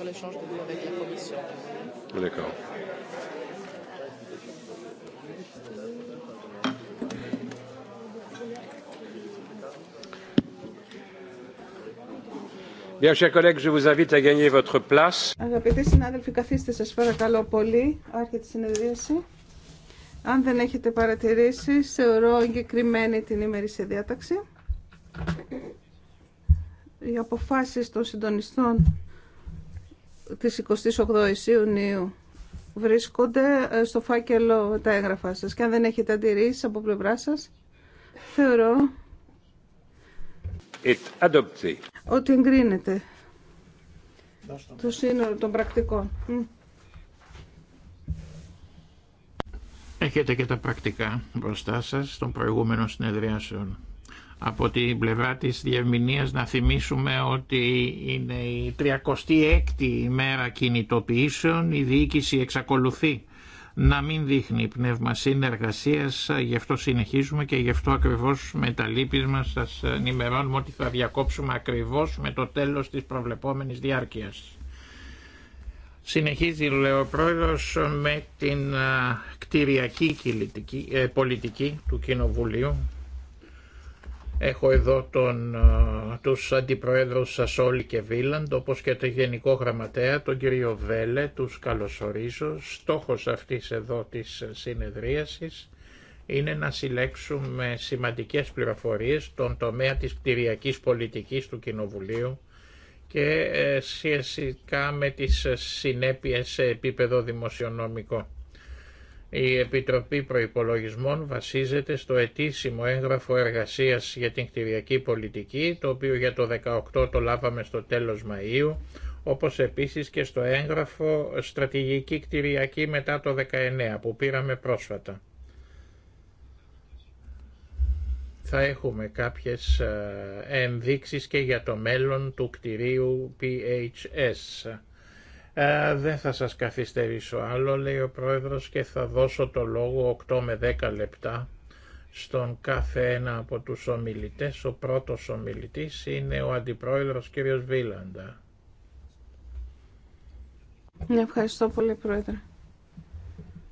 sur l'échange de vues avec la Commission. D'accord. Bien, chers collègues, je vous invite à gagner votre place. Αγαπητοί συνάδελφοι, καθίστε σας παρακαλώ πολύ. Άρχε τη συνεδρίαση. Αν δεν έχετε παρατηρήσει, θεωρώ εγκεκριμένη την ημερήσια διάταξη. Οι αποφάσεις των συντονιστών της 28ης Ιουνίου βρίσκονται ε, στο φάκελο τα έγγραφά σας και αν δεν έχετε αντιρρήσεις από πλευρά σας θεωρώ ότι εγκρίνεται το σύνολο των πρακτικών. Έχετε και τα πρακτικά μπροστά σας των προηγούμενων συνεδριάσεων από την πλευρά της Διευμηνίας να θυμίσουμε ότι είναι η 36η ημέρα κινητοποιήσεων, η διοίκηση εξακολουθεί να μην δείχνει πνεύμα συνεργασίας, γι' αυτό συνεχίζουμε και γι' αυτό ακριβώς με τα λύπη μας σας ενημερώνουμε ότι θα διακόψουμε ακριβώς με το τέλος της προβλεπόμενης διάρκειας. Συνεχίζει, ο πρόεδρος, με την κτηριακή ε, πολιτική του Κοινοβουλίου. Έχω εδώ τον, τους αντιπροέδρους Σασόλη και Βίλαντ, όπως και το Γενικό Γραμματέα, τον κύριο Βέλε, τους καλωσορίζω. Στόχος αυτής εδώ της συνεδρίασης είναι να συλλέξουμε σημαντικές πληροφορίες στον τομέα της κτηριακής πολιτικής του Κοινοβουλίου και ε, σχετικά με τις συνέπειες σε επίπεδο δημοσιονομικό. Η Επιτροπή Προϋπολογισμών βασίζεται στο ετήσιμο έγγραφο εργασίας για την κτηριακή πολιτική, το οποίο για το 18 το λάβαμε στο τέλος Μαΐου, όπως επίσης και στο έγγραφο στρατηγική κτηριακή μετά το 19 που πήραμε πρόσφατα. θα έχουμε κάποιες ε, ενδείξεις και για το μέλλον του κτηρίου PHS. Ε, δεν θα σας καθυστερήσω άλλο, λέει ο Πρόεδρος, και θα δώσω το λόγο 8 με 10 λεπτά στον κάθε ένα από τους ομιλητές. Ο πρώτος ομιλητής είναι ο Αντιπρόεδρος κ. Βίλαντα. Ευχαριστώ πολύ, Πρόεδρε.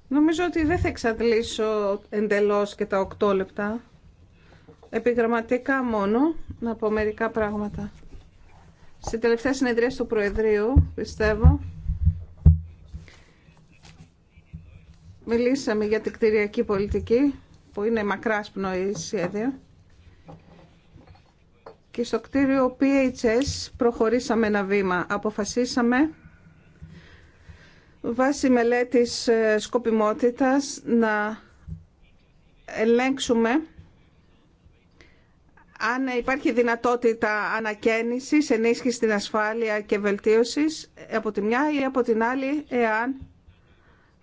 Νομίζω ότι δεν θα εξαντλήσω εντελώς και τα 8 λεπτά. Επιγραμματικά μόνο, να πω μερικά πράγματα. Σε τελευταία συνεδρία του Προεδρείου, πιστεύω, μιλήσαμε για την κτηριακή πολιτική, που είναι μακράς πνοή σχέδια. Και στο κτίριο PHS προχωρήσαμε ένα βήμα. Αποφασίσαμε βάσει μελέτης ε, σκοπιμότητας να ελέγξουμε αν υπάρχει δυνατότητα ανακαίνησης, ενίσχυσης στην ασφάλεια και βελτίωσης από τη μια ή από την άλλη εάν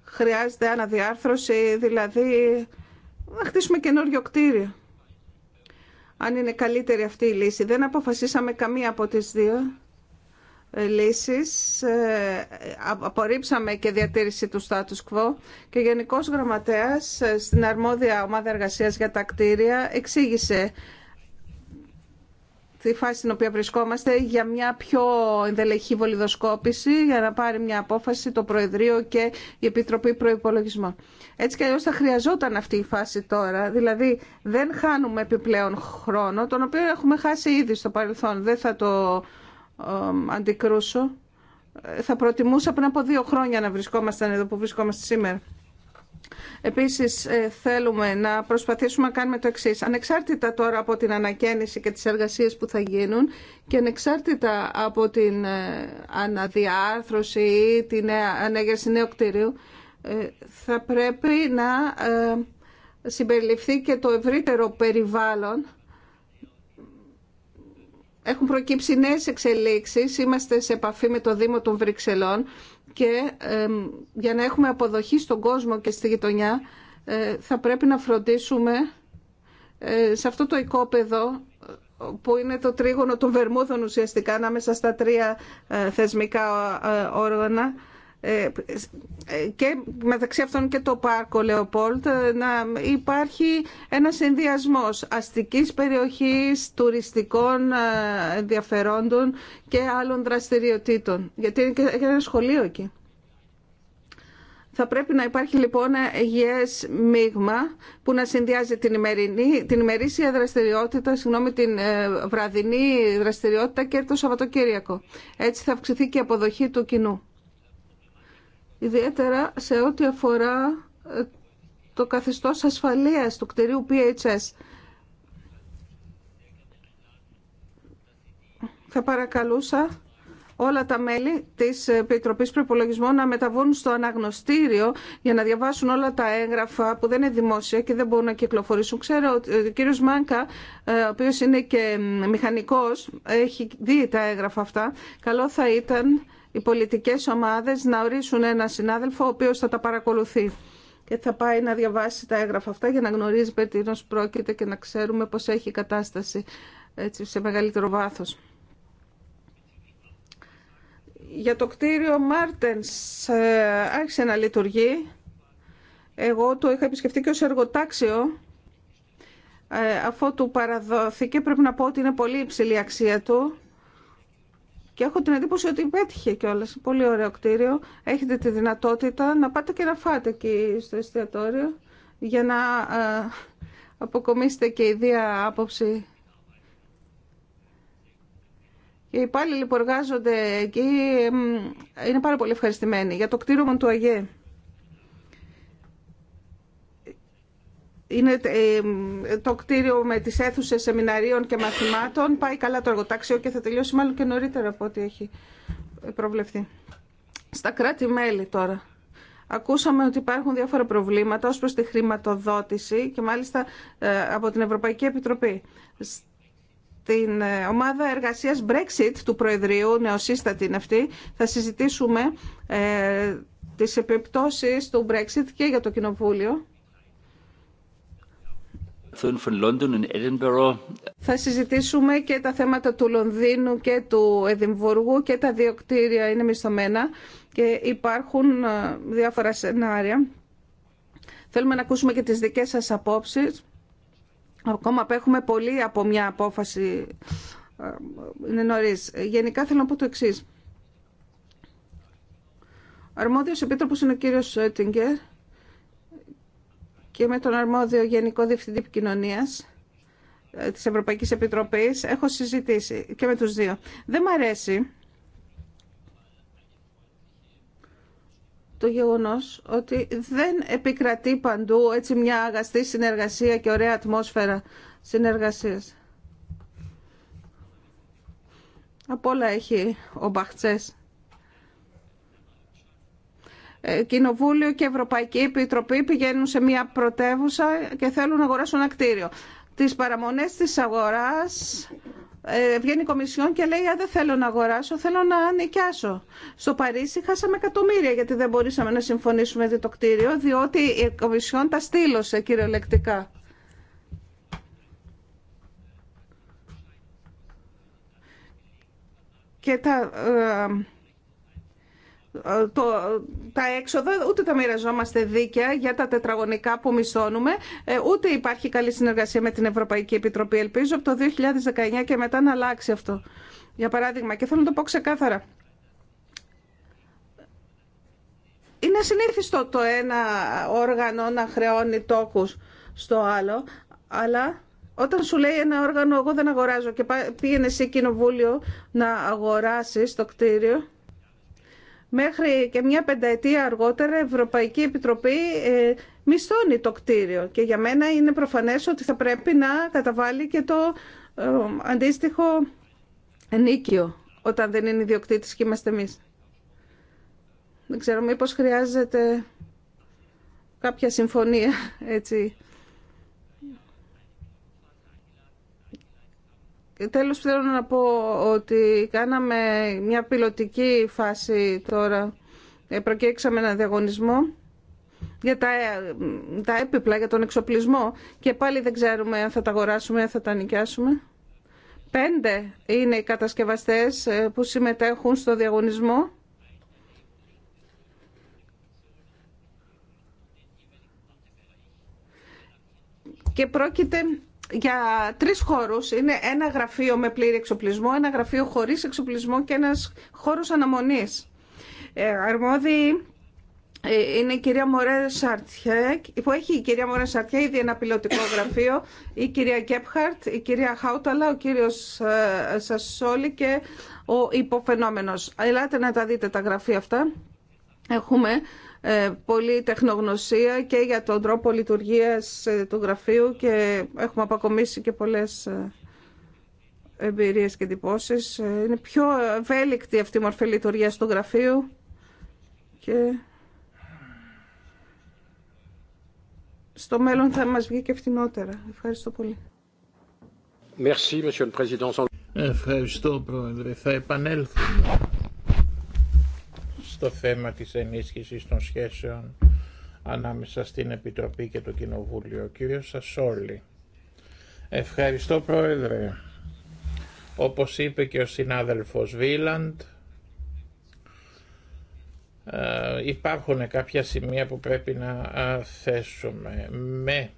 χρειάζεται αναδιάρθρωση, δηλαδή να χτίσουμε καινούριο κτίριο. Αν είναι καλύτερη αυτή η λύση. Δεν αποφασίσαμε καμία από τις δύο ε, λύσεις. Ε, απορρίψαμε και διατήρηση του status quo και γενικός γραμματέας ε, στην αρμόδια ομάδα εργασίας για τα κτίρια εξήγησε τη φάση στην οποία βρισκόμαστε για μια πιο ενδελεχή βολιδοσκόπηση για να πάρει μια απόφαση το Προεδρείο και η Επιτροπή Προϋπολογισμών. Έτσι κι αλλιώς θα χρειαζόταν αυτή η φάση τώρα. Δηλαδή δεν χάνουμε επιπλέον χρόνο, τον οποίο έχουμε χάσει ήδη στο παρελθόν. Δεν θα το αντικρούσω. Ε, θα προτιμούσα πριν από δύο χρόνια να βρισκόμασταν εδώ που βρισκόμαστε σήμερα. Επίσης ε, θέλουμε να προσπαθήσουμε να κάνουμε το εξής. Ανεξάρτητα τώρα από την ανακαίνιση και τις εργασίες που θα γίνουν και ανεξάρτητα από την ε, αναδιάρθρωση ή την ανέγερση νέου κτίριου ε, θα πρέπει να συμπεριληφθεί και το ευρύτερο περιβάλλον έχουν προκύψει νέες εξελίξεις. Είμαστε σε επαφή με το Δήμο των Βρυξελών και για να έχουμε αποδοχή στον κόσμο και στη γειτονιά ε, θα πρέπει να φροντίσουμε ε, σε αυτό το οικόπεδο που είναι το τρίγωνο των Βερμούδων ουσιαστικά ανάμεσα στα τρία ε, θεσμικά όργανα ε, ε, και μεταξύ αυτών και το πάρκο Λεοπόλτ ε, να υπάρχει ένα συνδυασμό αστικής περιοχής, τουριστικών ενδιαφερόντων και άλλων δραστηριοτήτων. Γιατί είναι και ένα σχολείο εκεί. Θα πρέπει να υπάρχει λοιπόν υγιές μείγμα που να συνδυάζει την, ημερινή, την ημερήσια δραστηριότητα, συγγνώμη, την βραδινή δραστηριότητα και το Σαββατοκύριακο. Έτσι θα αυξηθεί και η αποδοχή του κοινού ιδιαίτερα σε ό,τι αφορά ε, το καθεστώς ασφαλείας του κτηρίου PHS. Θα παρακαλούσα όλα τα μέλη της Επιτροπής Προπολογισμών να μεταβούν στο αναγνωστήριο για να διαβάσουν όλα τα έγγραφα που δεν είναι δημόσια και δεν μπορούν να κυκλοφορήσουν. Ξέρω ότι ε, ο κύριος Μάνκα, ε, ο οποίος είναι και μηχανικός, έχει δει τα έγγραφα αυτά. Καλό θα ήταν οι πολιτικές ομάδες να ορίσουν ένα συνάδελφο ο οποίος θα τα παρακολουθεί και θα πάει να διαβάσει τα έγγραφα αυτά για να γνωρίζει περί τίνος πρόκειται και να ξέρουμε πώς έχει η κατάσταση έτσι, σε μεγαλύτερο βάθος. Για το κτίριο Μάρτενς ε, άρχισε να λειτουργεί. Εγώ το είχα επισκεφτεί και ως εργοτάξιο. Ε, αφού του παραδόθηκε πρέπει να πω ότι είναι πολύ υψηλή αξία του και έχω την εντύπωση ότι πέτυχε κιόλα. Πολύ ωραίο κτίριο. Έχετε τη δυνατότητα να πάτε και να φάτε εκεί στο εστιατόριο για να ε, αποκομίσετε και ιδία άποψη. Οι υπάλληλοι που εργάζονται εκεί είναι πάρα πολύ ευχαριστημένοι για το κτίριο μου του ΑΓΕ. είναι ε, το κτίριο με τις αίθουσες σεμιναρίων και μαθημάτων. Πάει καλά το εργοτάξιο και θα τελειώσει μάλλον και νωρίτερα από ό,τι έχει προβλεφθεί. Στα κράτη-μέλη τώρα. Ακούσαμε ότι υπάρχουν διάφορα προβλήματα ως προς τη χρηματοδότηση και μάλιστα ε, από την Ευρωπαϊκή Επιτροπή. Στην ε, ομάδα εργασίας Brexit του Προεδρείου, νεοσύστατη είναι αυτή, θα συζητήσουμε τις επιπτώσεις του Brexit και για το Κοινοβούλιο θα συζητήσουμε και τα θέματα του Λονδίνου και του Εδιμβουργού και τα δύο κτίρια είναι μισθωμένα και υπάρχουν ε, διάφορα σενάρια. Θέλουμε να ακούσουμε και τις δικές σας απόψεις. Ακόμα απέχουμε πολύ από μια απόφαση. Ε, είναι νωρίς. Γενικά θέλω να πω το εξής. αρμόδιος επίτροπος είναι ο κύριος Σέτιγκερ και με τον αρμόδιο Γενικό Διευθυντή Επικοινωνία ε, τη Ευρωπαϊκή Επιτροπή έχω συζητήσει και με τους δύο. Δεν μ' αρέσει το γεγονό ότι δεν επικρατεί παντού έτσι μια αγαστή συνεργασία και ωραία ατμόσφαιρα συνεργασίας. Από όλα έχει ο Μπαχτσές ε, Κοινοβούλιο και Ευρωπαϊκή Επιτροπή πηγαίνουν σε μια πρωτεύουσα και θέλουν να αγοράσουν ένα κτίριο. Τις παραμονές της αγοράς ε, βγαίνει η Κομισιόν και λέει «Α, δεν θέλω να αγοράσω, θέλω να νοικιάσω». Στο Παρίσι χάσαμε εκατομμύρια γιατί δεν μπορούσαμε να συμφωνήσουμε για το κτίριο, διότι η Κομισιόν τα στείλωσε κυριολεκτικά. Και τα ε, το, τα έξοδα, ούτε τα μοιραζόμαστε δίκαια για τα τετραγωνικά που μισθώνουμε, ε, ούτε υπάρχει καλή συνεργασία με την Ευρωπαϊκή Επιτροπή. Ελπίζω από το 2019 και μετά να αλλάξει αυτό. Για παράδειγμα, και θέλω να το πω ξεκάθαρα. Είναι συνήθιστο το ένα όργανο να χρεώνει τόκους στο άλλο, αλλά όταν σου λέει ένα όργανο εγώ δεν αγοράζω και πήγαινε εσύ κοινοβούλιο να αγοράσεις το κτίριο, Μέχρι και μια πενταετία αργότερα η Ευρωπαϊκή Επιτροπή ε, μισθώνει το κτίριο και για μένα είναι προφανές ότι θα πρέπει να καταβάλει και το ε, αντίστοιχο ενίκιο όταν δεν είναι ιδιοκτήτης και είμαστε εμείς. Δεν ξέρω μήπως χρειάζεται κάποια συμφωνία έτσι Τέλος θέλω να πω ότι κάναμε μια πιλωτική φάση τώρα. Ε, προκήρυξαμε ένα διαγωνισμό για τα, ε, τα έπιπλα, για τον εξοπλισμό και πάλι δεν ξέρουμε αν θα τα αγοράσουμε, αν θα τα νοικιάσουμε. Πέντε είναι οι κατασκευαστές ε, που συμμετέχουν στο διαγωνισμό. Και πρόκειται για τρεις χώρους. Είναι ένα γραφείο με πλήρη εξοπλισμό, ένα γραφείο χωρίς εξοπλισμό και ένας χώρος αναμονής. Ε, αρμόδιοι ε, είναι η κυρία Μωρέ Σαρτιέ, που έχει η κυρία Μωρέ Σαρτιέ ήδη ένα πιλωτικό γραφείο, η κυρία Κέπχαρτ, η κυρία Χάουταλα, ο κύριος ε, Σασόλη και ο υποφαινόμενος. Ελάτε να τα δείτε τα γραφεία αυτά. Έχουμε ε, πολύ τεχνογνωσία και για τον τρόπο λειτουργίας ε, του γραφείου και έχουμε αποκομίσει και πολλές ε, εμπειρίες και εντυπώσει. Είναι πιο ευέλικτη αυτή η μορφή λειτουργίας του γραφείου και στο μέλλον θα μας βγει και φτηνότερα. Ευχαριστώ πολύ. Ευχαριστώ, Πρόεδρε. Θα επανέλθουμε στο θέμα της ενίσχυσης των σχέσεων ανάμεσα στην Επιτροπή και το Κοινοβούλιο. Ο κύριος Σασόλη. Ευχαριστώ Πρόεδρε. Όπως είπε και ο συνάδελφος Βίλαντ, ε, υπάρχουν κάποια σημεία που πρέπει να ε, θέσουμε. Με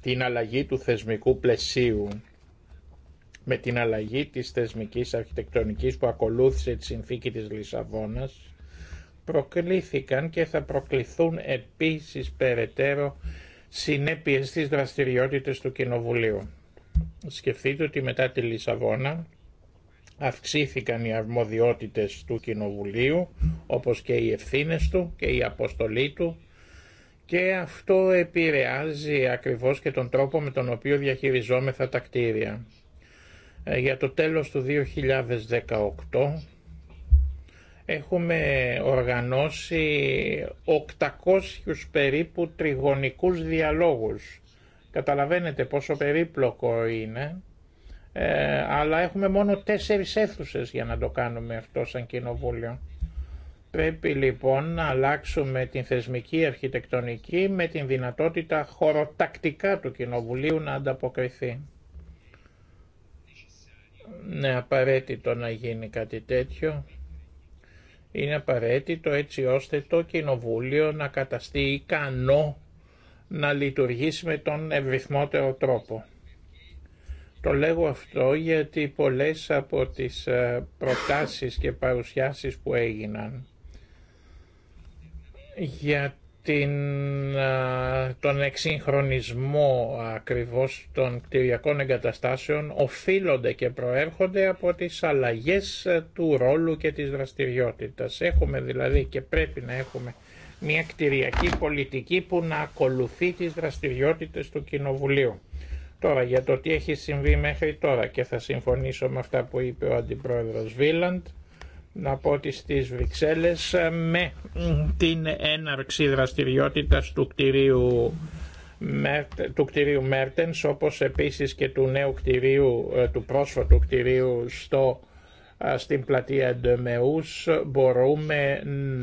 την αλλαγή του θεσμικού πλαισίου, με την αλλαγή της θεσμικής αρχιτεκτονικής που ακολούθησε τη συνθήκη της Λισαβόνας, προκλήθηκαν και θα προκληθούν επίσης περαιτέρω συνέπειες της δραστηριότητες του Κοινοβουλίου. Σκεφτείτε ότι μετά τη Λισαβόνα αυξήθηκαν οι αρμοδιότητες του Κοινοβουλίου όπως και οι ευθύνες του και η αποστολή του και αυτό επηρεάζει ακριβώς και τον τρόπο με τον οποίο διαχειριζόμεθα τα κτίρια. Ε, για το τέλος του 2018 έχουμε οργανώσει 800 περίπου τριγωνικούς διαλόγους. Καταλαβαίνετε πόσο περίπλοκο είναι, ε, αλλά έχουμε μόνο τέσσερις αίθουσες για να το κάνουμε αυτό σαν κοινοβούλιο. Πρέπει λοιπόν να αλλάξουμε την θεσμική αρχιτεκτονική με την δυνατότητα χωροτακτικά του Κοινοβουλίου να ανταποκριθεί. Ναι, απαραίτητο να γίνει κάτι τέτοιο είναι απαραίτητο έτσι ώστε το Κοινοβούλιο να καταστεί ικανό να λειτουργήσει με τον ευρυθμότερο τρόπο. Το λέγω αυτό γιατί πολλές από τις ε, προτάσεις και παρουσιάσεις που έγιναν για την, τον εξυγχρονισμό ακριβώς των κτηριακών εγκαταστάσεων οφείλονται και προέρχονται από τις αλλαγές ε, του ρόλου και της δραστηριότητας. Έχουμε δηλαδή και πρέπει να έχουμε μια κτηριακή πολιτική που να ακολουθεί τις δραστηριότητες του Κοινοβουλίου. Τώρα για το τι έχει συμβεί μέχρι τώρα και θα συμφωνήσω με αυτά που είπε ο Αντιπρόεδρος Βίλαντ, να πω ότι στις Βρυξέλλες ε, με την έναρξη δραστηριότητας του κτηρίου του κτηρίου Μέρτενς όπως επίσης και του νέου κτηρίου ε, του πρόσφατου κτηρίου στο, ε, στην πλατεία Ντεμεούς μπορούμε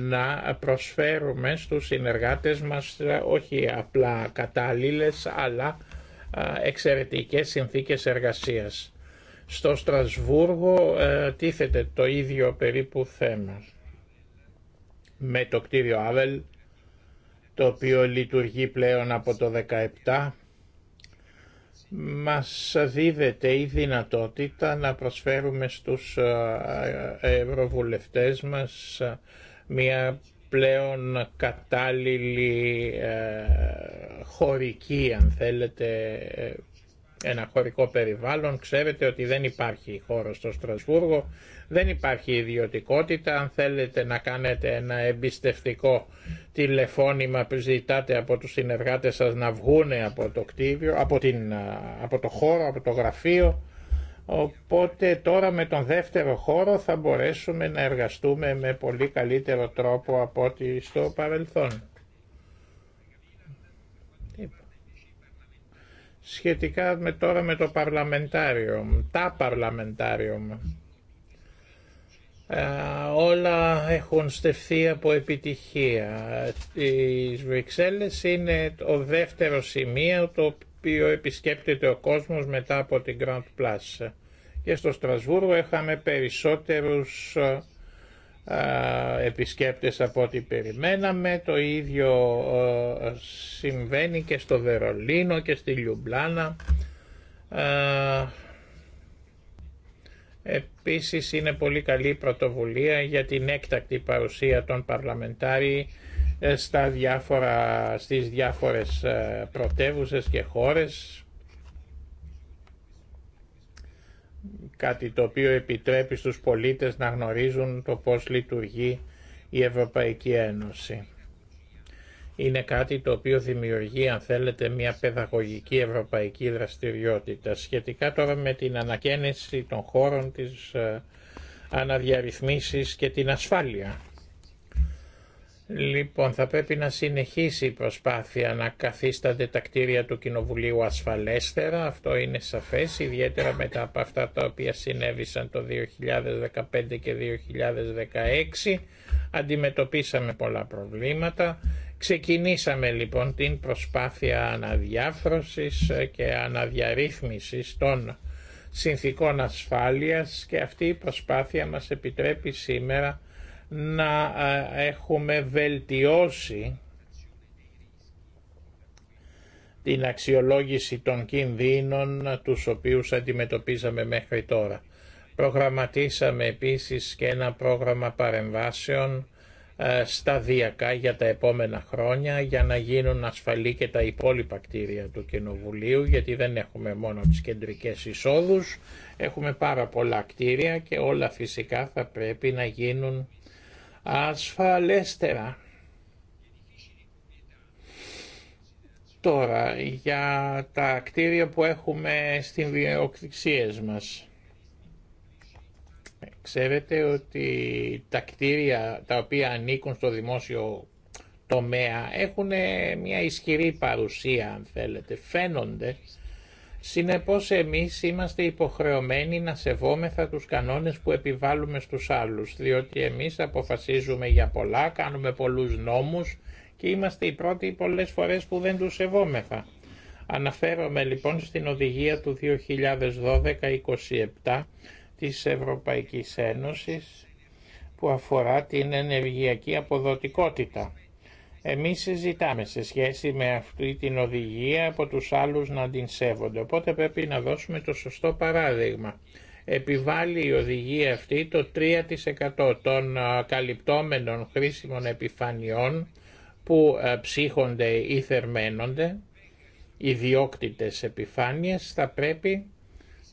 να προσφέρουμε στους συνεργάτες μας όχι απλά κατάλληλες αλλά εξαιρετικές συνθήκες εργασίας. Στο Στρασβούργο ε, τίθεται το ίδιο περίπου θέμα με το κτίριο Άβελ το οποίο λειτουργεί πλέον από το 17 μας δίδεται η δυνατότητα να προσφέρουμε στους ε, ε, ευρωβουλευτές μας μια πλέον κατάλληλη χωρική αν θέλετε ένα χωρικό περιβάλλον. Ξέρετε ότι δεν υπάρχει χώρο στο Στρασβούργο, δεν υπάρχει ιδιωτικότητα. Αν θέλετε να κάνετε ένα εμπιστευτικό τηλεφώνημα που ζητάτε από τους συνεργάτες σας να βγούνε από το από, την, από το χώρο, από το γραφείο. Οπότε τώρα με τον δεύτερο χώρο θα μπορέσουμε να εργαστούμε με πολύ καλύτερο τρόπο από ό,τι στο παρελθόν. σχετικά με τώρα με το παρλαμεντάριο, τα παρλαμεντάριο. Ε, όλα έχουν στεφθεί από επιτυχία. Οι Βρυξέλλες είναι το δεύτερο σημείο το οποίο επισκέπτεται ο κόσμος μετά από την Grand Place. Και στο Στρασβούργο είχαμε περισσότερους ε, επισκέπτες από ό,τι περιμέναμε. Το ίδιο συμβαίνει και στο Βερολίνο και στη Λιουμπλάνα. Επίσης είναι πολύ καλή πρωτοβουλία για την έκτακτη παρουσία των παρλαμεντάρι ε, στα διάφορα, στις διάφορες ε, πρωτεύουσες και χώρες κάτι το οποίο επιτρέπει στους πολίτες να γνωρίζουν το πώς λειτουργεί η Ευρωπαϊκή Ένωση. Είναι κάτι το οποίο δημιουργεί, αν θέλετε, μια παιδαγωγική ευρωπαϊκή δραστηριότητα. Σχετικά τώρα με την ανακαίνιση των χώρων της ε, αναδιαρρυθμίσεις και την ασφάλεια. Λοιπόν, θα πρέπει να συνεχίσει η προσπάθεια να καθίστανται τα κτίρια του Κοινοβουλίου ασφαλέστερα, αυτό είναι σαφές, ιδιαίτερα μετά από αυτά τα οποία συνέβησαν το 2015 και 2016. Αντιμετωπίσαμε πολλά προβλήματα. Ξεκινήσαμε λοιπόν την προσπάθεια αναδιάφρωσης και αναδιαρρύθμισης των συνθήκων ασφάλειας και αυτή η προσπάθεια μας επιτρέπει σήμερα να ε, έχουμε βελτιώσει την αξιολόγηση των κινδύνων τους οποίους αντιμετωπίζαμε μέχρι τώρα. Προγραμματίσαμε επίσης και ένα πρόγραμμα παρεμβάσεων ε, σταδιακά για τα επόμενα χρόνια για να γίνουν ασφαλή και τα υπόλοιπα κτίρια του Κοινοβουλίου γιατί δεν έχουμε μόνο τις κεντρικές εισόδους, έχουμε πάρα πολλά κτίρια και όλα φυσικά θα πρέπει να γίνουν ασφαλέστερα. Τώρα, για τα κτίρια που έχουμε στην διοκτησίες μας. Ξέρετε ότι τα κτίρια τα οποία ανήκουν στο δημόσιο τομέα έχουν μια ισχυρή παρουσία, αν θέλετε. Φαίνονται Συνεπώς εμείς είμαστε υποχρεωμένοι να σεβόμεθα τους κανόνες που επιβάλλουμε στους άλλους, διότι εμείς αποφασίζουμε για πολλά, κάνουμε πολλούς νόμους και είμαστε οι πρώτοι πολλές φορές που δεν τους σεβόμεθα. Αναφέρομαι λοιπόν στην οδηγία του 2012-27 της Ευρωπαϊκής Ένωσης που αφορά την ενεργειακή αποδοτικότητα. Εμείς συζητάμε σε σχέση με αυτή την οδηγία από τους άλλους να την σέβονται, οπότε πρέπει να δώσουμε το σωστό παράδειγμα. Επιβάλλει η οδηγία αυτή το 3% των καλυπτόμενων χρήσιμων επιφανειών που ψύχονται ή θερμαίνονται, ιδιόκτητες επιφάνειες, θα πρέπει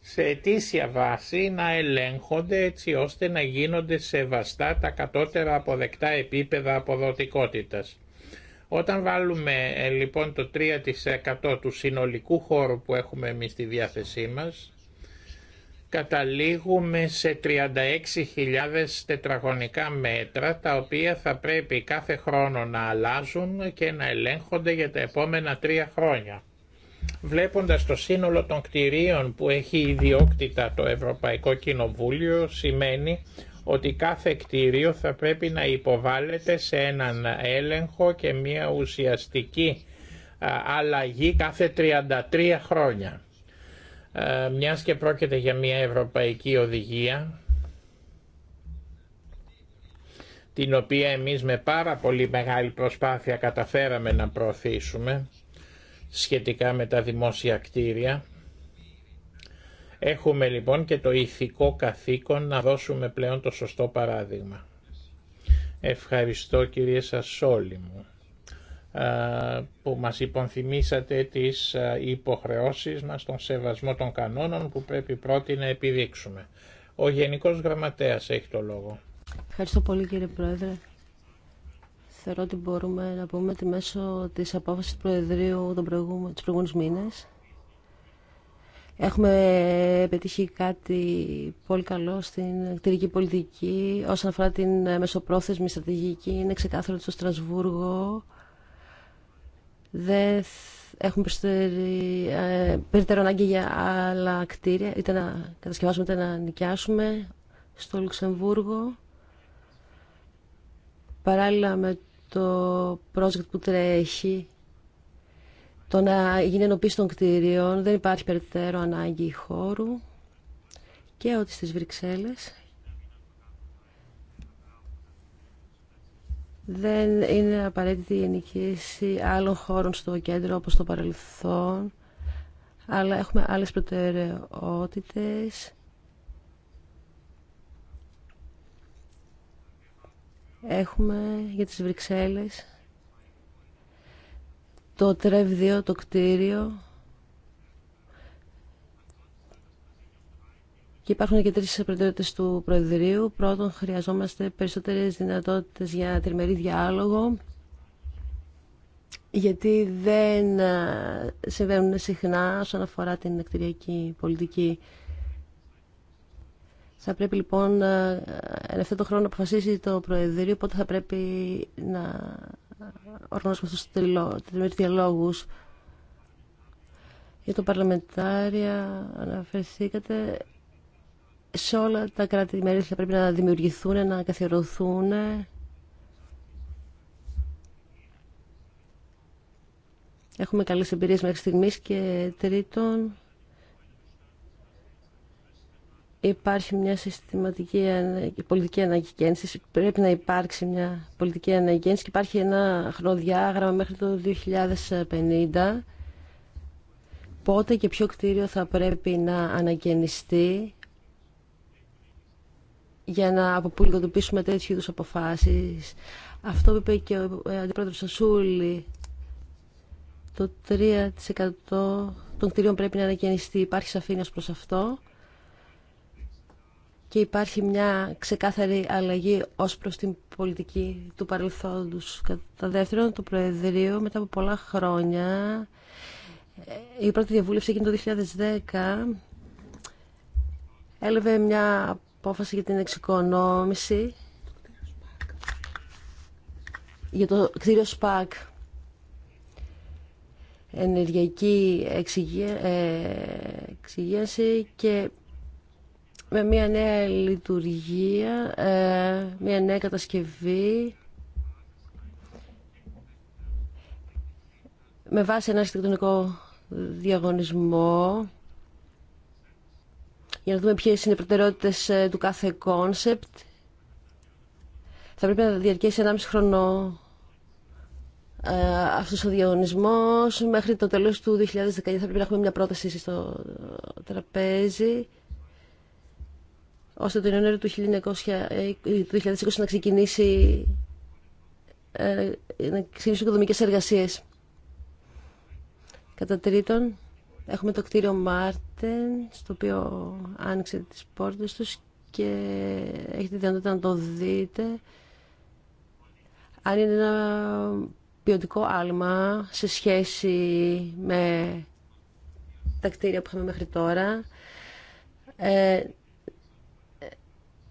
σε αιτήσια βάση να ελέγχονται έτσι ώστε να γίνονται σεβαστά τα κατώτερα αποδεκτά επίπεδα αποδοτικότητας. Όταν βάλουμε ε, λοιπόν το 3% του συνολικού χώρου που έχουμε εμείς στη διάθεσή μας, καταλήγουμε σε 36.000 τετραγωνικά μέτρα, τα οποία θα πρέπει κάθε χρόνο να αλλάζουν και να ελέγχονται για τα επόμενα τρία χρόνια. Βλέποντας το σύνολο των κτηρίων που έχει ιδιόκτητα το Ευρωπαϊκό Κοινοβούλιο, σημαίνει ότι κάθε κτίριο θα πρέπει να υποβάλλεται σε έναν έλεγχο και μια ουσιαστική αλλαγή κάθε 33 χρόνια. Μιας και πρόκειται για μια ευρωπαϊκή οδηγία, την οποία εμείς με πάρα πολύ μεγάλη προσπάθεια καταφέραμε να προωθήσουμε σχετικά με τα δημόσια κτίρια, Έχουμε λοιπόν και το ηθικό καθήκον να δώσουμε πλέον το σωστό παράδειγμα. Ευχαριστώ κύριε σας όλοι μου που μας υπονθυμίσατε τις υποχρεώσεις μας, τον σεβασμό των κανόνων που πρέπει πρώτοι να επιδείξουμε. Ο Γενικός Γραμματέας έχει το λόγο. Ευχαριστώ πολύ κύριε Πρόεδρε. Θεωρώ ότι μπορούμε να πούμε ότι μέσω της απόφασης του Προεδρείου τον προηγούμενους μήνες Έχουμε πετύχει κάτι πολύ καλό στην κτηρική πολιτική. Όσον αφορά την μεσοπρόθεσμη στρατηγική, είναι ξεκάθαρο ότι στο Στρασβούργο δεν έχουμε περισσότερη ε, ανάγκη για άλλα κτίρια, είτε να κατασκευάσουμε είτε να νοικιάσουμε στο Λουξεμβούργο. Παράλληλα με το project που τρέχει το να γίνει ενωπής των κτίριων δεν υπάρχει περαιτέρω ανάγκη χώρου και ότι στις Βρυξέλλες δεν είναι απαραίτητη η ενοικίση άλλων χώρων στο κέντρο όπως το παρελθόν αλλά έχουμε άλλες προτεραιότητες έχουμε για τις Βρυξέλλες το τρεύδιο, το κτίριο. Και υπάρχουν και τρεις προτεραιότητες του Προεδρείου. Πρώτον, χρειαζόμαστε περισσότερες δυνατότητες για τριμερή διάλογο, γιατί δεν ε, συμβαίνουν συχνά όσον αφορά την εκτηριακή πολιτική. Θα πρέπει λοιπόν, ε, εν αυτό το χρόνο να αποφασίσει το Προεδρείο, πότε θα πρέπει να οργανώσουμε στους διαλόγους για το παρλαμεντάρια αναφερθήκατε σε όλα τα κράτη-μέλη θα πρέπει να δημιουργηθούν, να καθιερωθούν Έχουμε καλές εμπειρίες μέχρι στιγμής και τρίτον υπάρχει μια συστηματική πολιτική αναγέννηση, πρέπει να υπάρξει μια πολιτική αναγέννηση και υπάρχει ένα χρονοδιάγραμμα μέχρι το 2050 πότε και ποιο κτίριο θα πρέπει να αναγκαινιστεί για να αποπολιτοποιήσουμε τέτοιου είδους αποφάσεις. Αυτό που είπε και ο ε, αντιπρόεδρος Σασούλη, το 3% των κτηρίων πρέπει να ανακαινιστεί. Υπάρχει σαφήνεια προς αυτό και υπάρχει μια ξεκάθαρη αλλαγή ως προς την πολιτική του παρελθόντος. Κατά δεύτερον, το Προεδρείο μετά από πολλά χρόνια, ε, η πρώτη διαβούλευση έγινε το 2010, έλαβε μια απόφαση για την εξοικονόμηση για το κτίριο ΣΠΑΚ ενεργειακή ε, εξυγίαση και με μια νέα λειτουργία, ε, μια νέα κατασκευή με βάση ένα αρχιτεκτονικό διαγωνισμό για να δούμε ποιες είναι οι προτεραιότητες ε, του κάθε κόνσεπτ. Θα πρέπει να διαρκέσει 1,5 χρονό ε, αυτός ο διαγωνισμός μέχρι το τέλος του 2010 θα πρέπει να έχουμε μια πρόταση στο τραπέζι ώστε τον Ιανουάριο του 2020 ε, να ξεκινήσει ε, να ξεκινήσουν οικοδομικέ εργασίε. Κατά τρίτον, έχουμε το κτίριο Μάρτεν, στο οποίο άνοιξε τις πόρτες τους και έχετε τη δυνατότητα να το δείτε. Αν είναι ένα ποιοτικό άλμα σε σχέση με τα κτίρια που είχαμε μέχρι τώρα, ε,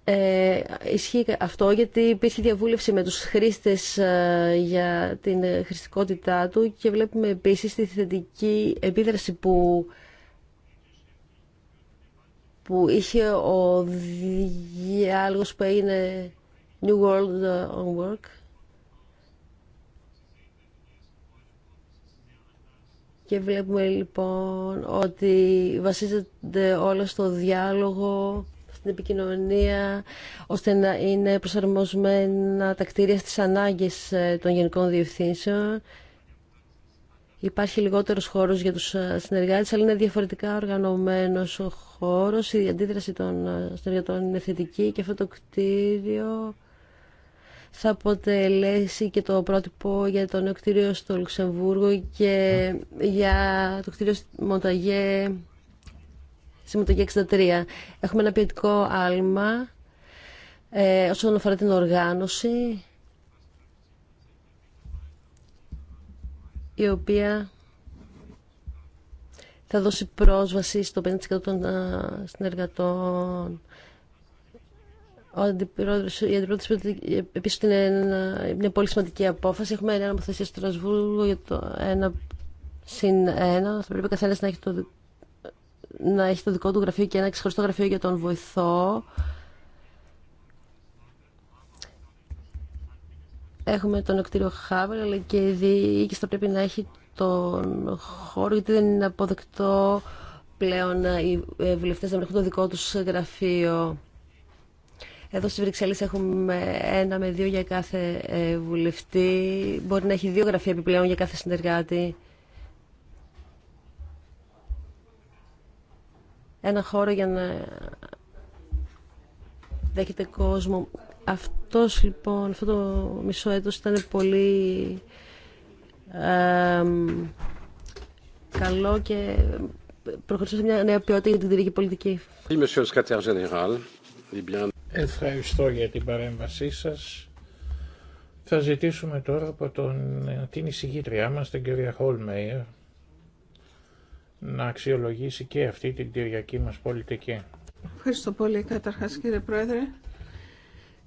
ε, ισχύει αυτό γιατί υπήρχε διαβούλευση με τους χρήστες ε, για την χρηστικότητά του και βλέπουμε επίσης τη θετική επίδραση που, που είχε ο διάλογος που έγινε New World on Work. Και βλέπουμε λοιπόν ότι βασίζεται όλο στο διάλογο την επικοινωνία ώστε να είναι προσαρμοσμένα τα κτίρια στις ανάγκες ε, των γενικών διευθύνσεων. Υπάρχει λιγότερος χώρος για τους ε, συνεργάτες, αλλά είναι διαφορετικά οργανωμένος ο χώρος. Η αντίδραση των συνεργατών ε, είναι θετική και αυτό το κτίριο θα αποτελέσει και το πρότυπο για το νέο κτίριο στο Λουξεμβούργο και για το κτίριο Μονταγέ συμμετοχή 63. Έχουμε ένα ποιοτικό άλμα ε, όσον αφορά την οργάνωση, η οποία θα δώσει πρόσβαση στο 50% των ε, συνεργατών. η αντιπρόεδρος επίσης είναι μια πολύ σημαντική απόφαση. Έχουμε ένα νομοθεσία στο Στρασβούργο για το ένα συν ένα. Θα πρέπει καθένας να έχει το να έχει το δικό του γραφείο και ένα ξεχωριστό γραφείο για τον βοηθό. Έχουμε τον εκτήριο Χάβελ, αλλά και η διοίκηση θα πρέπει να έχει τον χώρο, γιατί δεν είναι αποδεκτό πλέον οι ε, βουλευτές να έχουν το δικό τους γραφείο. Εδώ στη Βρυξέλλες έχουμε ένα με δύο για κάθε ε, βουλευτή. Μπορεί να έχει δύο γραφεία επιπλέον για κάθε συνεργάτη. ένα χώρο για να δέχεται κόσμο. Αυτός λοιπόν, αυτό το μισό έτος ήταν πολύ καλό και προχωρήσε σε μια νέα ποιότητα για την τελική πολιτική. Eh Ευχαριστώ για την παρέμβασή σας. Θα ζητήσουμε τώρα από τον, την εισηγήτριά μας, την κυρία Χολμέιερ, να αξιολογήσει και αυτή την κυριακή μας πολιτική. Ευχαριστώ πολύ καταρχάς κύριε Πρόεδρε.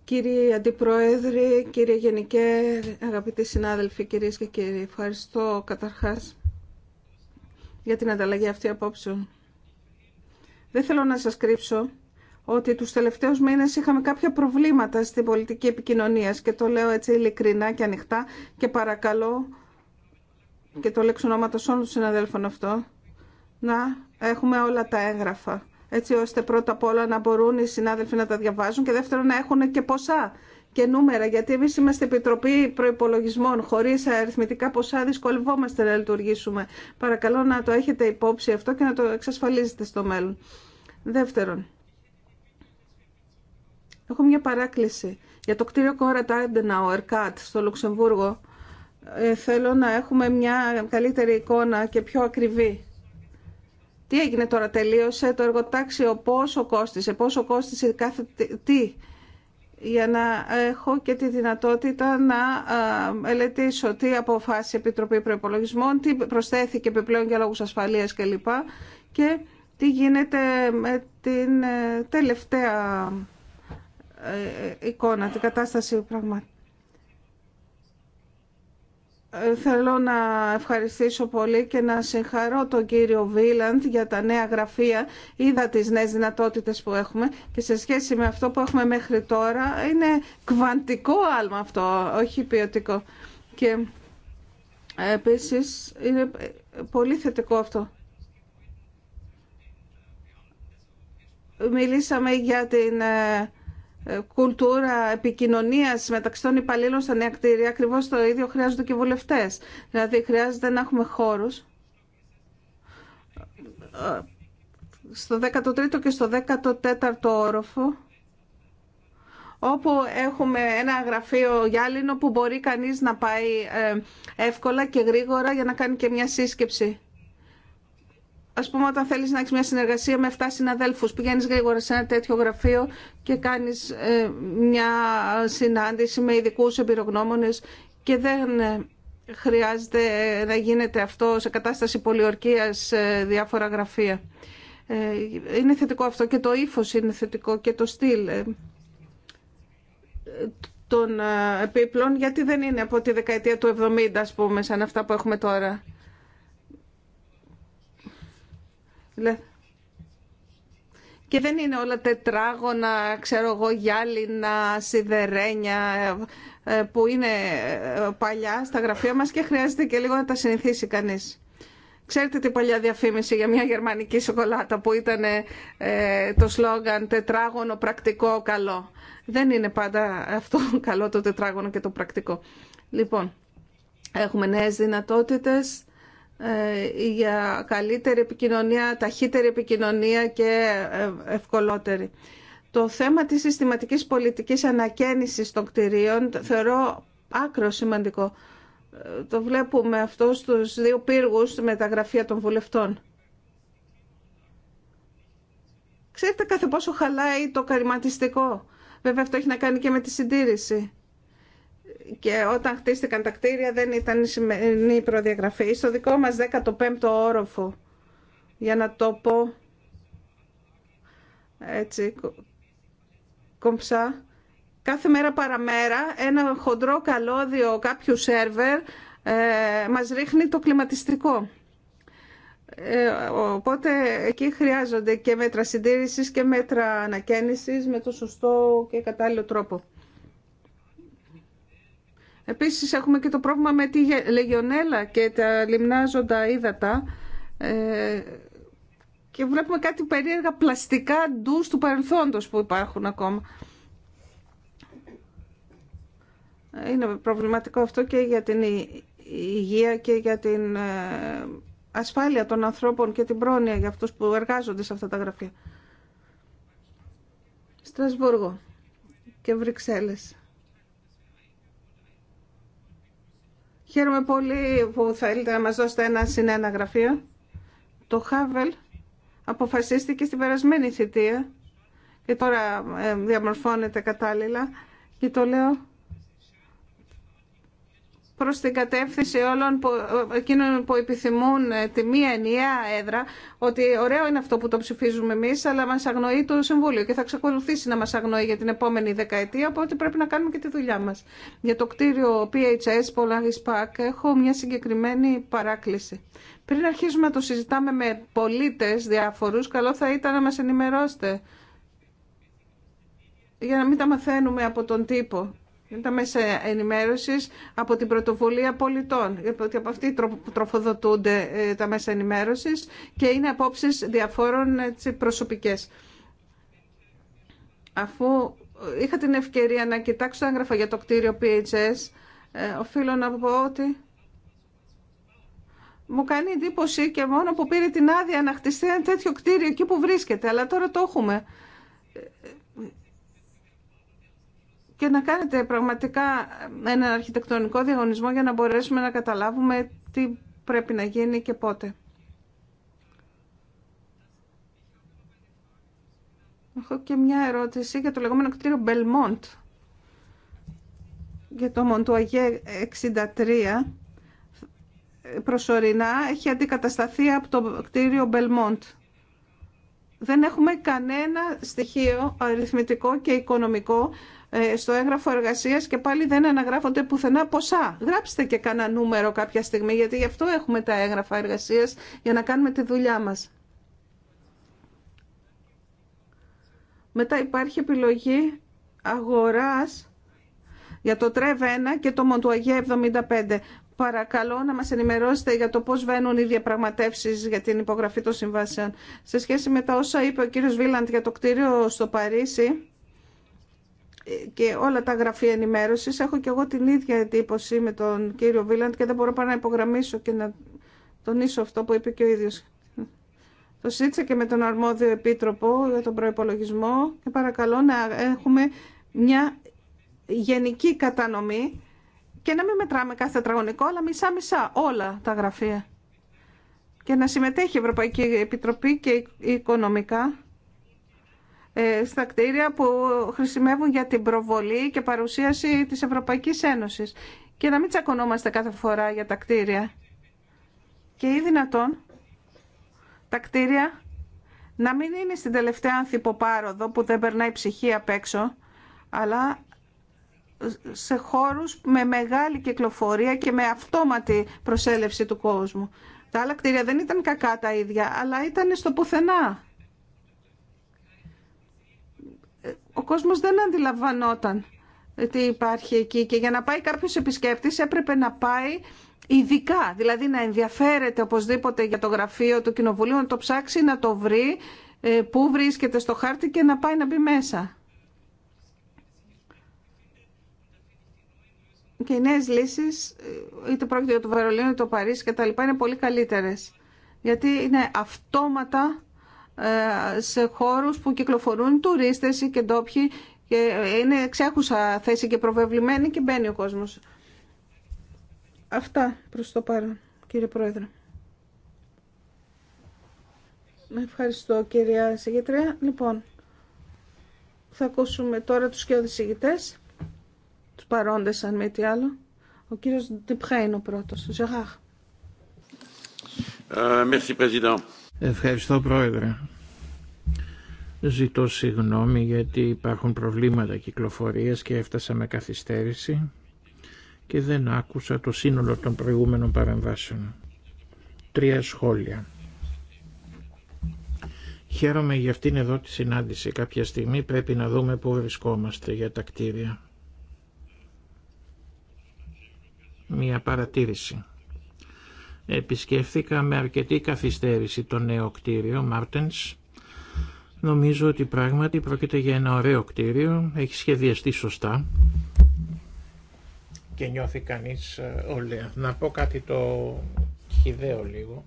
Κύριε Αντιπρόεδρε, κύριε Γενικέ, αγαπητοί συνάδελφοι, κυρίες και κύριοι, ευχαριστώ καταρχάς για την ανταλλαγή αυτή απόψε. Δεν θέλω να σας κρύψω ότι τους τελευταίους μήνες είχαμε κάποια προβλήματα στην πολιτική επικοινωνίας και το λέω έτσι ειλικρινά και ανοιχτά και παρακαλώ και το λέξω ονόματος όλων των συναδέλφων αυτό να έχουμε όλα τα έγγραφα. Έτσι ώστε πρώτα απ' όλα να μπορούν οι συνάδελφοι να τα διαβάζουν και δεύτερον να έχουν και ποσά και νούμερα. Γιατί εμεί είμαστε Επιτροπή Προπολογισμών. Χωρί αριθμητικά ποσά δυσκολευόμαστε να λειτουργήσουμε. Παρακαλώ να το έχετε υπόψη αυτό και να το εξασφαλίζετε στο μέλλον. Δεύτερον, έχω μια παράκληση για το κτίριο Τάντενα, ο ΕΡΚΑΤ, στο Λουξεμβούργο. Ε, θέλω να έχουμε μια καλύτερη εικόνα και πιο ακριβή. Τι έγινε τώρα, τελείωσε το εργοτάξιο, πόσο κόστισε, πόσο κόστισε κάθε τι, για να έχω και τη δυνατότητα να μελετήσω τι αποφάσισε η Επιτροπή Προπολογισμών, τι προσθέθηκε επιπλέον για λόγους ασφαλείας κλπ. Και τι γίνεται με την ε, τελευταία ε, ε, εικόνα, την κατάσταση πραγματικά. Ε, θέλω να ευχαριστήσω πολύ και να συγχαρώ τον κύριο Βίλαντ για τα νέα γραφεία. Είδα τις νέες δυνατότητες που έχουμε και σε σχέση με αυτό που έχουμε μέχρι τώρα είναι κβαντικό άλμα αυτό, όχι ποιοτικό. Και ε, επίσης είναι πολύ θετικό αυτό. Μιλήσαμε για την ε, ε, κουλτούρα επικοινωνία μεταξύ των υπαλλήλων στα νέα κτίρια, ακριβώ το ίδιο χρειάζονται και βουλευτέ. Δηλαδή χρειάζεται να έχουμε χώρου. Ε, στο 13ο και στο 14ο όροφο όπου έχουμε ένα γραφείο γυάλινο που μπορεί κανείς να πάει ε, εύκολα και γρήγορα για να κάνει και μια σύσκεψη ας πούμε όταν θέλεις να έχεις μια συνεργασία με 7 συναδέλφους, πηγαίνεις γρήγορα σε ένα τέτοιο γραφείο και κάνεις ε, μια συνάντηση με ειδικού εμπειρογνώμονες και δεν ε, χρειάζεται ε, να γίνεται αυτό σε κατάσταση πολιορκίας σε διάφορα γραφεία. Είναι θετικό αυτό και το ύφο είναι θετικό και το στυλ των επίπλων, γιατί δεν είναι από τη δεκαετία του 70, ας πούμε, σαν αυτά που έχουμε τώρα. Και δεν είναι όλα τετράγωνα, ξέρω εγώ, γυάλινα, σιδερένια, ε, ε, που είναι ε, παλιά στα γραφεία μας και χρειάζεται και λίγο να τα συνηθίσει κανείς. Ξέρετε την παλιά διαφήμιση για μια γερμανική σοκολάτα που ήταν το σλόγγαν τετράγωνο πρακτικό καλό. Δεν είναι πάντα αυτό καλό το τετράγωνο και το πρακτικό. Λοιπόν, έχουμε νέες δυνατότητες ε, για καλύτερη επικοινωνία, ταχύτερη επικοινωνία και ε, ευκολότερη. Το θέμα της συστηματικής πολιτικής ανακαίνησης των κτηρίων θεωρώ άκρο σημαντικό. Ε, το βλέπουμε αυτό στους δύο πύργους με τα γραφεία των βουλευτών. Ξέρετε κάθε πόσο χαλάει το καρυματιστικό. Βέβαια αυτό έχει να κάνει και με τη συντήρηση και όταν χτίστηκαν τα κτίρια δεν ήταν η σημερινή προδιαγραφή. Στο δικό μας 15ο όροφο, για να το πω έτσι κομψά, κάθε μέρα παραμέρα ένα χοντρό καλώδιο κάποιου σερβερ ε, μας ρίχνει το κλιματιστικό. Ε, οπότε εκεί χρειάζονται και μέτρα συντήρησης και μέτρα ανακαίνησης με το σωστό και κατάλληλο τρόπο. Επίσης έχουμε και το πρόβλημα με τη λεγιονέλα και τα λιμνάζοντα ύδατα ε, και βλέπουμε κάτι περίεργα πλαστικά ντους του παρελθόντος που υπάρχουν ακόμα. Είναι προβληματικό αυτό και για την υγεία και για την ε, ασφάλεια των ανθρώπων και την πρόνοια για αυτούς που εργάζονται σε αυτά τα γραφεία. Στρασβούργο και Βρυξέλλες. Χαίρομαι πολύ που θέλετε να μας δώσετε ένα συνένα γραφείο. Το Χάβελ αποφασίστηκε στην περασμένη θητεία και τώρα ε, διαμορφώνεται κατάλληλα και το λέω προς την κατεύθυνση όλων που, εκείνων που επιθυμούν ε, τη μία ενιαία έδρα, ότι ωραίο είναι αυτό που το ψηφίζουμε εμείς, αλλά μας αγνοεί το Συμβούλιο και θα ξεκολουθήσει να μας αγνοεί για την επόμενη δεκαετία, οπότε πρέπει να κάνουμε και τη δουλειά μας. Για το κτίριο PHS Polaris Park έχω μια συγκεκριμένη παράκληση. Πριν αρχίσουμε να το συζητάμε με πολίτες διάφορους, καλό θα ήταν να μας ενημερώσετε για να μην τα μαθαίνουμε από τον τύπο. Είναι τα μέσα ενημέρωσης από την πρωτοβουλία πολιτών. Γιατί από αυτή τροφοδοτούνται ε, τα μέσα ενημέρωσης και είναι απόψεις διαφόρων έτσι, προσωπικές. Αφού ε, είχα την ευκαιρία να κοιτάξω έγγραφα για το κτίριο PHS, ε, οφείλω να πω ότι μου κάνει εντύπωση και μόνο που πήρε την άδεια να χτιστεί ένα τέτοιο κτίριο εκεί που βρίσκεται, αλλά τώρα το έχουμε και να κάνετε πραγματικά ένα αρχιτεκτονικό διαγωνισμό για να μπορέσουμε να καταλάβουμε τι πρέπει να γίνει και πότε. Έχω και μια ερώτηση για το λεγόμενο κτίριο Belmont. για το Μοντουαγέ 63 προσωρινά έχει αντικατασταθεί από το κτίριο Belmont. Δεν έχουμε κανένα στοιχείο αριθμητικό και οικονομικό ε, στο έγγραφο εργασία και πάλι δεν αναγράφονται πουθενά ποσά. Γράψτε και κανένα νούμερο κάποια στιγμή, γιατί γι' αυτό έχουμε τα έγγραφα εργασία για να κάνουμε τη δουλειά μα. Μετά υπάρχει επιλογή αγοράς για το ΤΡΕΒ και το μοντοαγέ 75. Παρακαλώ να μας ενημερώσετε για το πώς βαίνουν οι διαπραγματεύσεις για την υπογραφή των συμβάσεων. Σε σχέση με τα όσα είπε ο κύριος Βίλαντ για το κτίριο στο Παρίσι, και όλα τα γραφεία ενημέρωσης. Έχω και εγώ την ίδια εντύπωση με τον κύριο Βίλαντ και δεν μπορώ παρά να υπογραμμίσω και να τονίσω αυτό που είπε και ο ίδιος. Το συζήτησα και με τον αρμόδιο επίτροπο για τον προϋπολογισμό και παρακαλώ να έχουμε μια γενική κατανομή και να μην μετράμε κάθε τετραγωνικό, αλλά μισά-μισά όλα τα γραφεία. Και να συμμετέχει η Ευρωπαϊκή Επιτροπή και οικονομικά ε, στα κτίρια που χρησιμεύουν για την προβολή και παρουσίαση της Ευρωπαϊκής Ένωσης και να μην τσακωνόμαστε κάθε φορά για τα κτίρια. Και ή δυνατόν τα κτίρια να μην είναι στην τελευταία ανθυποπάροδο που δεν περνάει ψυχή απ' έξω, αλλά σε χώρους με μεγάλη κυκλοφορία και με αυτόματη προσέλευση του κόσμου. Τα άλλα κτίρια δεν ήταν κακά τα ίδια, αλλά ήταν στο πουθενά. κόσμος δεν αντιλαμβανόταν τι υπάρχει εκεί και για να πάει κάποιος επισκέπτης έπρεπε να πάει ειδικά, δηλαδή να ενδιαφέρεται οπωσδήποτε για το γραφείο του Κοινοβουλίου, να το ψάξει, να το βρει, ε, πού βρίσκεται στο χάρτη και να πάει να μπει μέσα. Και οι νέες λύσεις, ε, είτε πρόκειται για το Βερολίνο, το Παρίσι και τα λοιπά, είναι πολύ καλύτερες. Γιατί είναι αυτόματα ε, σε χώρους που κυκλοφορούν τουρίστες ή και ντόπιοι και είναι εξέχουσα θέση και προβεβλημένη και μπαίνει ο κόσμος. Αυτά προς το παρόν, κύριε Πρόεδρε. Ευχαριστώ κυρία Συγγετρία. Λοιπόν, θα ακούσουμε τώρα τους και οδησηγητές, τους παρόντες αν με τι άλλο. Ο κύριος Ντιπχέ είναι ο πρώτος, Ζεγάχ. Ε, Ευχαριστώ Πρόεδρε. Ζητώ συγγνώμη γιατί υπάρχουν προβλήματα κυκλοφορίας και έφτασα με καθυστέρηση και δεν άκουσα το σύνολο των προηγούμενων παρεμβάσεων. Τρία σχόλια. Χαίρομαι για αυτήν εδώ τη συνάντηση. Κάποια στιγμή πρέπει να δούμε πού βρισκόμαστε για τα κτίρια. Μια παρατήρηση επισκέφθηκα με αρκετή καθυστέρηση το νέο κτίριο Μάρτενς. Νομίζω ότι πράγματι πρόκειται για ένα ωραίο κτίριο, έχει σχεδιαστεί σωστά και νιώθει κανείς ε, ωραία. Να πω κάτι το χιδαίο λίγο.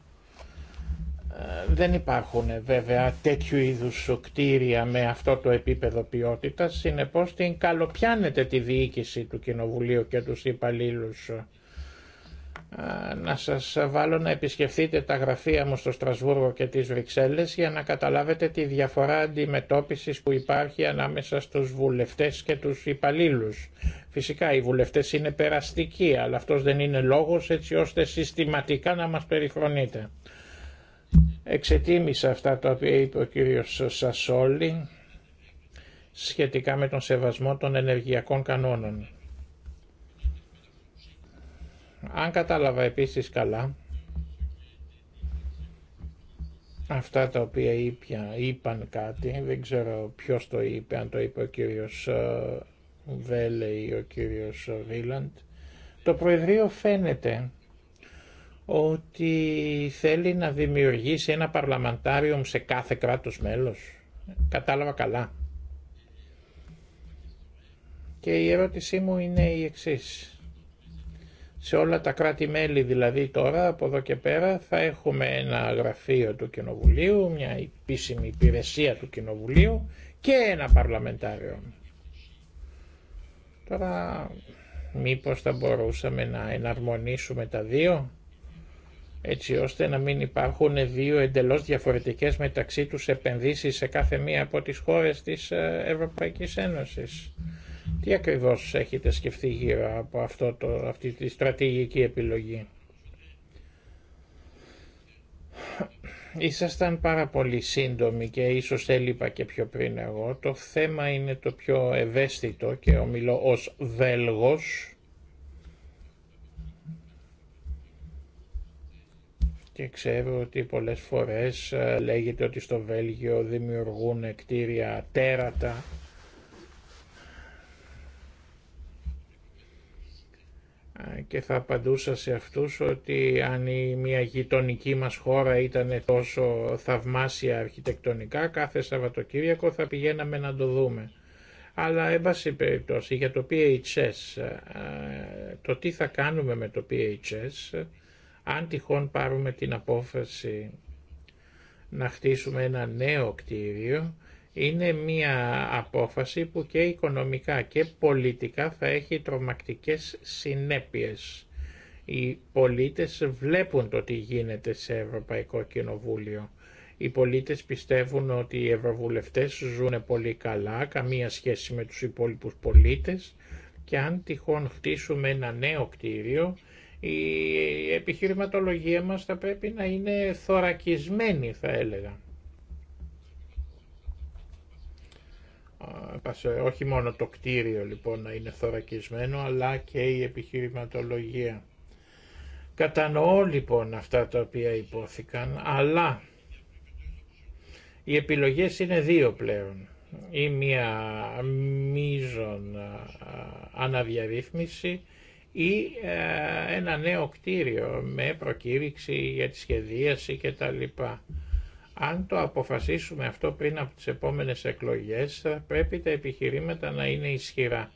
Ε, δεν υπάρχουν ε, βέβαια τέτοιου είδους κτίρια με αυτό το επίπεδο ποιότητας, συνεπώς την καλοπιάνεται τη διοίκηση του Κοινοβουλίου και τους υπαλλήλους ε, να σας βάλω να επισκεφθείτε τα γραφεία μου στο Στρασβούργο και τις Βρυξέλλες για να καταλάβετε τη διαφορά αντιμετώπισης που υπάρχει ανάμεσα στους βουλευτές και τους υπαλλήλους. Φυσικά οι βουλευτές είναι περαστικοί, αλλά αυτός δεν είναι λόγος έτσι ώστε συστηματικά να μας περιφρονείτε. Εξετίμησα αυτά τα οποία είπε ο κύριος Σασόλη σχετικά με τον σεβασμό των ενεργειακών κανόνων. Αν κατάλαβα επίσης καλά, αυτά τα οποία είπια, είπαν κάτι, δεν ξέρω ποιος το είπε, αν το είπε ο κύριος ε, Βέλε ή ο κύριος ε, Βίλαντ, το Προεδρείο φαίνεται ότι θέλει να δημιουργήσει ένα παρλαμαντάριο σε κάθε κράτος μέλος. Κατάλαβα καλά. Και η ερώτησή μου είναι η εξής. Σε όλα τα κράτη-μέλη δηλαδή τώρα από εδώ και πέρα θα έχουμε ένα γραφείο του Κοινοβουλίου, μια επίσημη υπηρεσία του Κοινοβουλίου και ένα παρλαμεντάριο. Τώρα μήπως θα μπορούσαμε να εναρμονίσουμε τα δύο έτσι ώστε να μην υπάρχουν δύο εντελώς διαφορετικές μεταξύ τους επενδύσεις σε κάθε μία από τις χώρες της ε, Ευρωπαϊκής Ένωσης. Τι ακριβώς έχετε σκεφτεί γύρω από αυτό το, αυτή τη στρατηγική επιλογή. Ήσασταν πάρα πολύ σύντομοι και ίσως έλειπα και πιο πριν εγώ. Το θέμα είναι το πιο ευαίσθητο και ομιλώ ως Βέλγος. Και ξέρω ότι πολλές φορές ε, λέγεται ότι στο Βέλγιο δημιουργούν κτίρια τέρατα και θα απαντούσα σε αυτούς ότι αν η μια γειτονική μας χώρα ήταν τόσο θαυμάσια αρχιτεκτονικά κάθε Σαββατοκύριακο θα πηγαίναμε να το δούμε. Αλλά εν πάση περιπτώσει για το PHS, ε, το τι θα κάνουμε με το PHS αν τυχόν πάρουμε την απόφαση να χτίσουμε ένα νέο κτίριο είναι μία απόφαση που και οικονομικά και πολιτικά θα έχει τρομακτικές συνέπειες. Οι πολίτες βλέπουν το τι γίνεται σε Ευρωπαϊκό Κοινοβούλιο. Οι πολίτες πιστεύουν ότι οι ευρωβουλευτές ζουν πολύ καλά, καμία σχέση με τους υπόλοιπους πολίτες και αν τυχόν χτίσουμε ένα νέο κτίριο, η επιχειρηματολογία μας θα πρέπει να είναι θωρακισμένη θα έλεγα. όχι μόνο το κτίριο λοιπόν να είναι θωρακισμένο, αλλά και η επιχειρηματολογία. Κατανοώ λοιπόν αυτά τα οποία υπόθηκαν, αλλά οι επιλογές είναι δύο πλέον. Ή μία μίζων αναδιαρρύθμιση ή ε, ένα νέο κτίριο με προκήρυξη για τη σχεδίαση κτλ. Αν το αποφασίσουμε αυτό πριν από τις επόμενες εκλογές, θα πρέπει τα επιχειρήματα να είναι ισχυρά.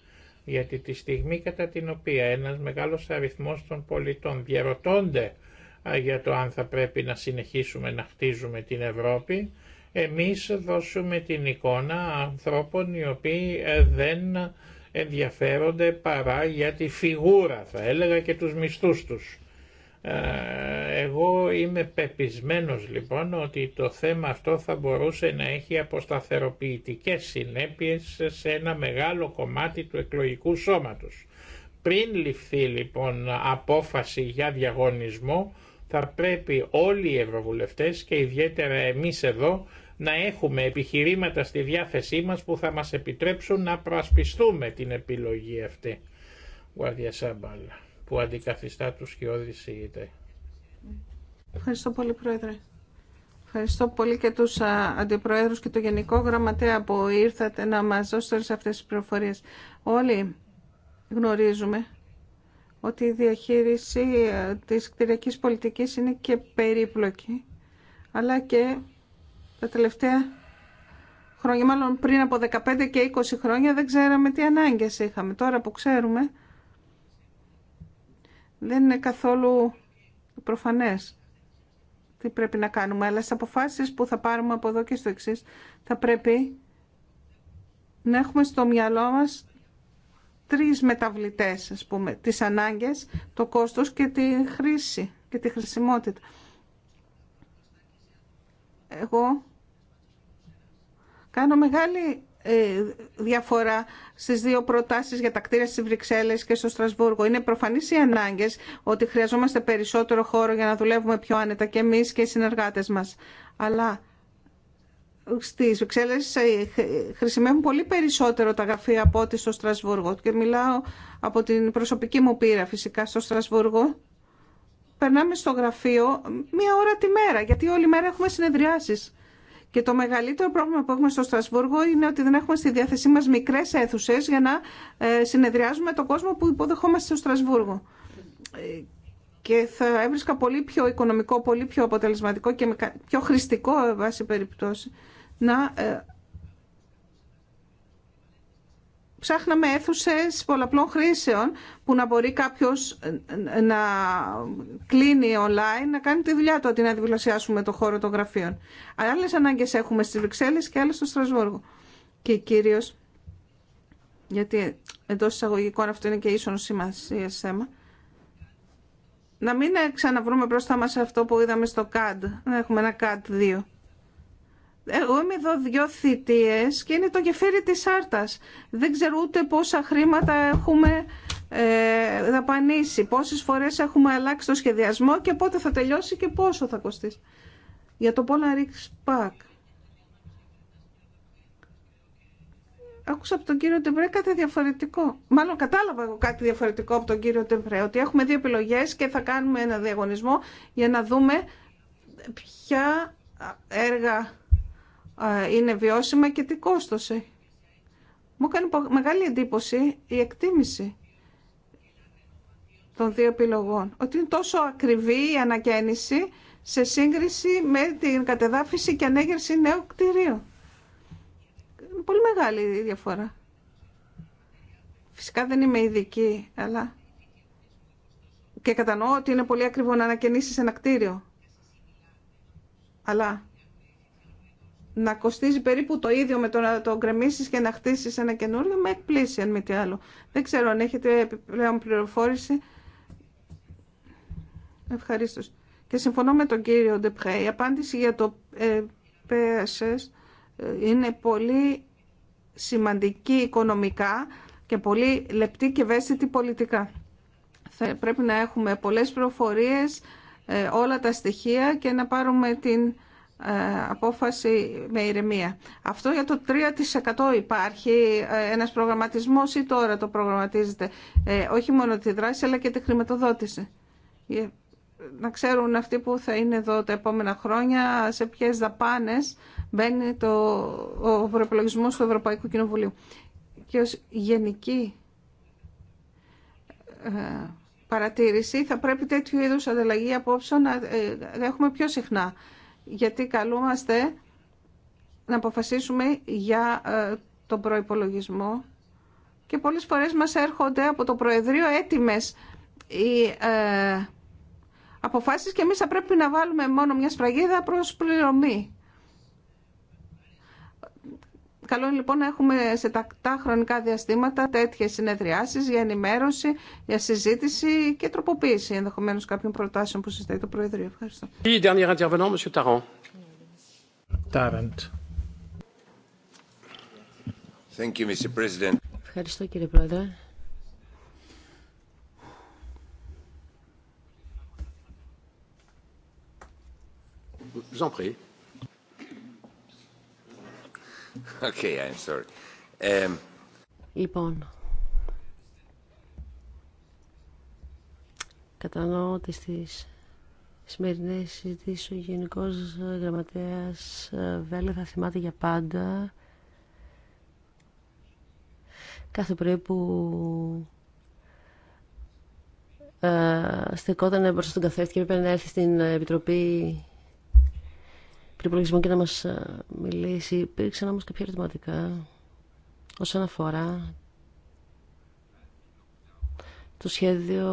Γιατί τη στιγμή κατά την οποία ένας μεγάλος αριθμός των πολιτών διαρωτώνται για το αν θα πρέπει να συνεχίσουμε να χτίζουμε την Ευρώπη, εμείς δώσουμε την εικόνα ανθρώπων οι οποίοι ε, δεν ενδιαφέρονται παρά για τη φιγούρα θα έλεγα και τους μισθούς τους. Ε, εγώ είμαι πεπισμένος λοιπόν ότι το θέμα αυτό θα μπορούσε να έχει αποσταθεροποιητικές συνέπειες σε ένα μεγάλο κομμάτι του εκλογικού σώματος. Πριν ληφθεί λοιπόν απόφαση για διαγωνισμό θα πρέπει όλοι οι ευρωβουλευτές και ιδιαίτερα εμείς εδώ να έχουμε επιχειρήματα στη διάθεσή μας που θα μας επιτρέψουν να προασπιστούμε την επιλογή αυτή. Guardia που αντικαθιστά τους και ηγητέ. Ευχαριστώ πολύ Πρόεδρε. Ευχαριστώ πολύ και τους αντιπροέδρους και το Γενικό Γραμματέα που ήρθατε να μας δώσετε αυτές τις πληροφορίες. Όλοι γνωρίζουμε ότι η διαχείριση ε, της κτηριακής πολιτικής είναι και περίπλοκη, αλλά και τα τελευταία χρόνια, μάλλον πριν από 15 και 20 χρόνια δεν ξέραμε τι ανάγκες είχαμε. Τώρα που ξέρουμε, δεν είναι καθόλου προφανές τι πρέπει να κάνουμε, αλλά στις αποφάσεις που θα πάρουμε από εδώ και στο εξή θα πρέπει να έχουμε στο μυαλό μας τρεις μεταβλητές, ας πούμε, τις ανάγκες, το κόστος και τη χρήση και τη χρησιμότητα. Εγώ κάνω μεγάλη ε, διαφορά στι δύο προτάσει για τα κτίρια στι Βρυξέλλες και στο Στρασβούργο. Είναι προφανή οι ανάγκε ότι χρειαζόμαστε περισσότερο χώρο για να δουλεύουμε πιο άνετα και εμεί και οι συνεργάτε μα. Αλλά στι Βρυξέλλες ε, χρησιμεύουν πολύ περισσότερο τα γραφεία από ό,τι στο Στρασβούργο. Και μιλάω από την προσωπική μου πείρα φυσικά στο Στρασβούργο. Περνάμε στο γραφείο μία ώρα τη μέρα, γιατί όλη μέρα έχουμε συνεδριάσεις. Και το μεγαλύτερο πρόβλημα που έχουμε στο Στρασβούργο είναι ότι δεν έχουμε στη διάθεσή μας μικρές αίθουσες για να ε, συνεδριάζουμε τον κόσμο που υποδεχόμαστε στο Στρασβούργο. Ε, και θα έβρισκα πολύ πιο οικονομικό, πολύ πιο αποτελεσματικό και πιο χρηστικό, βάση περιπτώσει, να ε, ψάχναμε αίθουσε πολλαπλών χρήσεων που να μπορεί κάποιο να κλείνει online, να κάνει τη δουλειά του αντί να διπλασιάσουμε το χώρο των γραφείων. Άλλες ανάγκε έχουμε στις Βρυξέλλε και άλλες στο Στρασβούργο. Και κυρίως, γιατί εντό εισαγωγικών αυτό είναι και ίσον σημασία θέμα, να μην ξαναβρούμε μπροστά μα αυτό που είδαμε στο CAD, να έχουμε ένα CAD 2. Εγώ είμαι εδώ δυο θητείες και είναι το γεφύρι της άρτας. Δεν ξέρω ούτε πόσα χρήματα έχουμε ε, δαπανίσει, πόσες φορές έχουμε αλλάξει το σχεδιασμό και πότε θα τελειώσει και πόσο θα κοστίσει. Για το Polaris Pack. Άκουσα από τον κύριο Τεμπρέ κάτι διαφορετικό. Μάλλον κατάλαβα εγώ κάτι διαφορετικό από τον κύριο Τεμπρέ. Ότι έχουμε δύο επιλογές και θα κάνουμε ένα διαγωνισμό για να δούμε ποια έργα είναι βιώσιμα και τι κόστος ε. Μου κάνει μεγάλη εντύπωση η εκτίμηση των δύο επιλογών. Ότι είναι τόσο ακριβή η ανακαίνιση σε σύγκριση με την κατεδάφιση και ανέγερση νέου κτηρίου. πολύ μεγάλη η διαφορά. Φυσικά δεν είμαι ειδική, αλλά και κατανοώ ότι είναι πολύ ακριβό να ανακαινήσεις ένα κτίριο. Αλλά να κοστίζει περίπου το ίδιο με το να το γκρεμίσει και να χτίσει ένα καινούριο, με εκπλήσει αν μη τι άλλο. Δεν ξέρω αν έχετε επιπλέον πληροφόρηση. Ευχαρίστω. Και συμφωνώ με τον κύριο Ντεπχέ. Η απάντηση για το ε, PSS ε, είναι πολύ σημαντική οικονομικά και πολύ λεπτή και ευαίσθητη πολιτικά. Θα, πρέπει να έχουμε πολλές προφορίες, ε, όλα τα στοιχεία και να πάρουμε την ε, απόφαση με ηρεμία. Αυτό για το 3% υπάρχει ε, ένας προγραμματισμός ή τώρα το προγραμματίζεται. Ε, όχι μόνο τη δράση αλλά και τη χρηματοδότηση. Να ξέρουν αυτοί που θα είναι εδώ τα επόμενα χρόνια σε ποιες δαπάνες μπαίνει το, ο προεπιλογισμός του Ευρωπαϊκού Κοινοβουλίου. Και ως γενική παρατήρηση θα πρέπει τέτοιου είδους ανταλλαγή απόψε να έχουμε πιο συχνά γιατί καλούμαστε να αποφασίσουμε για ε, τον προϋπολογισμό και πολλές φορές μας έρχονται από το Προεδρείο έτοιμες οι ε, αποφάσεις και εμείς θα πρέπει να βάλουμε μόνο μια σφραγίδα προς πληρωμή. Καλό είναι λοιπόν να έχουμε σε τακτά χρονικά διαστήματα τέτοιες συνεδριάσεις για ενημέρωση, για συζήτηση και τροποποίηση ενδεχομένως κάποιων προτάσεων που συζητάει το Προεδρείο. Ευχαριστώ. Thank you, Mr. President. Ευχαριστώ κύριε Πρόεδρε. Vous en prie. Okay, I'm sorry. Λοιπόν, κατανοώ ότι στις σημερινές συζητήσεις ο Γενικός Γραμματέας ε, Βέλε θα θυμάται για πάντα κάθε πρωί που ε, στεκόταν μπροστά στον καθένα και έπρεπε να έρθει στην Επιτροπή προπολογισμό και να μας ε, μιλήσει. Υπήρξαν όμως κάποια ερωτηματικά όσον αφορά το σχέδιο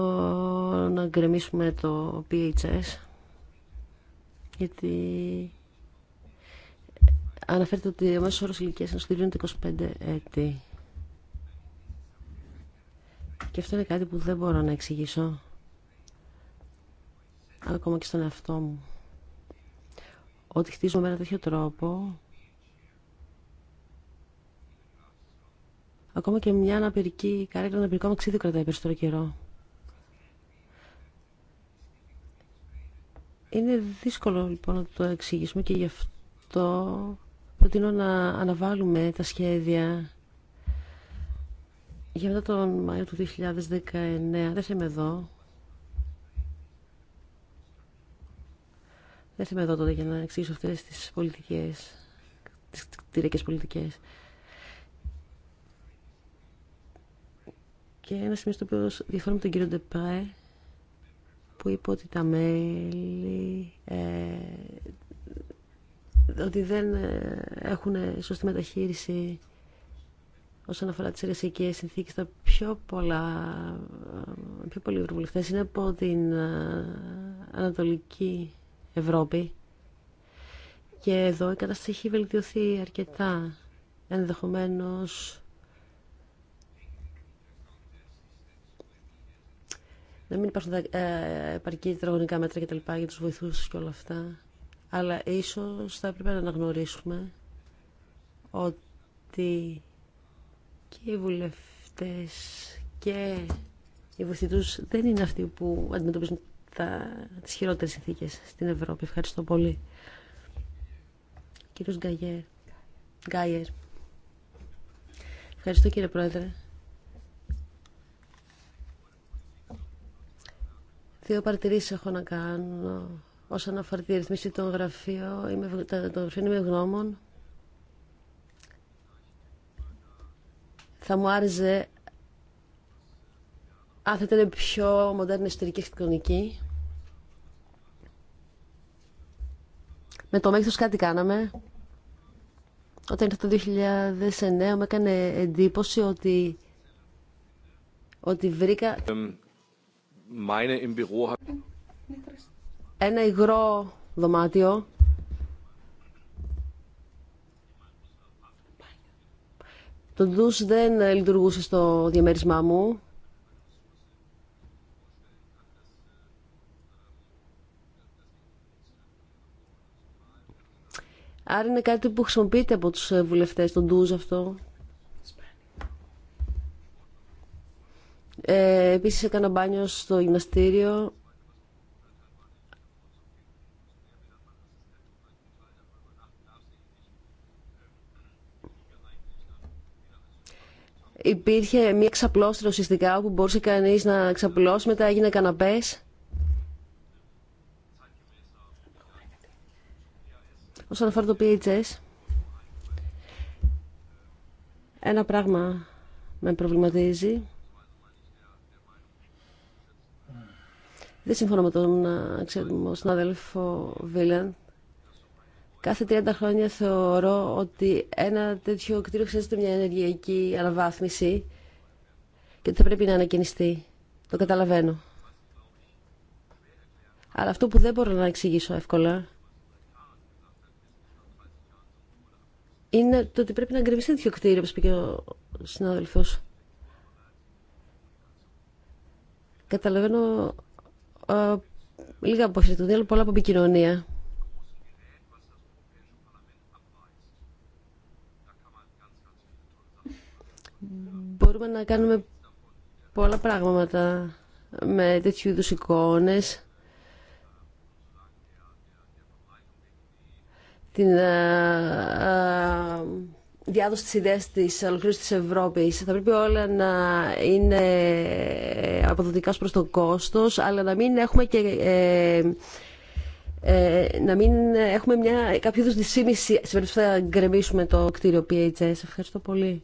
να γκρεμίσουμε το PHS γιατί αναφέρεται ότι ο μέσος όρος ηλικίας είναι 25 έτη και αυτό είναι κάτι που δεν μπορώ να εξηγήσω ακόμα και στον εαυτό μου ότι χτίζουμε με ένα τέτοιο τρόπο ακόμα και μια αναπηρική καρέκλα αναπηρικό μαξίδι κρατάει περισσότερο καιρό. Είναι δύσκολο λοιπόν να το εξηγήσουμε και γι' αυτό προτείνω να αναβάλουμε τα σχέδια για μετά τον Μάιο του 2019. Δεν είμαι εδώ. Δεν είμαι εδώ τότε για να εξηγήσω αυτέ τι πολιτικέ, τι κτηριακές Και ένα σημείο στο οποίο διαφωνώ με τον κύριο Ντεπάε, που είπε ότι τα μέλη ε, ότι δεν ε, έχουν ε, σωστή μεταχείριση όσον αφορά τις εργασιακέ συνθήκες τα πιο πολλά πιο πολλοί ευρωβουλευτές είναι από την Ανατολική Ευρώπη. Και εδώ η κατάσταση έχει βελτιωθεί αρκετά. Ενδεχομένως να μην υπάρχουν ε, επαρκή τετραγωνικά μέτρα και τα λοιπά για τους βοηθούς και όλα αυτά. Αλλά ίσως θα έπρεπε να αναγνωρίσουμε ότι και οι βουλευτές και οι βοηθητούς δεν είναι αυτοί που αντιμετωπίζουν τα, τις χειρότερες συνθήκες στην Ευρώπη. Ευχαριστώ πολύ. Κύριος Γκαγιέρ. Γκάιερ. Ευχαριστώ κύριε Πρόεδρε. Δύο παρατηρήσεις έχω να κάνω όσον αφορά τη ρυθμίση των γραφείων. Είμαι, το γραφείο γνώμων. Θα μου άρεσε αν θα πιο μοντέρνη ιστορική αρχιτεκτονική. Με το μέγεθο κάτι κάναμε. Όταν ήρθα το 2009 μου έκανε εντύπωση ότι, ότι βρήκα ένα υγρό δωμάτιο Το ντους δεν λειτουργούσε στο διαμέρισμά μου Άρα είναι κάτι που χρησιμοποιείται από τους ε, βουλευτές, τον ντουζ αυτό. Ε, επίσης έκανα μπάνιο στο γυμναστήριο. Υπήρχε μια ξαπλώστρα ουσιαστικά όπου μπορούσε κανείς να ξαπλώσει, μετά έγινε καναπές. Όσον αφορά το PHS, ένα πράγμα με προβληματίζει. Δεν συμφωνώ με τον ξέρουμε, συνάδελφο Βίλεν. Κάθε 30 χρόνια θεωρώ ότι ένα τέτοιο κτίριο χρειάζεται μια ενεργειακή αναβάθμιση και ότι θα πρέπει να ανακαινιστεί. Το καταλαβαίνω. Αλλά αυτό που δεν μπορώ να εξηγήσω εύκολα είναι το ότι πρέπει να γκρεμιστεί τέτοιο κτίριο, όπως πήγε ο συνάδελφος. Καταλαβαίνω λίγα από αυτή δηλαδή αλλά πολλά από επικοινωνία. Μπορούμε να κάνουμε πολλά πράγματα με τέτοιου είδους εικόνες. την ε, ε, διάδοση της ιδέας της ολοκλήρωσης της Ευρώπης. Θα πρέπει όλα να είναι αποδοτικά προς το κόστος, αλλά να μην έχουμε και... Ε, να μην έχουμε μια κάποιο είδους δυσήμιση σε περίπτωση θα γκρεμίσουμε το κτίριο PHS. Ευχαριστώ πολύ.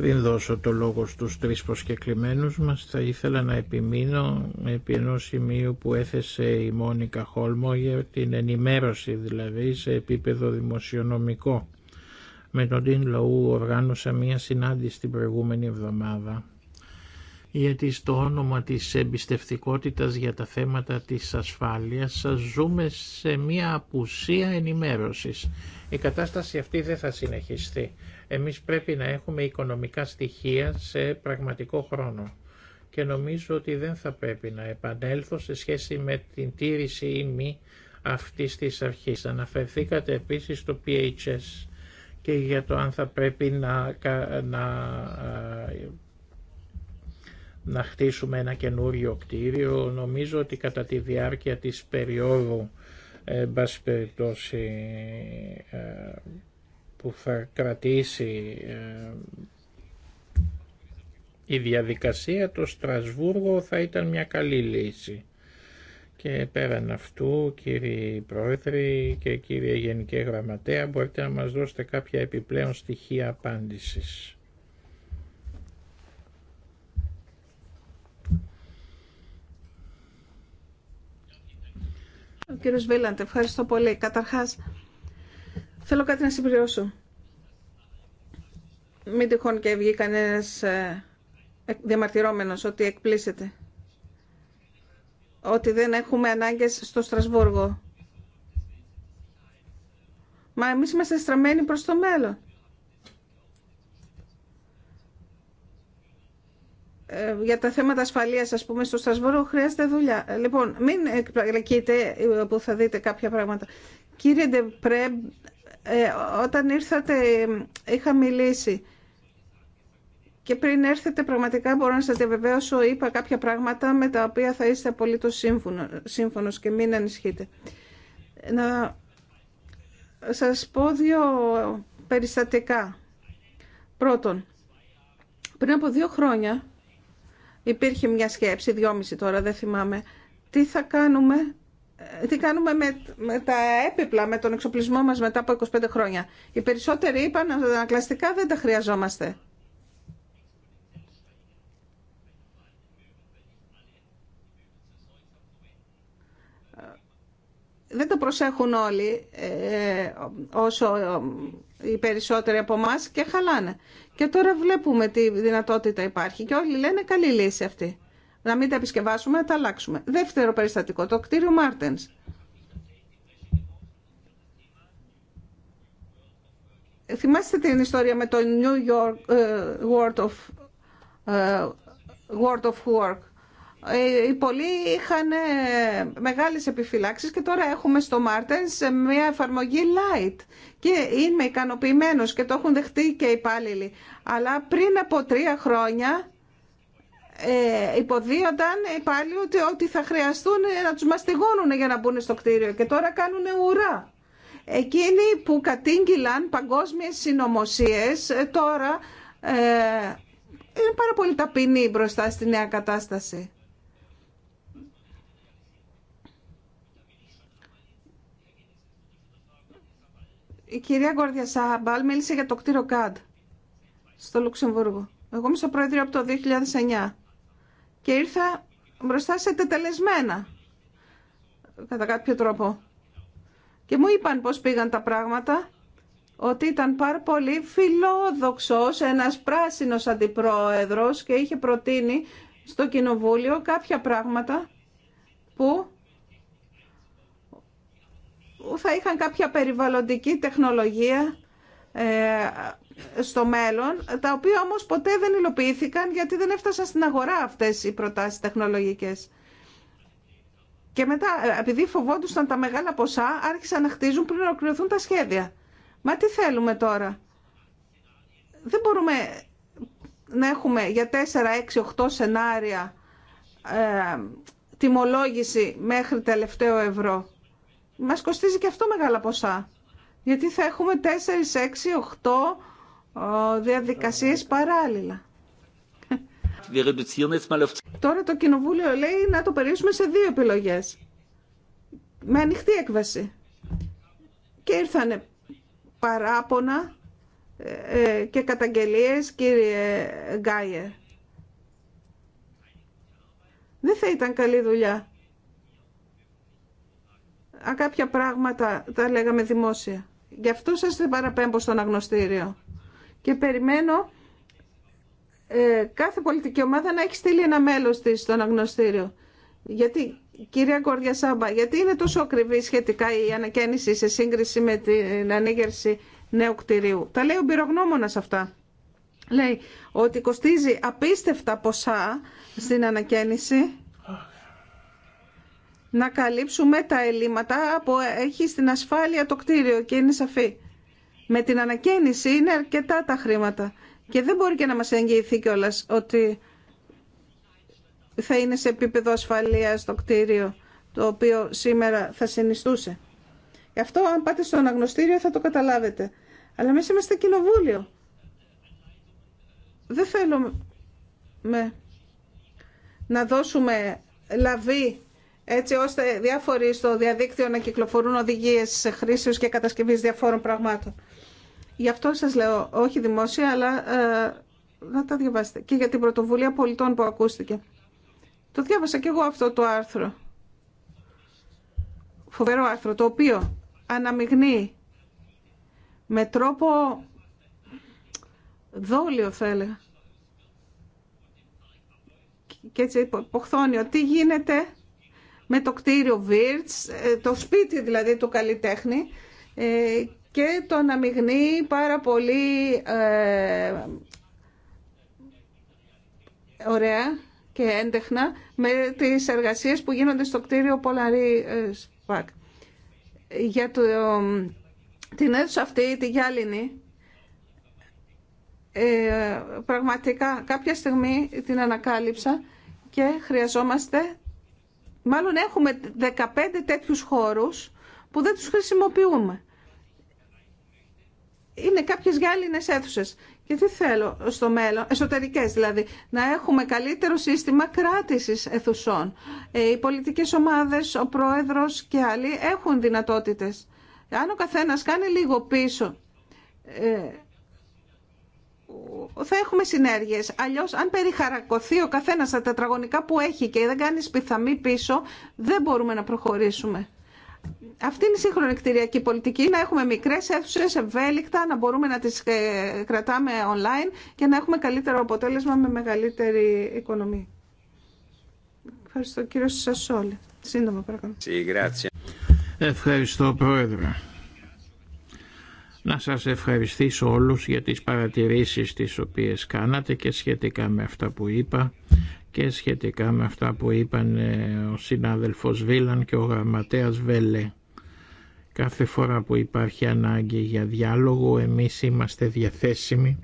Πριν δώσω το λόγο στους τρεις προσκεκλημένους μας, θα ήθελα να επιμείνω επί ενός σημείου που έθεσε η Μόνικα Χόλμο για την ενημέρωση δηλαδή σε επίπεδο δημοσιονομικό. Με τον Τιν Λαού οργάνωσα μία συνάντηση την προηγούμενη εβδομάδα γιατί στο όνομα της εμπιστευτικότητας για τα θέματα της ασφάλειας σας ζούμε σε μία απουσία ενημέρωσης. Η κατάσταση αυτή δεν θα συνεχιστεί. Εμείς πρέπει να έχουμε οικονομικά στοιχεία σε πραγματικό χρόνο και νομίζω ότι δεν θα πρέπει να επανέλθω σε σχέση με την τήρηση ή μη αυτής της αρχής. Αναφερθήκατε επίσης στο PHS και για το αν θα πρέπει να, να, ε, να χτίσουμε ένα καινούριο κτίριο. Νομίζω ότι κατά τη διάρκεια της περίοδου εν πάση περιπτώσει ε, που θα κρατήσει ε, η διαδικασία το Στρασβούργο θα ήταν μια καλή λύση. Και πέραν αυτού, κύριοι Πρόεδροι και κύριε Γενικέ Γραμματέα, μπορείτε να μας δώσετε κάποια επιπλέον στοιχεία απάντησης. Ο κύριος Βίλαντ, ευχαριστώ πολύ. Καταρχάς, θέλω κάτι να συμπληρώσω. Μην τυχόν και βγει κανένας ε, διαμαρτυρόμενος ότι εκπλήσεται. Ότι δεν έχουμε ανάγκες στο Στρασβούργο. Μα εμείς είμαστε στραμμένοι προς το μέλλον. Ε, για τα θέματα ασφαλείας, α πούμε, στο Στασβούργο χρειάζεται δουλειά. Λοιπόν, μην εκπλακείτε ε, που θα δείτε κάποια πράγματα. Κύριε Ντεπρέ, ε, όταν ήρθατε είχα μιλήσει και πριν έρθετε πραγματικά μπορώ να σα διαβεβαίωσω είπα κάποια πράγματα με τα οποία θα είστε απολύτως σύμφωνο, και μην ανησυχείτε. Να σας πω δύο περιστατικά. Πρώτον, πριν από δύο χρόνια υπήρχε μια σκέψη, δυόμιση τώρα δεν θυμάμαι, τι θα κάνουμε, ε, τι κάνουμε με, τα έπιπλα, με τον εξοπλισμό μας μετά από 25 χρόνια. Οι περισσότεροι είπαν ότι ανακλαστικά δεν τα χρειαζόμαστε. Ε, δεν τα προσέχουν όλοι ε, όσο οι περισσότεροι από εμά και χαλάνε. Και τώρα βλέπουμε τι δυνατότητα υπάρχει και όλοι λένε καλή λύση αυτή. Να μην τα επισκευάσουμε, να τα αλλάξουμε. Δεύτερο περιστατικό, το κτίριο Μάρτενς. Θυμάστε την ιστορία με το New York ε, World of ε, World of Work ε, οι πολλοί είχαν ε, μεγάλες επιφυλάξεις και τώρα έχουμε στο Μάρτενς ε, μια εφαρμογή light και είμαι ικανοποιημένο και το έχουν δεχτεί και οι υπάλληλοι. Αλλά πριν από τρία χρόνια ε, υποδίονταν οι ότι, ότι θα χρειαστούν να τους μαστιγώνουν για να μπουν στο κτίριο και τώρα κάνουν ουρά. Εκείνοι που κατήγγυλαν παγκόσμιες συνωμοσίε. τώρα ε, είναι πάρα πολύ ταπεινοί μπροστά στη νέα κατάσταση. Η κυρία Γκόρδια Σαμπάλ μίλησε για το κτίριο ΚΑΔ στο Λουξεμβούργο. Εγώ είμαι στο πρόεδρο από το 2009 και ήρθα μπροστά σε τετελεσμένα κατά κάποιο τρόπο. Και μου είπαν πώς πήγαν τα πράγματα, ότι ήταν πάρα πολύ φιλόδοξος ένας πράσινος αντιπρόεδρος και είχε προτείνει στο Κοινοβούλιο κάποια πράγματα που θα είχαν κάποια περιβαλλοντική τεχνολογία ε, στο μέλλον, τα οποία όμως ποτέ δεν υλοποιήθηκαν γιατί δεν έφτασαν στην αγορά αυτές οι προτάσεις τεχνολογικές. Και μετά, ε, επειδή φοβόντουσαν τα μεγάλα ποσά, άρχισαν να χτίζουν πριν ολοκληρωθούν τα σχέδια. Μα τι θέλουμε τώρα. Δεν μπορούμε να έχουμε για 4, 6, 8 σενάρια ε, τιμολόγηση μέχρι τελευταίο ευρώ μας κοστίζει και αυτό μεγάλα ποσά. Γιατί θα έχουμε 4, 6, 8 διαδικασίες παράλληλα. Τώρα το Κοινοβούλιο λέει να το περιορίσουμε σε δύο επιλογές. Με ανοιχτή έκβαση. Και ήρθανε παράπονα ε, ε, και καταγγελίες, κύριε Γκάιερ. Δεν θα ήταν καλή δουλειά κάποια πράγματα τα λέγαμε δημόσια. Γι' αυτό σας δεν παραπέμπω στον αγνωστήριο. Και περιμένω ε, κάθε πολιτική ομάδα να έχει στείλει ένα μέλος της στον αγνωστήριο. Γιατί, κυρία Κορδιά Σάμπα, γιατί είναι τόσο ακριβή σχετικά η ανακαίνιση σε σύγκριση με την ανοίγερση νέου κτηρίου. Τα λέει ο πυρογνώμονας αυτά. Λέει ότι κοστίζει απίστευτα ποσά στην ανακαίνιση να καλύψουμε τα ελλείμματα που έχει στην ασφάλεια το κτίριο και είναι σαφή. Με την ανακαίνιση είναι αρκετά τα χρήματα και δεν μπορεί και να μας εγγυηθεί κιόλα ότι θα είναι σε επίπεδο ασφαλείας το κτίριο το οποίο σήμερα θα συνιστούσε. Γι' αυτό αν πάτε στο αναγνωστήριο θα το καταλάβετε. Αλλά μέσα είμαστε κοινοβούλιο. Δεν θέλουμε να δώσουμε λαβή έτσι ώστε διάφοροι στο διαδίκτυο να κυκλοφορούν οδηγίες χρήσεως και κατασκευής διαφόρων πραγμάτων. Γι' αυτό σας λέω, όχι δημόσια, αλλά ε, να τα διαβάσετε. Και για την πρωτοβουλία πολιτών που ακούστηκε. Το διάβασα κι εγώ αυτό το άρθρο. Φοβερό άρθρο, το οποίο αναμειγνύει με τρόπο δόλιο θα έλεγα. Και έτσι υποχθώνει ότι γίνεται με το κτίριο Βίρτς, ε, το σπίτι δηλαδή του καλλιτέχνη ε, και το αναμειγνύει πάρα πολύ ε, ωραία και έντεχνα με τις εργασίες που γίνονται στο κτίριο Πολαρή Σπακ. Για το, την αίθουσα αυτή, τη γυάλινη, πραγματικά κάποια στιγμή την ανακάλυψα και χρειαζόμαστε Μάλλον έχουμε 15 τέτοιους χώρους που δεν τους χρησιμοποιούμε. Είναι κάποιες γυάλινες αίθουσες. Και τι θέλω στο μέλλον, εσωτερικές δηλαδή, να έχουμε καλύτερο σύστημα κράτησης αιθουσών. Ε, οι πολιτικές ομάδες, ο πρόεδρος και άλλοι έχουν δυνατότητες. Αν ο καθένας κάνει λίγο πίσω ε, θα έχουμε συνέργειες. Αλλιώς, αν περιχαρακωθεί ο καθένας στα τετραγωνικά που έχει και δεν κάνει σπιθαμή πίσω, δεν μπορούμε να προχωρήσουμε. Αυτή είναι η σύγχρονη κτηριακή πολιτική, να έχουμε μικρές αίθουσε ευέλικτα, να μπορούμε να τις ε, κρατάμε online και να έχουμε καλύτερο αποτέλεσμα με μεγαλύτερη οικονομία. Ευχαριστώ κύριο Σασόλη. Σύντομα παρακαλώ. Ευχαριστώ πρόεδρε να σας ευχαριστήσω όλους για τις παρατηρήσεις τις οποίες κάνατε και σχετικά με αυτά που είπα και σχετικά με αυτά που είπαν ε, ο συνάδελφος Βίλαν και ο γραμματέας Βέλε. Κάθε φορά που υπάρχει ανάγκη για διάλογο εμείς είμαστε διαθέσιμοι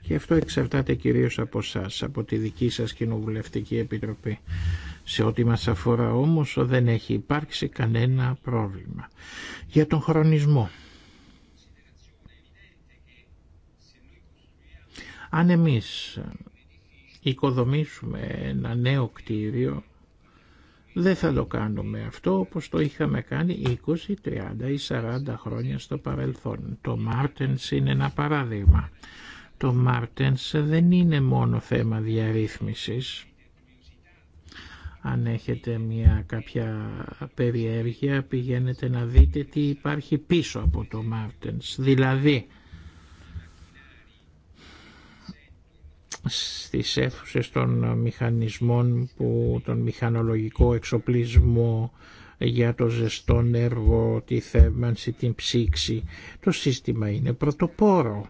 και αυτό εξαρτάται κυρίως από εσά, από τη δική σας Κοινοβουλευτική Επιτροπή. Σε ό,τι μας αφορά όμως δεν έχει υπάρξει κανένα πρόβλημα. Για τον χρονισμό. Αν εμείς οικοδομήσουμε ένα νέο κτίριο, δεν θα το κάνουμε αυτό όπως το είχαμε κάνει 20, 30 ή 40 χρόνια στο παρελθόν. Το Μάρτενς είναι ένα παράδειγμα. Το Μάρτενς δεν είναι μόνο θέμα διαρρύθμισης, αν έχετε μια κάποια περιέργεια πηγαίνετε να δείτε τι υπάρχει πίσω από το Μάρτενς. Δηλαδή στις αίθουσε των μηχανισμών που τον μηχανολογικό εξοπλισμό για το ζεστό νερό, τη θέρμανση, την ψήξη. Το σύστημα είναι πρωτοπόρο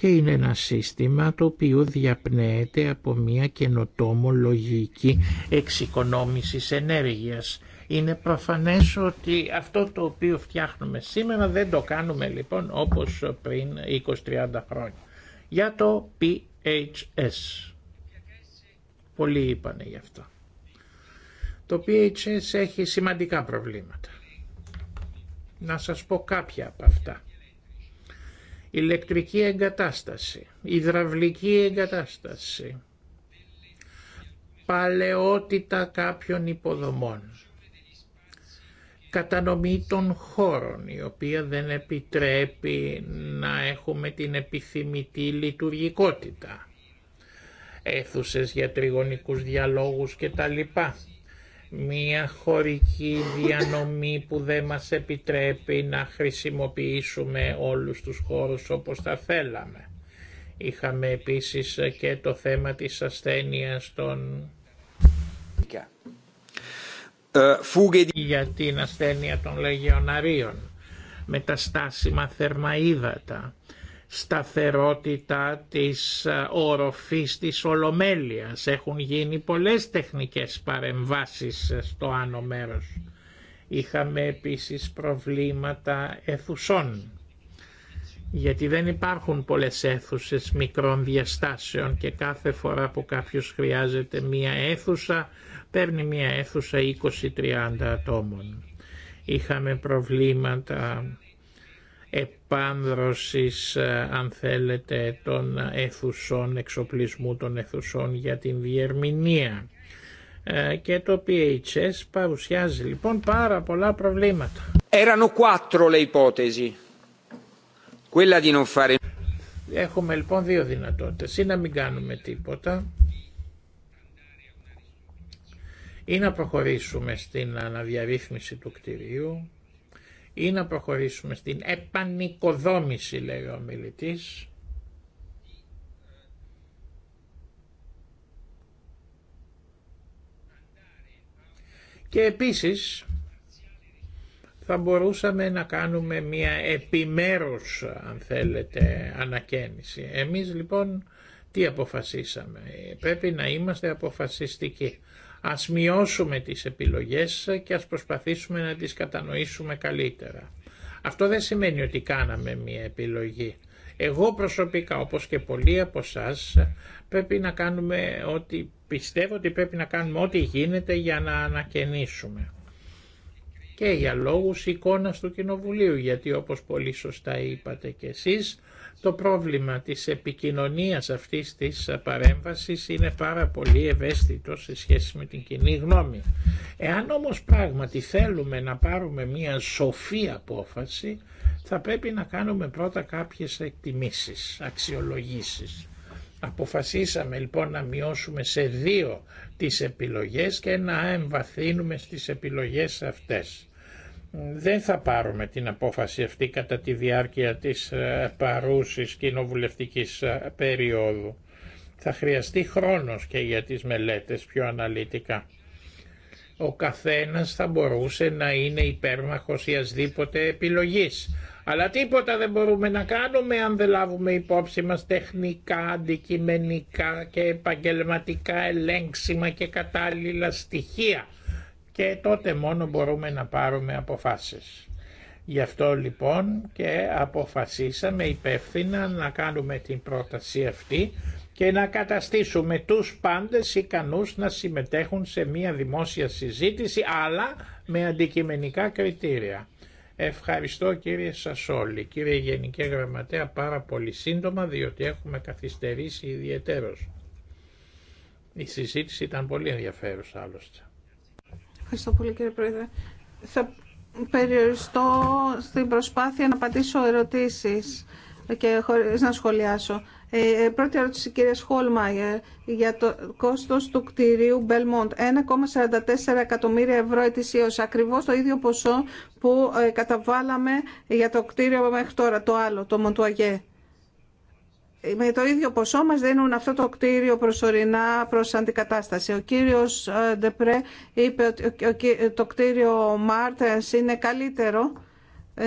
και είναι ένα σύστημα το οποίο διαπνέεται από μια καινοτόμο λογική εξοικονόμησης ενέργειας. Είναι προφανές ότι αυτό το οποίο φτιάχνουμε σήμερα δεν το κάνουμε λοιπόν όπως πριν 20-30 χρόνια. Για το PHS. Πολλοί είπανε γι' αυτό. Το PHS έχει σημαντικά προβλήματα. Να σας πω κάποια από αυτά ηλεκτρική εγκατάσταση, υδραυλική εγκατάσταση, παλαιότητα κάποιων υποδομών, κατανομή των χώρων, η οποία δεν επιτρέπει να έχουμε την επιθυμητή λειτουργικότητα, αίθουσες για τριγωνικούς διαλόγους κτλ μια χωρική διανομή που δεν μας επιτρέπει να χρησιμοποιήσουμε όλους τους χώρους όπως θα θέλαμε. Είχαμε επίσης και το θέμα της ασθένειας των... για την ασθένεια των λεγεωναρίων με τα στάσιμα θερμαίδατα σταθερότητα της ε, οροφής της Ολομέλειας. Έχουν γίνει πολλές τεχνικές παρεμβάσεις ε, στο άνω μέρος. Είχαμε επίσης προβλήματα αιθουσών γιατί δεν υπάρχουν πολλές αίθουσες μικρών διαστάσεων και κάθε φορά που κάποιος χρειάζεται μία αίθουσα παίρνει μία αίθουσα 20-30 ατόμων. Είχαμε προβλήματα επάνδρωσης ε, αν θέλετε των αιθουσών, εξοπλισμού των αιθουσών για την διερμηνία ε, και το PHS παρουσιάζει λοιπόν πάρα πολλά προβλήματα. quattro le Quella di non fare... Έχουμε λοιπόν δύο δυνατότητες. Ή να μην κάνουμε τίποτα ή να προχωρήσουμε στην αναδιαρρύθμιση του κτηρίου ή να προχωρήσουμε στην επανικοδόμηση, λέει ο μιλητής και επίσης θα μπορούσαμε να κάνουμε μια επιμέρους αν θέλετε ανακαίνιση. Εμείς λοιπόν τι αποφασίσαμε. Πρέπει να είμαστε αποφασιστικοί. Ας μειώσουμε τις επιλογές και ας προσπαθήσουμε να τις κατανοήσουμε καλύτερα. Αυτό δεν σημαίνει ότι κάναμε μία επιλογή. Εγώ προσωπικά, όπως και πολλοί από εσά, πρέπει κάνουμε ότι πιστεύω ότι πρέπει να κάνουμε ό,τι γίνεται για να ανακαινήσουμε. Και για λόγους εικόνας του Κοινοβουλίου, γιατί όπως πολύ σωστά είπατε και εσείς, το πρόβλημα της επικοινωνίας αυτής της παρέμβασης είναι πάρα πολύ ευαίσθητο σε σχέση με την κοινή γνώμη. Εάν όμως πράγματι θέλουμε να πάρουμε μια σοφή απόφαση, θα πρέπει να κάνουμε πρώτα κάποιες εκτιμήσεις, αξιολογήσεις. Αποφασίσαμε λοιπόν να μειώσουμε σε δύο τις επιλογές και να εμβαθύνουμε στις επιλογές αυτές δεν θα πάρουμε την απόφαση αυτή κατά τη διάρκεια της ε, παρούσης κοινοβουλευτικής ε, περίοδου. Θα χρειαστεί χρόνος και για τις μελέτες πιο αναλυτικά. Ο καθένας θα μπορούσε να είναι υπέρμαχος ιασδήποτε επιλογής. Αλλά τίποτα δεν μπορούμε να κάνουμε αν δεν λάβουμε υπόψη μας τεχνικά, αντικειμενικά και επαγγελματικά ελέγξιμα και κατάλληλα στοιχεία και τότε μόνο μπορούμε να πάρουμε αποφάσεις. Γι' αυτό λοιπόν και αποφασίσαμε υπεύθυνα να κάνουμε την πρόταση αυτή και να καταστήσουμε τους πάντες ικανούς να συμμετέχουν σε μια δημόσια συζήτηση αλλά με αντικειμενικά κριτήρια. Ευχαριστώ κύριε Σασόλη, κύριε Γενική Γραμματέα πάρα πολύ σύντομα διότι έχουμε καθυστερήσει ιδιαίτερος. Η συζήτηση ήταν πολύ ενδιαφέρουσα άλλωστε. Ευχαριστώ πολύ κύριε Πρόεδρε. Θα περιοριστώ στην προσπάθεια να απαντήσω ερωτήσεις και χωρίς να σχολιάσω. Ε, ε πρώτη ερώτηση κυρία Σχόλμαγερ για το κόστος του κτηρίου Belmont. 1,44 εκατομμύρια ευρώ ετησίως, ακριβώς το ίδιο ποσό που ε, καταβάλαμε για το κτίριο μέχρι τώρα, το άλλο, το Μοντουαγέ με το ίδιο ποσό μας δίνουν αυτό το κτίριο προσωρινά προς αντικατάσταση. Ο κύριος ε, Ντεπρέ είπε ότι το κτίριο Μάρτες είναι καλύτερο ε,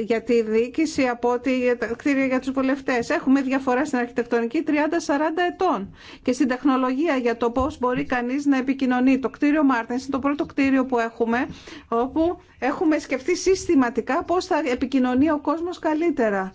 για τη διοίκηση από ότι για τα κτίρια για τους βουλευτές. Έχουμε διαφορά στην αρχιτεκτονική 30-40 ετών και στην τεχνολογία για το πώς μπορεί κανείς να επικοινωνεί. Το κτίριο Μάρτενς είναι το πρώτο κτίριο που έχουμε όπου έχουμε σκεφτεί συστηματικά πώς θα επικοινωνεί ο κόσμος καλύτερα.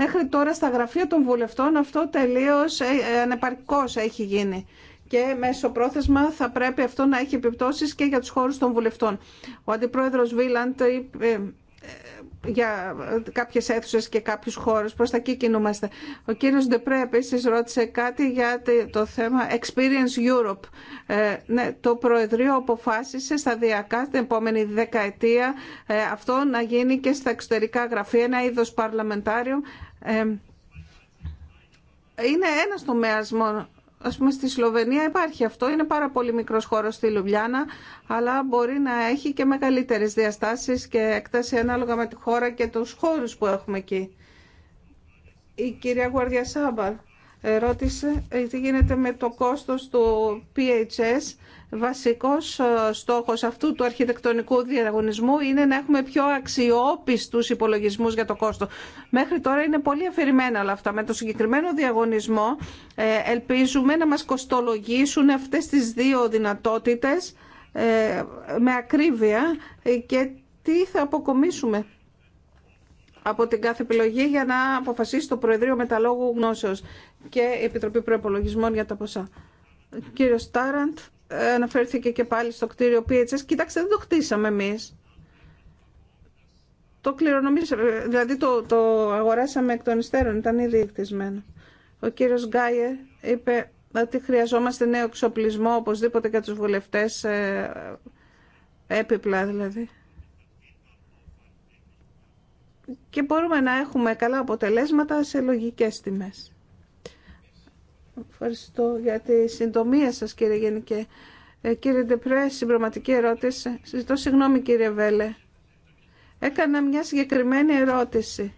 Μέχρι τώρα στα γραφεία των βουλευτών αυτό τελείως ε, ε, ανεπαρκώς έχει γίνει και μέσω πρόθεσμα θα πρέπει αυτό να έχει επιπτώσεις και για τους χώρους των βουλευτών. Ο Αντιπρόεδρος Βίλαντ ε, ε, για κάποιες αίθουσες και κάποιους χώρους. Προς τα εκεί κινούμαστε. Ο κύριος Ντεπρέ επίσης ρώτησε κάτι για το θέμα Experience Europe. Ε, ναι, το Προεδρείο αποφάσισε σταδιακά την επόμενη δεκαετία ε, αυτό να γίνει και στα εξωτερικά γραφεία, ένα είδος παρλαμεντάριο. είναι ένας τομέας μόνο Ας πούμε στη Σλοβενία υπάρχει αυτό, είναι πάρα πολύ μικρός χώρος στη Λουμπλιάνα, αλλά μπορεί να έχει και μεγαλύτερες διαστάσεις και έκταση ανάλογα με τη χώρα και τους χώρους που έχουμε εκεί. Η κυρία Γουαρδιά ρώτησε ε, τι γίνεται με το κόστος του PHS βασικός ε, στόχος αυτού του αρχιτεκτονικού διαγωνισμού είναι να έχουμε πιο αξιόπιστους υπολογισμούς για το κόστο. Μέχρι τώρα είναι πολύ αφηρημένα όλα αυτά. Με το συγκεκριμένο διαγωνισμό ε, ελπίζουμε να μας κοστολογήσουν αυτές τις δύο δυνατότητες ε, με ακρίβεια και τι θα αποκομίσουμε από την κάθε επιλογή για να αποφασίσει το Προεδρείο Μεταλόγου Γνώσεως και η Επιτροπή Προεπολογισμών για τα ποσά. Κύριος Τάραντ αναφέρθηκε και πάλι στο κτίριο PHS. Κοιτάξτε, δεν το χτίσαμε εμείς. Το κληρονομήσαμε, δηλαδή το, το αγοράσαμε εκ των υστέρων, ήταν ήδη εκτισμένο. Ο κύριος Γκάιε είπε ότι χρειαζόμαστε νέο εξοπλισμό οπωσδήποτε για τους βουλευτές ε, έπιπλα δηλαδή. Και μπορούμε να έχουμε καλά αποτελέσματα σε λογικές τιμές. Ευχαριστώ για τη συντομία σας κύριε Γενικέ. Ε, κύριε Ντεπρέ, συμπροματική ερώτηση. Συζητώ συγγνώμη κύριε Βέλε. Έκανα μια συγκεκριμένη ερώτηση.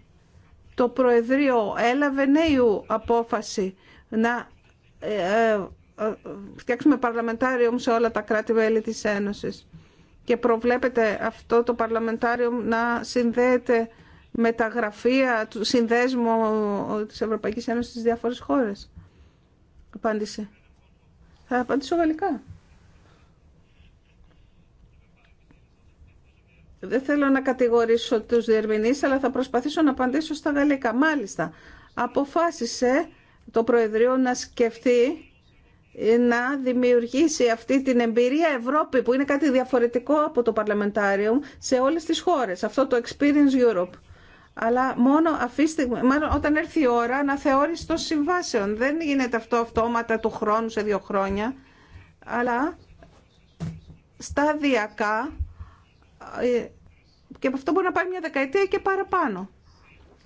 Το Προεδρείο έλαβε νέου απόφαση να ε, ε, φτιάξουμε παρλαμεντάριο σε όλα τα κράτη-μέλη της Ένωσης και προβλέπεται αυτό το παρλαμεντάριο να συνδέεται με τα γραφεία του συνδέσμου της Ευρωπαϊκής Ένωσης στις διάφορες χώρες. Απάντησε. Θα απαντήσω γαλλικά. Δεν θέλω να κατηγορήσω τους διερμηνείς, αλλά θα προσπαθήσω να απαντήσω στα γαλλικά. Μάλιστα, αποφάσισε το Προεδρείο να σκεφτεί να δημιουργήσει αυτή την εμπειρία Ευρώπη που είναι κάτι διαφορετικό από το Παρλαμεντάριο σε όλες τις χώρες. Αυτό το Experience Europe αλλά μόνο αφήστε, όταν έρθει η ώρα να θεώρησε το συμβάσεων. Δεν γίνεται αυτό αυτόματα του χρόνου σε δύο χρόνια, αλλά σταδιακά ε, και από αυτό μπορεί να πάρει μια δεκαετία και παραπάνω.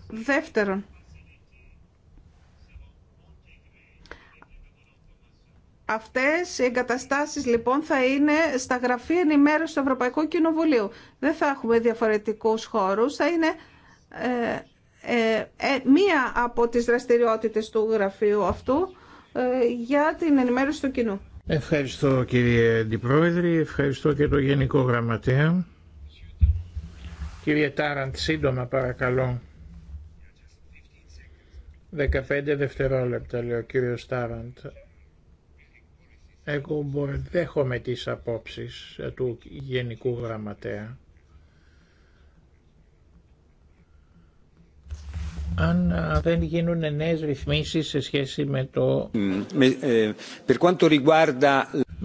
Δεύτερον, Αυτές οι εγκαταστάσεις λοιπόν θα είναι στα γραφεία ενημέρωση του Ευρωπαϊκού Κοινοβουλίου. Δεν θα έχουμε διαφορετικούς χώρους, θα είναι ε, ε, ε, μία από τις δραστηριότητες του γραφείου αυτού για την ενημέρωση του κοινού. Ευχαριστώ κύριε Αντιπρόεδρε, ευχαριστώ και το Γενικό Γραμματέα. Κύριε Τάραντ, σύντομα παρακαλώ. 15 δευτερόλεπτα λέει ο κύριος Τάραντ. Εγώ δέχομαι τις απόψεις του Γενικού Γραμματέα αν δεν γίνουν νέες ρυθμίσεις σε σχέση με το... Ε,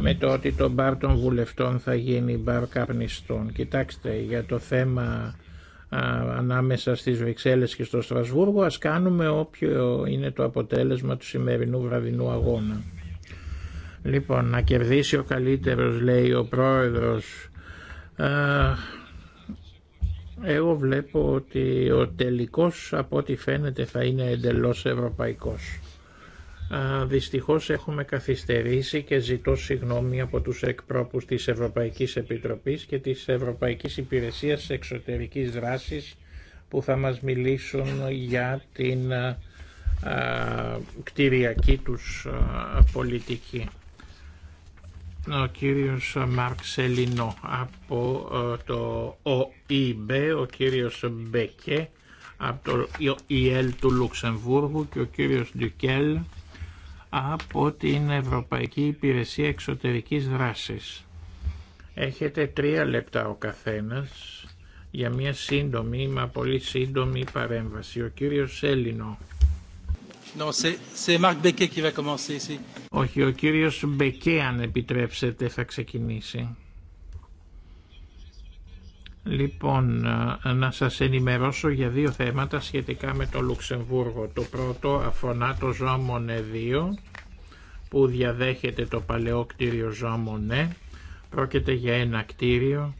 με το ότι το μπαρ των βουλευτών θα γίνει μπαρ καπνιστών. Κοιτάξτε, για το θέμα α, ανάμεσα στις Βρυξέλλες και στο Στρασβούργο ας κάνουμε όποιο είναι το αποτέλεσμα του σημερινού βραδινού αγώνα. Λοιπόν, να κερδίσει ο καλύτερος, λέει ο πρόεδρος, εγώ βλέπω ότι ο τελικός από ό,τι φαίνεται θα είναι εντελώς ευρωπαϊκός. Α, δυστυχώς έχουμε καθυστερήσει και ζητώ συγγνώμη από τους εκπρόπους της Ευρωπαϊκής Επιτροπής και της Ευρωπαϊκής Υπηρεσίας Εξωτερικής Δράσης που θα μας μιλήσουν για την α, κτηριακή τους πολιτική ο κύριος Μάρκ Σελινό από ε, το ΟΗΜΠΕ, ο κύριος Μπεκέ από το ΙΕΛ του Λουξεμβούργου και ο κύριος Ντουκέλ από την Ευρωπαϊκή Υπηρεσία Εξωτερικής Δράσης. Έχετε τρία λεπτά ο καθένας για μια σύντομη, μα πολύ σύντομη παρέμβαση. Ο κύριος Σέλινο. Όχι, ο κύριος Μπεκέ, αν επιτρέψετε, θα ξεκινήσει. Λοιπόν, ε, να σας ενημερώσω για δύο θέματα σχετικά με το Λουξεμβούργο. Το πρώτο αφορά το Ζωμονέ 2, που διαδέχεται το παλαιό κτίριο Ζωμονέ. Πρόκειται για ένα κτίριο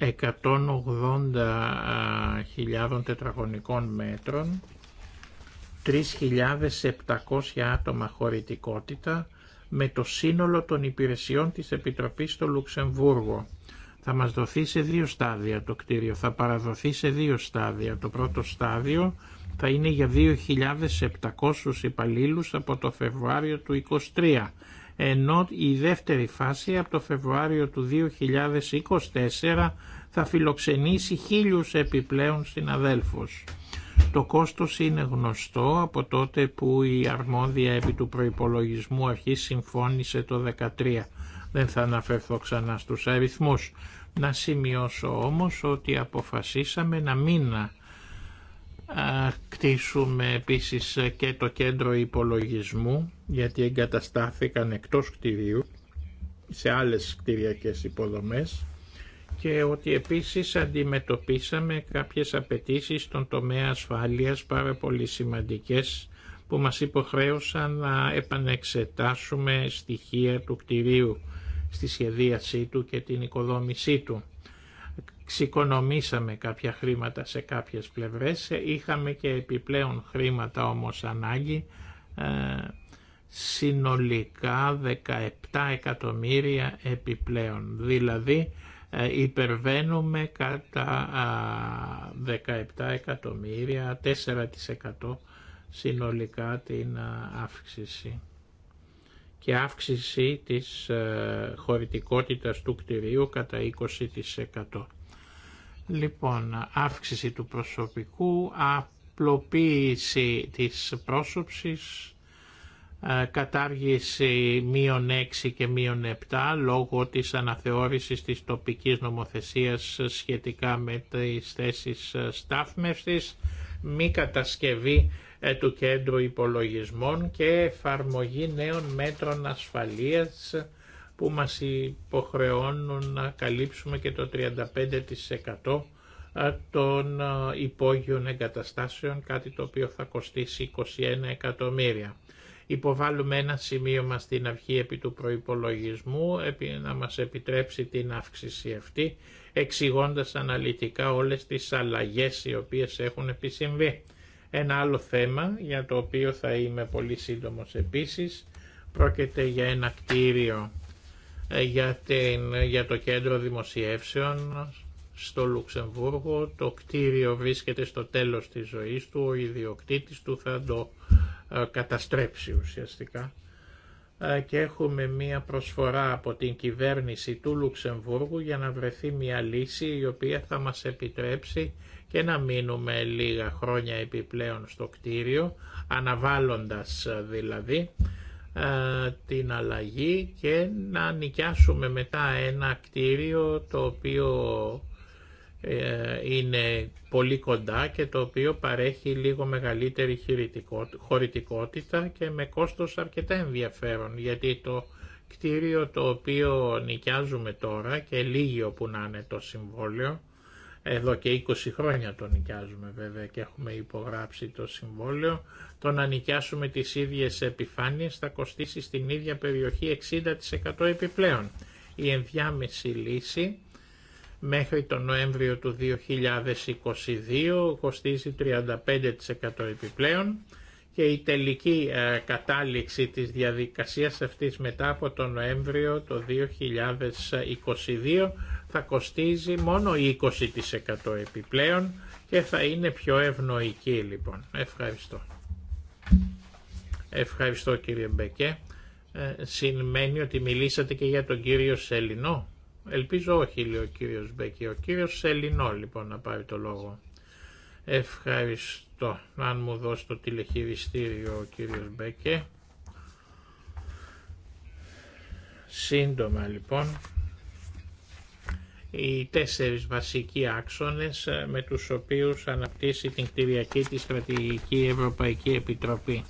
180.000 τετραγωνικών μέτρων, 3.700 άτομα χωρητικότητα με το σύνολο των υπηρεσιών της Επιτροπής στο Λουξεμβούργο. Θα μας δοθεί σε δύο στάδια το κτίριο, θα παραδοθεί σε δύο στάδια. Το πρώτο στάδιο θα είναι για 2.700 υπαλλήλους από το Φεβρουάριο του 2023 ενώ η δεύτερη φάση από το Φεβρουάριο του 2024 θα φιλοξενήσει χίλιους επιπλέον συναδέλφους. Το κόστος είναι γνωστό από τότε που η αρμόδια επί του προϋπολογισμού αρχή συμφώνησε το 2013. Δεν θα αναφερθώ ξανά στους αριθμούς. Να σημειώσω όμως ότι αποφασίσαμε να μην κτίσουμε επίσης και το κέντρο υπολογισμού γιατί εγκαταστάθηκαν εκτός κτιρίου σε άλλες κτιριακές υποδομές και ότι επίσης αντιμετωπίσαμε κάποιες απαιτήσει στον τομέα ασφάλειας πάρα πολύ σημαντικές που μας υποχρέωσαν να επανεξετάσουμε στοιχεία του κτιρίου στη σχεδίασή του και την οικοδόμησή του. Ξεκονομήσαμε κάποια χρήματα σε κάποιες πλευρές, είχαμε και επιπλέον χρήματα όμως ανάγκη, ε, συνολικά 17 εκατομμύρια επιπλέον. Δηλαδή ε, υπερβαίνουμε κατά 17 εκατομμύρια, 4% συνολικά την αύξηση και αύξηση της ε, χωρητικότητας του κτηρίου κατά 20%. Λοιπόν, αύξηση του προσωπικού, απλοποίηση της πρόσωψης, ε, κατάργηση μείον 6 και μείον 7 λόγω της αναθεώρησης της τοπικής νομοθεσίας σχετικά με τις θέσεις ε, στάθμευσης, μη κατασκευή ε, του κέντρου υπολογισμών και εφαρμογή νέων μέτρων ασφαλείας που μας υποχρεώνουν να καλύψουμε και το 35% των υπόγειων εγκαταστάσεων, κάτι το οποίο θα κοστίσει 21 εκατομμύρια. Υποβάλλουμε ένα σημείο μας στην αρχή επί του προϋπολογισμού, να μας επιτρέψει την αύξηση αυτή, εξηγώντας αναλυτικά όλες τις αλλαγές οι οποίες έχουν επισυμβεί. Ένα άλλο θέμα, για το οποίο θα είμαι πολύ σύντομος επίσης, πρόκειται για ένα κτίριο ε, για, για το κέντρο δημοσιεύσεων στο Λουξεμβούργο. Το κτίριο βρίσκεται στο τέλος της ζωής του, ο ιδιοκτήτης του θα το ε, καταστρέψει ουσιαστικά. Ε, και έχουμε μία προσφορά από την κυβέρνηση του Λουξεμβούργου για να βρεθεί μία λύση η οποία θα μας επιτρέψει και να μείνουμε λίγα χρόνια επιπλέον στο κτίριο, αναβάλλοντας δηλαδή την αλλαγή και να νοικιάσουμε μετά ένα κτίριο το οποίο ε, είναι πολύ κοντά και το οποίο παρέχει λίγο μεγαλύτερη χωρητικότητα και με κόστος αρκετά ενδιαφέρον γιατί το κτίριο το οποίο νοικιάζουμε τώρα και λίγιο που να είναι το συμβόλαιο εδώ και 20 χρόνια τον νοικιάζουμε βέβαια και έχουμε υπογράψει το συμβόλαιο, το να νοικιάσουμε τις ίδιες επιφάνειες θα κοστίσει στην ίδια περιοχή 60% επιπλέον. Η ενδιάμεση λύση μέχρι τον Νοέμβριο του 2022 κοστίζει 35% επιπλέον και η τελική ε, κατάληξη της διαδικασίας αυτής μετά από τον Νοέμβριο το 2022 θα κοστίζει μόνο 20% επιπλέον και θα είναι πιο ευνοϊκή λοιπόν. Ευχαριστώ. Ευχαριστώ κύριε Μπεκέ. Ε, σημαίνει ότι μιλήσατε και για τον κύριο Σελινό. Ελπίζω όχι, λέει ο κύριος Μπέκε, Ο κύριος Σελινό λοιπόν να πάρει το λόγο. Ευχαριστώ. Αν μου δώσει το τηλεχειριστήριο ο κύριος Μπέκε. Σύντομα λοιπόν οι τέσσερις βασικοί άξονες ε, με τους οποίους αναπτύσσει την κτηριακή της Στρατηγική Ευρωπαϊκή Επιτροπή.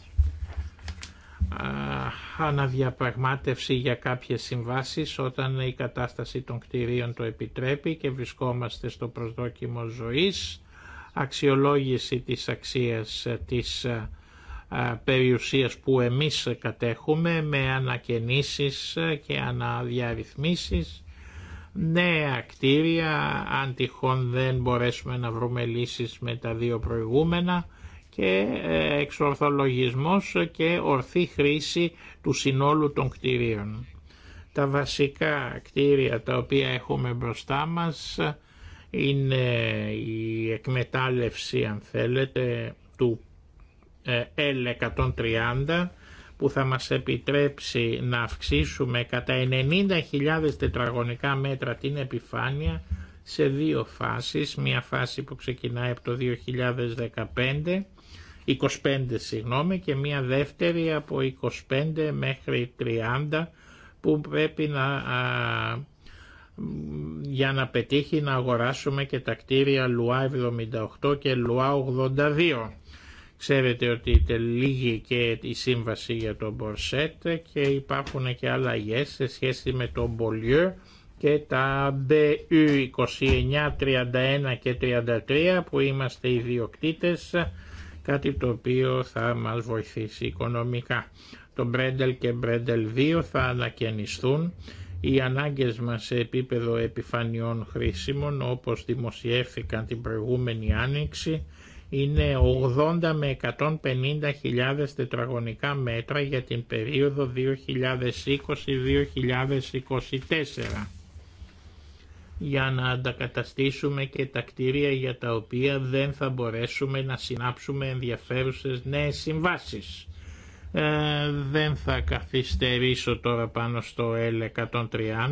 Αναδιαπραγμάτευση για κάποιες συμβάσεις όταν η κατάσταση των κτηρίων το επιτρέπει και βρισκόμαστε στο προσδόκιμο ζωής. Αξιολόγηση της αξίας ε, της ε, περιουσίας που εμείς κατέχουμε με ανακαινήσεις και αναδιαρρυθμίσεις νέα κτίρια, αν τυχόν δεν μπορέσουμε να βρούμε λύσεις με τα δύο προηγούμενα και ε, εξορθολογισμός και ορθή χρήση του συνόλου των κτίριων. Τα βασικά κτίρια τα οποία έχουμε μπροστά μας είναι η εκμετάλλευση αν θέλετε του ε, L130 που θα μας επιτρέψει να αυξήσουμε κατά 90.000 τετραγωνικά μέτρα την επιφάνεια σε δύο φάσεις, μία φάση που ξεκινάει από το 2015, 25 συγγνώμη, και μία δεύτερη από 25 μέχρι 30 που πρέπει να, για να πετύχει να αγοράσουμε και τα κτίρια Λουά 78 και Λουά 82. Ξέρετε ότι τελείγει και η σύμβαση για τον Μπορσέτ και υπάρχουν και αλλαγέ σε σχέση με τον Μπολιού και τα BU 29, 31 και 33 που είμαστε ιδιοκτήτες, κάτι το οποίο θα μας βοηθήσει οικονομικά. Το Μπρέντελ και Μπρέντελ 2 θα ανακαινιστούν. Οι ανάγκες μας σε επίπεδο επιφανειών χρήσιμων όπως δημοσιεύθηκαν την προηγούμενη άνοιξη είναι 80 με 150 χιλιάδες τετραγωνικά μέτρα για την περίοδο 2020-2024 για να αντακαταστήσουμε και τα κτίρια για τα οποία δεν θα μπορέσουμε να συνάψουμε ενδιαφέρουσες νέες συμβάσεις. Ε, δεν θα καθυστερήσω τώρα πάνω στο L130,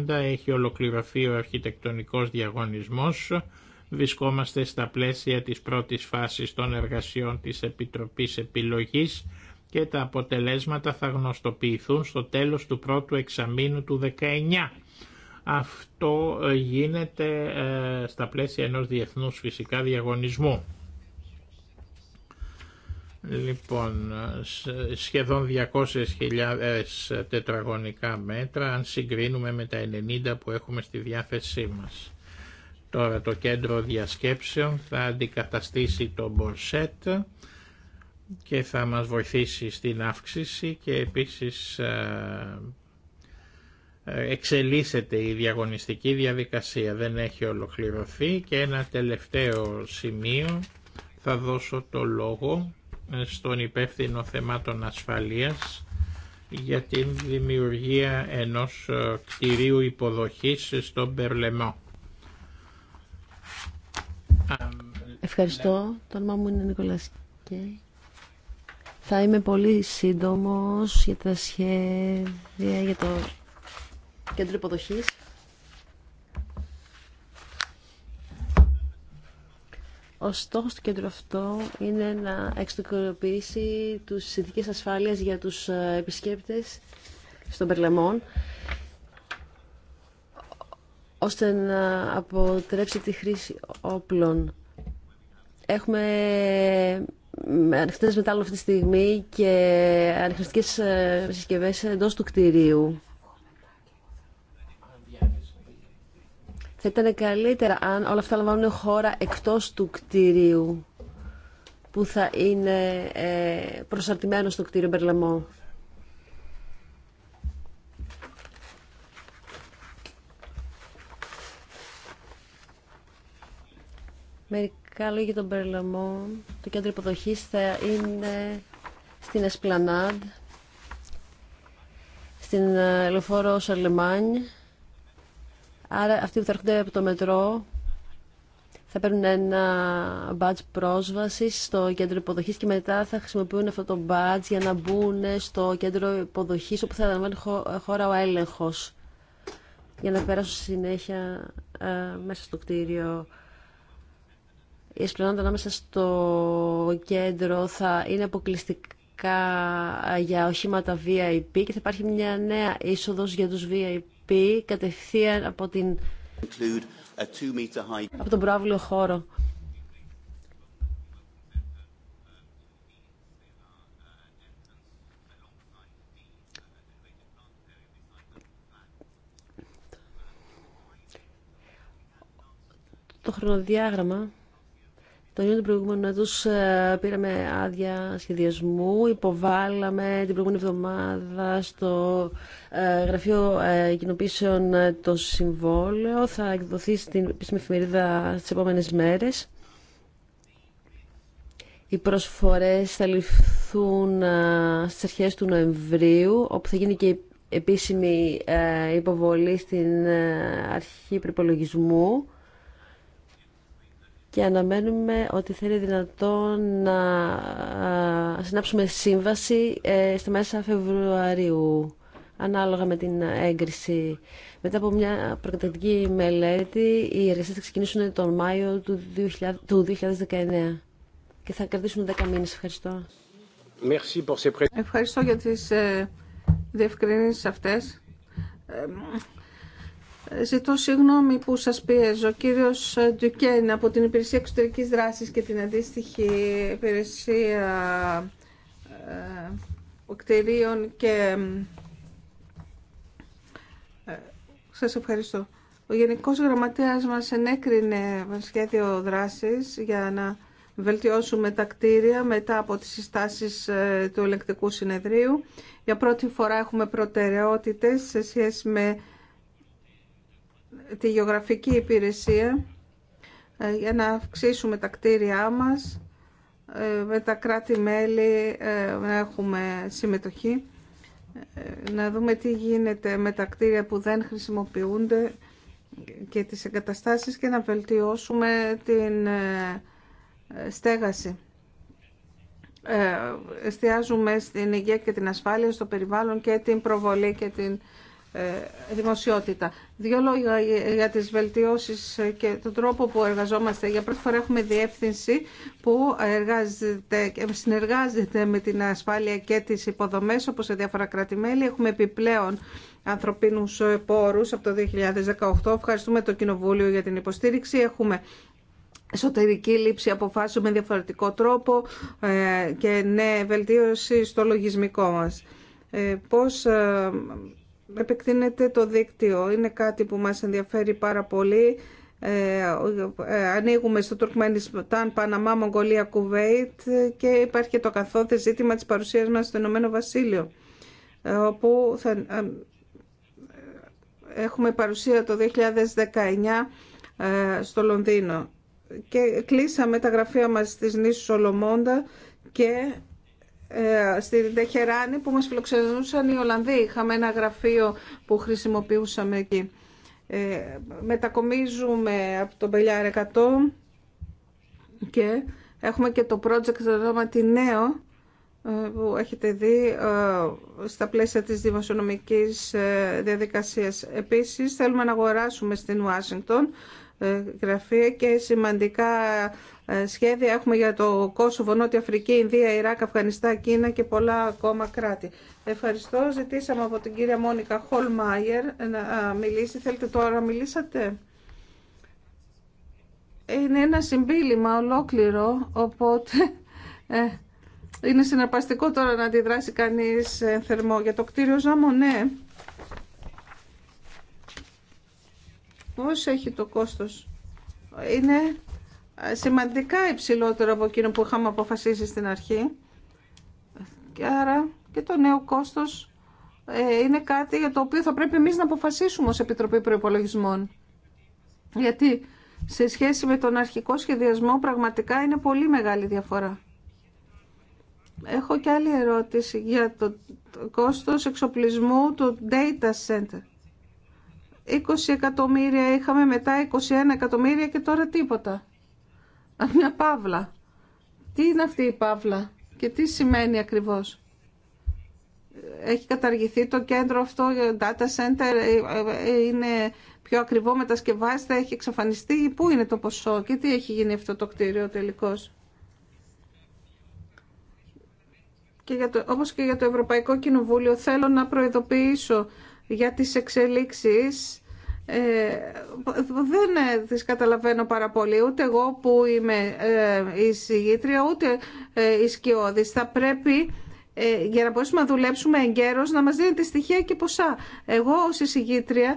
έχει ολοκληρωθεί ο αρχιτεκτονικός διαγωνισμός βρισκόμαστε στα πλαίσια της πρώτης φάσης των εργασιών της Επιτροπής Επιλογής και τα αποτελέσματα θα γνωστοποιηθούν στο τέλος του πρώτου εξαμήνου του 19. Αυτό ε, γίνεται ε, στα πλαίσια ενός διεθνούς φυσικά διαγωνισμού. Λοιπόν, σχεδόν 200.000 ε, τετραγωνικά μέτρα, αν συγκρίνουμε με τα 90 που έχουμε στη διάθεσή μας. Τώρα το κέντρο διασκέψεων θα αντικαταστήσει το Μπορσέτ και θα μας βοηθήσει στην αύξηση και επίσης ε, ε, εξελίσσεται η διαγωνιστική διαδικασία, δεν έχει ολοκληρωθεί και ένα τελευταίο σημείο θα δώσω το λόγο ε, στον υπεύθυνο θεμάτων ασφαλείας για την δημιουργία ενός κτηρίου υποδοχής στον Περλεμό. Ευχαριστώ. Το όνομα μου είναι Νικολάς Θα είμαι πολύ σύντομος για τα σχέδια για το κέντρο υποδοχής. Ο στόχος του κέντρου αυτό είναι να εξοικοποιήσει τους συνθήκες ασφάλειας για τους ε, επισκέπτες στον Περλεμόν ώστε να αποτρέψει τη χρήση όπλων. Έχουμε ανοιχτές μετάλλων αυτή τη στιγμή και ανοιχτές ε, συσκευές εντός του κτηρίου. Θα ήταν καλύτερα αν όλα αυτά λαμβάνουν χώρα εκτός του κτηρίου που θα είναι ε, προσαρτημένο στο κτίριο Μπερλαμό. Μερικά λόγια για τον Περλαμό. Το κέντρο υποδοχή θα είναι στην Εσπλανάντ, στην ε, Λεωφόρο Σαρλεμάνι. Άρα αυτοί που θα έρχονται από το μετρό θα παίρνουν ένα badge πρόσβαση στο κέντρο υποδοχή και μετά θα χρησιμοποιούν αυτό το μπάτζ για να μπουν στο κέντρο υποδοχή όπου θα αναλαμβάνει χώρα ο έλεγχο για να περάσουν συνέχεια ε, μέσα στο κτίριο η Εσπλανάδα ανάμεσα στο κέντρο θα είναι αποκλειστικά για οχήματα VIP και θα υπάρχει μια νέα είσοδος για τους VIP κατευθείαν από, την... από τον προάβλιο χώρο. Το χρονοδιάγραμμα το Ιούνιο του προηγούμενου ε, πήραμε άδεια σχεδιασμού. Υποβάλαμε την προηγούμενη εβδομάδα στο ε, Γραφείο ε, Κοινοποίησεων το συμβόλαιο. Θα εκδοθεί στην επίσημη εφημερίδα στι επόμενε μέρε. Οι προσφορές θα ληφθούν στις αρχές του Νοεμβρίου, όπου θα γίνει και η επίσημη υποβολή στην αρχή προπολογισμού και αναμένουμε ότι θέλει δυνατόν να συνάψουμε σύμβαση ε, στα μέσα Φεβρουαρίου ανάλογα με την έγκριση. Μετά από μια προκατακτική μελέτη, οι εργασίες θα ξεκινήσουν τον Μάιο του, 2000, του 2019 και θα κρατήσουν 10 μήνες. Ευχαριστώ. Ευχαριστώ για τις ε, διευκρινήσεις αυτές. Ε, Ζητώ συγγνώμη που σας πιέζω. Ο κύριος Ντουκέν από την Υπηρεσία Εξωτερικής Δράσης και την αντίστοιχη Υπηρεσία ε, Κτηρίων και ε, σας ευχαριστώ. Ο Γενικός Γραμματέας μας ενέκρινε σχέδιο δράσης για να βελτιώσουμε τα κτίρια μετά από τις συστάσεις ε, του ελεκτικού συνεδρίου. Για πρώτη φορά έχουμε προτεραιότητες σε σχέση με τη γεωγραφική υπηρεσία ε, για να αυξήσουμε τα κτίρια μας, ε, με τα κράτη-μέλη ε, να έχουμε συμμετοχή, να δούμε τι γίνεται με τα κτίρια που δεν χρησιμοποιούνται και τις εγκαταστάσεις και να βελτιώσουμε την στέγαση. Εστιάζουμε στην υγεία και την ασφάλεια, στο περιβάλλον και την προβολή και την ε, δημοσιότητα. Δύο λόγια για τις βελτιώσεις και τον τρόπο που εργαζόμαστε. Για πρώτη φορά έχουμε διεύθυνση που συνεργάζεται με την ασφάλεια και τις υποδομές όπως σε διάφορα κράτη-μέλη. Έχουμε επιπλέον ανθρωπίνους πόρους από το 2018. Ευχαριστούμε το Κοινοβούλιο για την υποστήριξη. Έχουμε εσωτερική λήψη αποφάσεων με διαφορετικό τρόπο ε, και ναι, βελτίωση στο λογισμικό μας. Ε, πώς επεκτείνεται το δίκτυο. Είναι κάτι που μας ενδιαφέρει πάρα πολύ. Ε, ε ανοίγουμε στο Τουρκμενιστάν, Παναμά, Μογγολία, Κουβέιτ και υπάρχει το καθόδε ζήτημα της παρουσίας μας στο Ηνωμένο Βασίλειο ε, όπου θα, ε, έχουμε παρουσία το 2019 στο Λονδίνο και κλείσαμε τα γραφεία μας στις νήσους Ολομόντα και ε, στην Τεχεράνη που μας φιλοξενούσαν οι Ολλανδοί. Είχαμε ένα γραφείο που χρησιμοποιούσαμε εκεί. Ε, μετακομίζουμε από τον Πελιάρ 100 και έχουμε και το project το τη Νέο ε, που έχετε δει στα πλαίσια της δημοσιονομικής διαδικασίας. Επίσης θέλουμε να αγοράσουμε στην Ουάσιγκτον γραφεία και σημαντικά ε, σχέδια έχουμε για το Κόσοβο, Νότια Αφρική, Ινδία, Ιράκ, Αφγανιστά, Κίνα και πολλά ακόμα κράτη. Ευχαριστώ. Ζητήσαμε από την κυρία Μόνικα Χολμάιερ να ε, μιλήσει. Θέλετε τώρα να μιλήσατε. Είναι ένα συμπίλημα ολόκληρο, οπότε ε, είναι συναρπαστικό τώρα να αντιδράσει κανείς ε, θερμό. Για το κτίριο Ζαμονέ, ναι. πώς έχει το κόστος. Είναι σημαντικά υψηλότερο από εκείνο που είχαμε αποφασίσει στην αρχή. Και άρα και το νέο κόστος ε, είναι κάτι για το οποίο θα πρέπει εμείς να αποφασίσουμε ως Επιτροπή Προϋπολογισμών. Γιατί σε σχέση με τον αρχικό σχεδιασμό πραγματικά είναι πολύ μεγάλη διαφορά. Έχω και άλλη ερώτηση για το κόστος εξοπλισμού του data center. 20 εκατομμύρια είχαμε μετά 21 εκατομμύρια και τώρα τίποτα μια παύλα. Τι είναι αυτή η παύλα και τι σημαίνει ακριβώς. Έχει καταργηθεί το κέντρο αυτό, data center, ε, ε, είναι πιο ακριβό, μετασκευάζεται, έχει εξαφανιστεί. Πού είναι το ποσό και τι έχει γίνει αυτό το κτίριο τελικώς. Και το, όπως και για το Ευρωπαϊκό Κοινοβούλιο θέλω να προειδοποιήσω για τις εξελίξεις ε, δεν ε, τις καταλαβαίνω πάρα πολύ ούτε εγώ που είμαι ε, η συγγήτρια ούτε η σκιώδης θα πρέπει για να μπορέσουμε να δουλέψουμε εγκαίρως να μας δίνετε στοιχεία και ποσά εγώ ως εισηγήτρια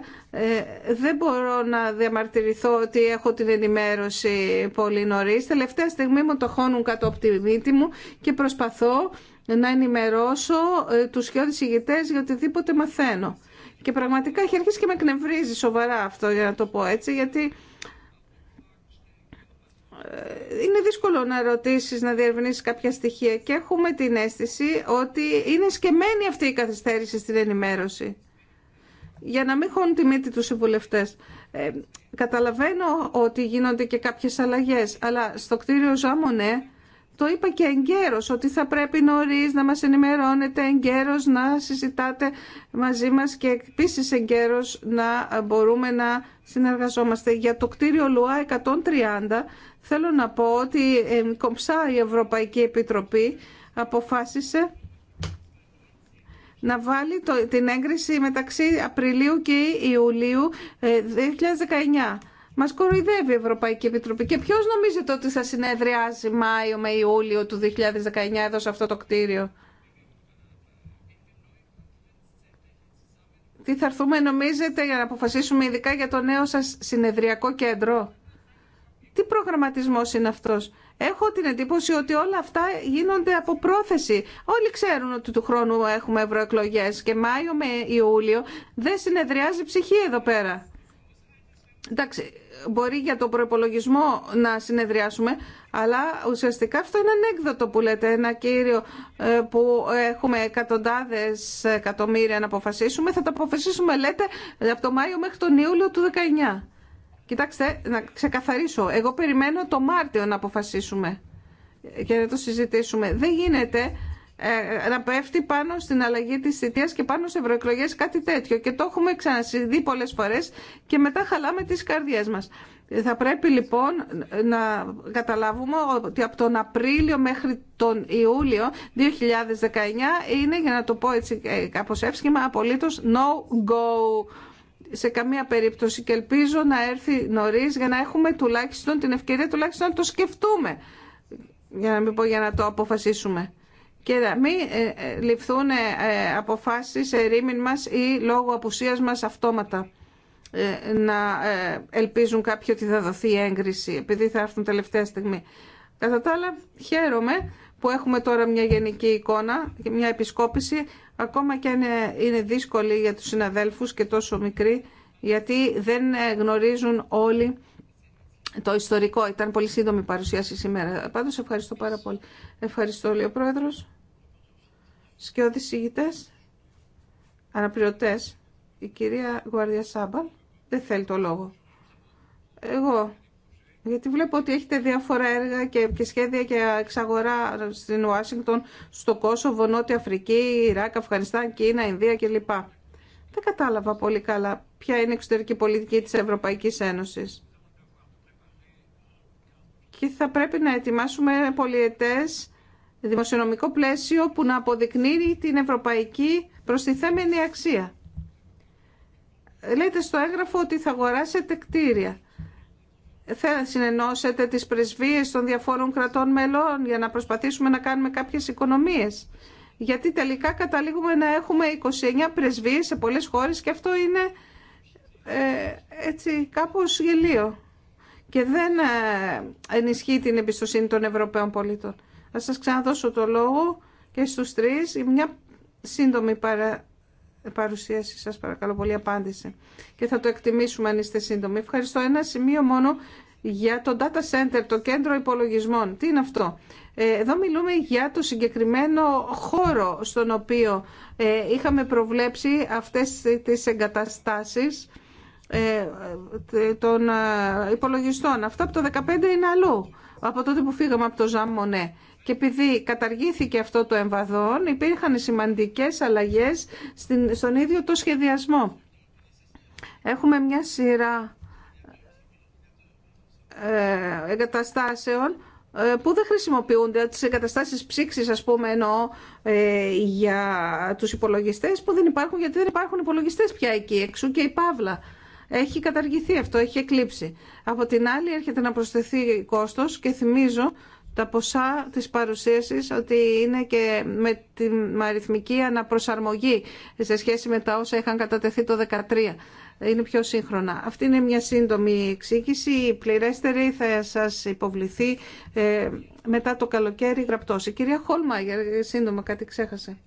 δεν μπορώ να διαμαρτυρηθώ ότι έχω την ενημέρωση πολύ νωρίς τελευταία στιγμή μου το χώνουν κάτω από τη μύτη μου και προσπαθώ να ενημερώσω τους χιώδης ηγητές για οτιδήποτε μαθαίνω και πραγματικά έχει αρχίσει και με εκνευρίζει σοβαρά αυτό, για να το πω έτσι, γιατί ε, είναι δύσκολο να ρωτήσεις, να διερευνήσεις κάποια στοιχεία και έχουμε την αίσθηση ότι είναι σκεμμένη αυτή η καθυστέρηση στην ενημέρωση για να μην χώνουν τη μύτη τους οι ε, καταλαβαίνω ότι γίνονται και κάποιες αλλαγές, αλλά στο κτίριο Ζάμονε το είπα και εγκαίρως ότι θα πρέπει νωρί να μας ενημερώνετε, εγκαίρως να συζητάτε μαζί μας και επίση εγκαίρως να μπορούμε να συνεργαζόμαστε. Για το κτίριο ΛΟΑ 130 θέλω να πω ότι κομψά η Ευρωπαϊκή Επιτροπή αποφάσισε να βάλει την έγκριση μεταξύ Απριλίου και Ιουλίου 2019 ε, μας κοροϊδεύει η Ευρωπαϊκή Επιτροπή. Και ποιος νομίζετε ότι θα συνεδριάζει Μάιο με Ιούλιο του 2019 εδώ σε αυτό το κτίριο. Τι θα έρθουμε νομίζετε για να αποφασίσουμε ειδικά για το νέο σας συνεδριακό κέντρο. Τι προγραμματισμός είναι αυτός. Έχω την εντύπωση ότι όλα αυτά γίνονται από πρόθεση. Όλοι ξέρουν ότι του χρόνου έχουμε ευρωεκλογέ και Μάιο με Ιούλιο δεν συνεδριάζει ψυχή εδώ πέρα. Εντάξει, μπορεί για τον προπολογισμό να συνεδριάσουμε, αλλά ουσιαστικά αυτό είναι ανέκδοτο που λέτε. Ένα κύριο ε, που έχουμε εκατοντάδε εκατομμύρια να αποφασίσουμε, θα τα αποφασίσουμε, λέτε, από το Μάιο μέχρι τον Ιούλιο του 19. Κοιτάξτε, να ξεκαθαρίσω. Εγώ περιμένω το Μάρτιο να αποφασίσουμε και να το συζητήσουμε. Δεν γίνεται ε, να πέφτει πάνω στην αλλαγή της θητείας και πάνω σε ευρωεκλογές κάτι τέτοιο και το έχουμε ξανασυνδεί πολλές φορές και μετά χαλάμε τις καρδιές μας. Θα πρέπει λοιπόν να καταλάβουμε ότι από τον Απρίλιο μέχρι τον Ιούλιο 2019 είναι, για να το πω έτσι ε, κάπως εύσχημα, απολύτως no-go σε καμία περίπτωση και ελπίζω να έρθει νωρίς για να έχουμε τουλάχιστον την ευκαιρία τουλάχιστον να το σκεφτούμε για να μην πω για να το αποφασίσουμε και να μην ε, ε, ληφθούν ε, αποφάσεις ερήμην μας ή λόγω απουσίας μας αυτόματα να ελπίζουν κάποιοι ότι θα δοθεί έγκριση επειδή θα έρθουν τελευταία στιγμή. Κατά τα άλλα, χαίρομαι που έχουμε τώρα μια γενική εικόνα, μια επισκόπηση, ακόμα και είναι δύσκολη για τους συναδέλφους και τόσο μικρή, γιατί δεν γνωρίζουν όλοι το ιστορικό. Ήταν πολύ σύντομη παρουσίαση σήμερα. Πάντως ευχαριστώ πάρα πολύ. Ευχαριστώ, όλοι ο Πρόεδρος σκιώδη ηγητές, αναπληρωτές, η κυρία Γουαρδία Σάμπαλ δεν θέλει το λόγο. Εγώ, γιατί βλέπω ότι έχετε διάφορα έργα και, σχέδια και εξαγορά στην Ουάσιγκτον, στο Κόσοβο, Νότια Αφρική, Ιράκ, Αφγανιστάν, Κίνα, Ινδία κλπ. Δεν κατάλαβα πολύ καλά ποια είναι η εξωτερική πολιτική της Ευρωπαϊκής Ένωσης. Και θα πρέπει να ετοιμάσουμε πολιετές δημοσιονομικό πλαίσιο που να αποδεικνύει την ευρωπαϊκή προστιθέμενη αξία. Λέτε στο έγγραφο ότι θα αγοράσετε κτίρια. Θα συνενώσετε τις πρεσβείες των διαφόρων κρατών μελών για να προσπαθήσουμε να κάνουμε κάποιες οικονομίες. Γιατί τελικά καταλήγουμε να έχουμε 29 πρεσβείες σε πολλές χώρες και αυτό είναι ε, έτσι κάπως γελίο και δεν ε, ενισχύει την εμπιστοσύνη των Ευρωπαίων πολίτων. Θα σας ξαναδώσω το λόγο και στους τρεις. Μια σύντομη παρουσίαση σας παρακαλώ πολύ απάντηση. Και θα το εκτιμήσουμε αν είστε σύντομοι. Ευχαριστώ. Ένα σημείο μόνο για το data center, το κέντρο υπολογισμών. Τι είναι αυτό. Ε, εδώ μιλούμε για το συγκεκριμένο χώρο στον οποίο ε, είχαμε προβλέψει αυτές τις εγκαταστάσεις ε, των υπολογιστών. Αυτά από το 2015 είναι αλλού, από τότε που φύγαμε από το Ζάμονε. Και επειδή καταργήθηκε αυτό το εμβαδόν, υπήρχαν σημαντικές αλλαγές στον ίδιο το σχεδιασμό. Έχουμε μια σειρά ε, εγκαταστάσεων ε, που δεν χρησιμοποιούνται, τις εγκαταστάσεις ψήξης ας πούμε εννοώ ε, για τους υπολογιστές που δεν υπάρχουν γιατί δεν υπάρχουν υπολογιστές πια εκεί, εξού και η Παύλα. Έχει καταργηθεί αυτό, έχει εκλείψει. Από την άλλη έρχεται να προσθεθεί κόστος και θυμίζω τα ποσά της παρουσίασης ότι είναι και με την αριθμική αναπροσαρμογή σε σχέση με τα όσα είχαν κατατεθεί το 2013. Είναι πιο σύγχρονα. Αυτή είναι μια σύντομη εξήγηση. Η πληρέστερη θα σας υποβληθεί ε, μετά το καλοκαίρι γραπτός. Η κυρία Χόλμα, σύντομα κάτι ξέχασε.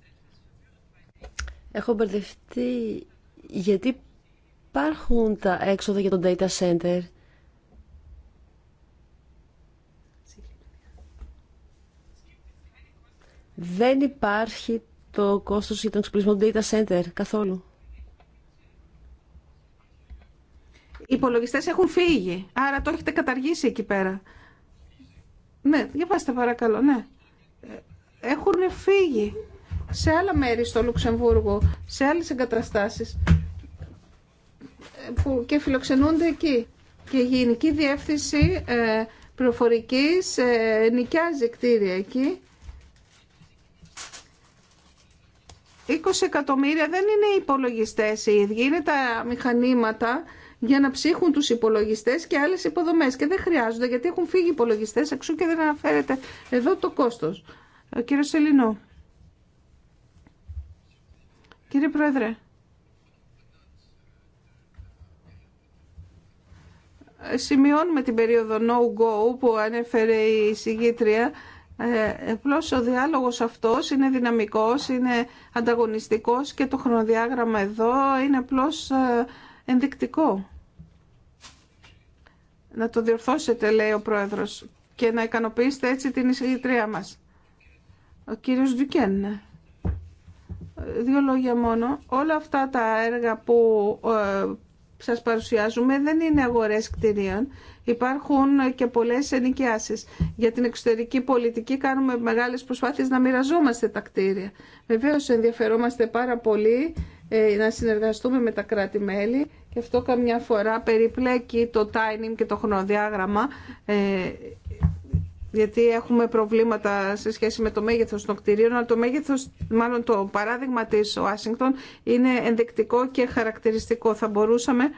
Έχω μπερδευτεί γιατί υπάρχουν τα έξοδα για το data center Δεν υπάρχει το κόστος για τον εξοπλισμό του data center καθόλου. Οι υπολογιστές έχουν φύγει, άρα το έχετε καταργήσει εκεί πέρα. Ναι, διαβάστε παρακαλώ, ναι. Ε, έχουν φύγει σε άλλα μέρη στο Λουξεμβούργο, σε άλλες εγκαταστάσεις ε, που και φιλοξενούνται εκεί. Και η Γενική Διεύθυνση ε, Πληροφορικής ε, νοικιάζει κτίρια εκεί 20 εκατομμύρια δεν είναι οι υπολογιστές οι ίδιοι, είναι τα μηχανήματα για να ψύχουν τους υπολογιστές και άλλες υποδομές και δεν χρειάζονται γιατί έχουν φύγει οι υπολογιστές εξού και δεν αναφέρεται εδώ το κόστος. Κύριε Σελινό. Κύριε Πρόεδρε. Σημειώνουμε την περίοδο no-go που ανέφερε η συγγήτρια ε, απλώ ο διάλογος αυτός είναι δυναμικός, είναι ανταγωνιστικός και το χρονοδιάγραμμα εδώ είναι απλώ ε, ενδεικτικό. Να το διορθώσετε, λέει ο Πρόεδρος, και να ικανοποιήσετε έτσι την εισηγητρία μας. Ο κύριος Ντουκέν. Ναι. Ε, δύο λόγια μόνο. Όλα αυτά τα έργα που σας παρουσιάζουμε δεν είναι αγορές κτηρίων. Υπάρχουν και πολλές ενοικιάσεις. Για την εξωτερική πολιτική κάνουμε μεγάλες προσπάθειες να μοιραζόμαστε τα κτίρια. Βεβαίως ενδιαφερόμαστε πάρα πολύ ε, να συνεργαστούμε με τα κράτη-μέλη και αυτό καμιά φορά περιπλέκει το timing και το χρονοδιάγραμμα ε, γιατί έχουμε προβλήματα σε σχέση με το μέγεθος των κτηρίων, αλλά το μέγεθος, μάλλον το παράδειγμα της Ουάσιγκτον είναι ενδεικτικό και χαρακτηριστικό. Θα μπορούσαμε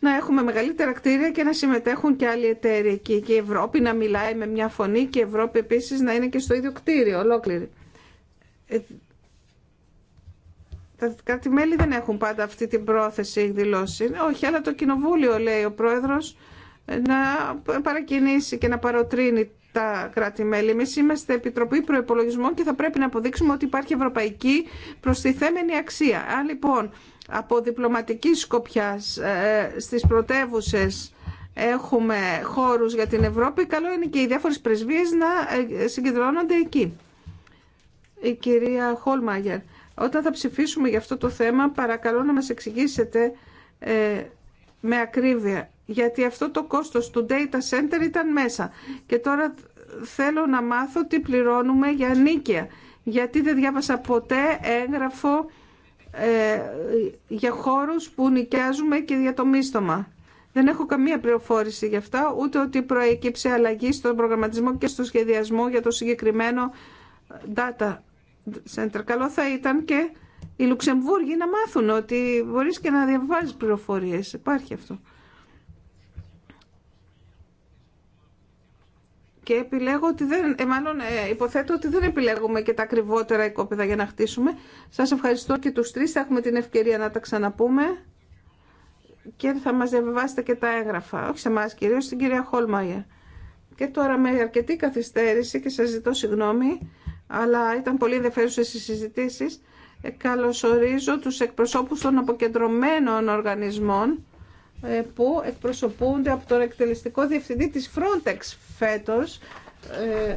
να έχουμε μεγαλύτερα κτίρια και να συμμετέχουν και άλλοι εταίροι εκεί. Και η Ευρώπη να μιλάει με μια φωνή και η Ευρώπη επίσης να είναι και στο ίδιο κτίριο ολόκληρη. Ε, τα κράτη-μέλη δεν έχουν πάντα αυτή την πρόθεση εκδηλώσει. Όχι, αλλά το Κοινοβούλιο, λέει ο Πρόεδρος, να παρακινήσει και να παροτρύνει τα κράτη-μέλη. Εμεί είμαστε Επιτροπή Προπολογισμών και θα πρέπει να αποδείξουμε ότι υπάρχει ευρωπαϊκή προστιθέμενη αξία. Αν λοιπόν από διπλωματική σκοπιά ε, στις πρωτεύουσε έχουμε χώρους για την Ευρώπη, καλό είναι και οι διάφορες πρεσβείες να ε, συγκεντρώνονται εκεί. Η κυρία Χόλμαγερ, όταν θα ψηφίσουμε για αυτό το θέμα, παρακαλώ να μας εξηγήσετε ε, με ακρίβεια γιατί αυτό το κόστος του data center ήταν μέσα. Και τώρα θέλω να μάθω τι πληρώνουμε για νίκαια. Γιατί δεν διάβασα ποτέ έγγραφο ε, για χώρους που νοικιάζουμε και για το μίστομα. Δεν έχω καμία πληροφόρηση γι' αυτά, ούτε ότι προέκυψε αλλαγή στον προγραμματισμό και στο σχεδιασμό για το συγκεκριμένο data center. Καλό θα ήταν και οι Λουξεμβούργοι να μάθουν ότι μπορείς και να διαβάζεις πληροφορίες. Υπάρχει αυτό. και επιλέγω ότι δεν, ε, μάλλον ε, υποθέτω ότι δεν επιλέγουμε και τα ακριβότερα οικόπεδα για να χτίσουμε. Σας ευχαριστώ και τους τρεις, θα έχουμε την ευκαιρία να τα ξαναπούμε και θα μας διαβιβάσετε και τα έγγραφα, όχι σε εμά κυρίως, στην κυρία Χόλμαγε. Και τώρα με αρκετή καθυστέρηση και σας ζητώ συγγνώμη, αλλά ήταν πολύ ενδιαφέρουσε οι συζητήσεις, ε, καλωσορίζω τους εκπροσώπους των αποκεντρωμένων οργανισμών ε, που εκπροσωπούνται από τον εκτελεστικό διευθυντή της Frontex φέτος.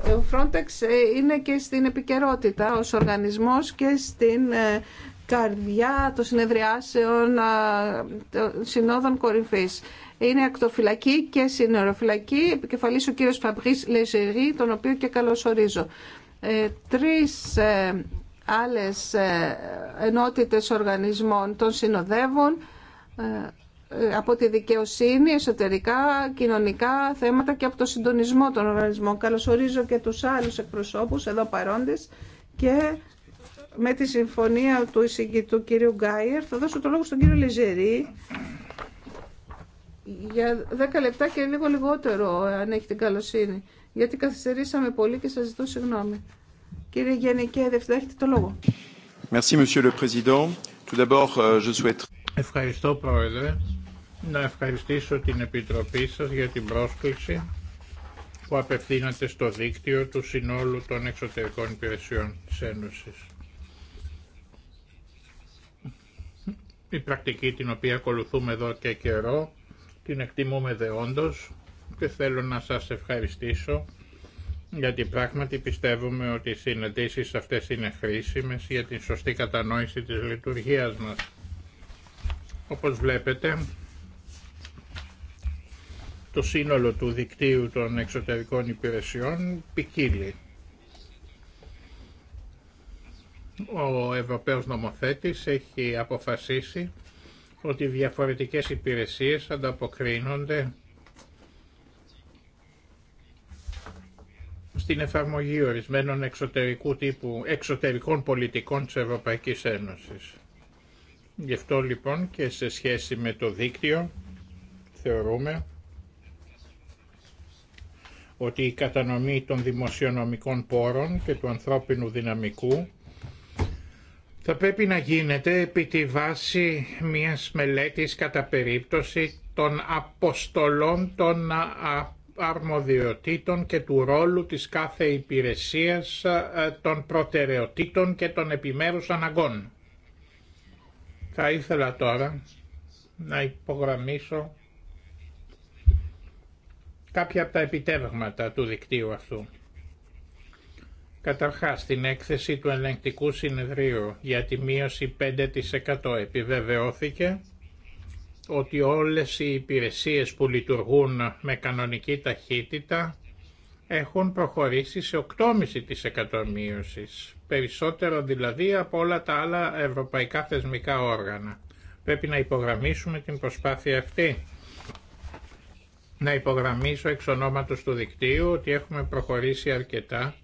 Ε, ο Frontex ε, είναι και στην επικαιρότητα ως οργανισμός και στην καρδιά των συνεδριάσεων συνόδων κορυφής. Είναι ακτοφυλακή και σύνοροφυλακή, επικεφαλής ο κύριος Φαμπρίς Λεζερή, τον οποίο και καλωσορίζω. Τρεις άλλες ενότητες οργανισμών των συνοδεύων ε, από τη δικαιοσύνη, εσωτερικά, κοινωνικά θέματα και από το συντονισμό των οργανισμών. Καλωσορίζω και τους άλλους εκπροσώπους εδώ παρόντες και με τη συμφωνία του εισηγητού κύριου Γκάιερ θα δώσω το λόγο στον κύριο Λιζερή για 10 λεπτά και λίγο λιγότερο αν έχει την καλοσύνη γιατί καθυστερήσαμε πολύ και σας ζητώ συγγνώμη. Κύριε Γενικέ Δευτέρα, έχετε το λόγο. Euh, Ευχαριστώ Πρόεδρε να ευχαριστήσω την Επιτροπή σας για την πρόσκληση που απευθύνατε στο δίκτυο του συνόλου των εξωτερικών υπηρεσιών της Ένωσης. Η πρακτική την οποία ακολουθούμε εδώ και καιρό την εκτιμούμε δεόντως και θέλω να σας ευχαριστήσω γιατί πράγματι πιστεύουμε ότι οι συναντήσεις αυτές είναι χρήσιμες για την σωστή κατανόηση της λειτουργίας μας. Όπως βλέπετε, το σύνολο του δικτύου των εξωτερικών υπηρεσιών ποικίλει. Ο Ευρωπαίος Νομοθέτης έχει αποφασίσει ότι διαφορετικές υπηρεσίες ανταποκρίνονται στην εφαρμογή ορισμένων εξωτερικού τύπου, εξωτερικών πολιτικών της Ευρωπαϊκής Ένωσης. Γι' αυτό λοιπόν και σε σχέση με το δίκτυο θεωρούμε ότι η κατανομή των δημοσιονομικών πόρων και του ανθρώπινου δυναμικού θα πρέπει να γίνεται επί τη βάση μιας μελέτης κατά περίπτωση των αποστολών των αρμοδιοτήτων και του ρόλου της κάθε υπηρεσίας των προτεραιοτήτων και των επιμέρους αναγκών. Θα ήθελα τώρα να υπογραμμίσω κάποια από τα επιτεύγματα του δικτύου αυτού. Καταρχάς, την έκθεση του ελεγκτικού συνεδρίου για τη μείωση 5% επιβεβαιώθηκε ότι όλες οι υπηρεσίες που λειτουργούν με κανονική ταχύτητα έχουν προχωρήσει σε 8,5% μείωσης, περισσότερο δηλαδή από όλα τα άλλα ευρωπαϊκά θεσμικά όργανα. Πρέπει να υπογραμμίσουμε την προσπάθεια αυτή να υπογραμμίσω εξ ονόματος του δικτύου ότι έχουμε προχωρήσει αρκετά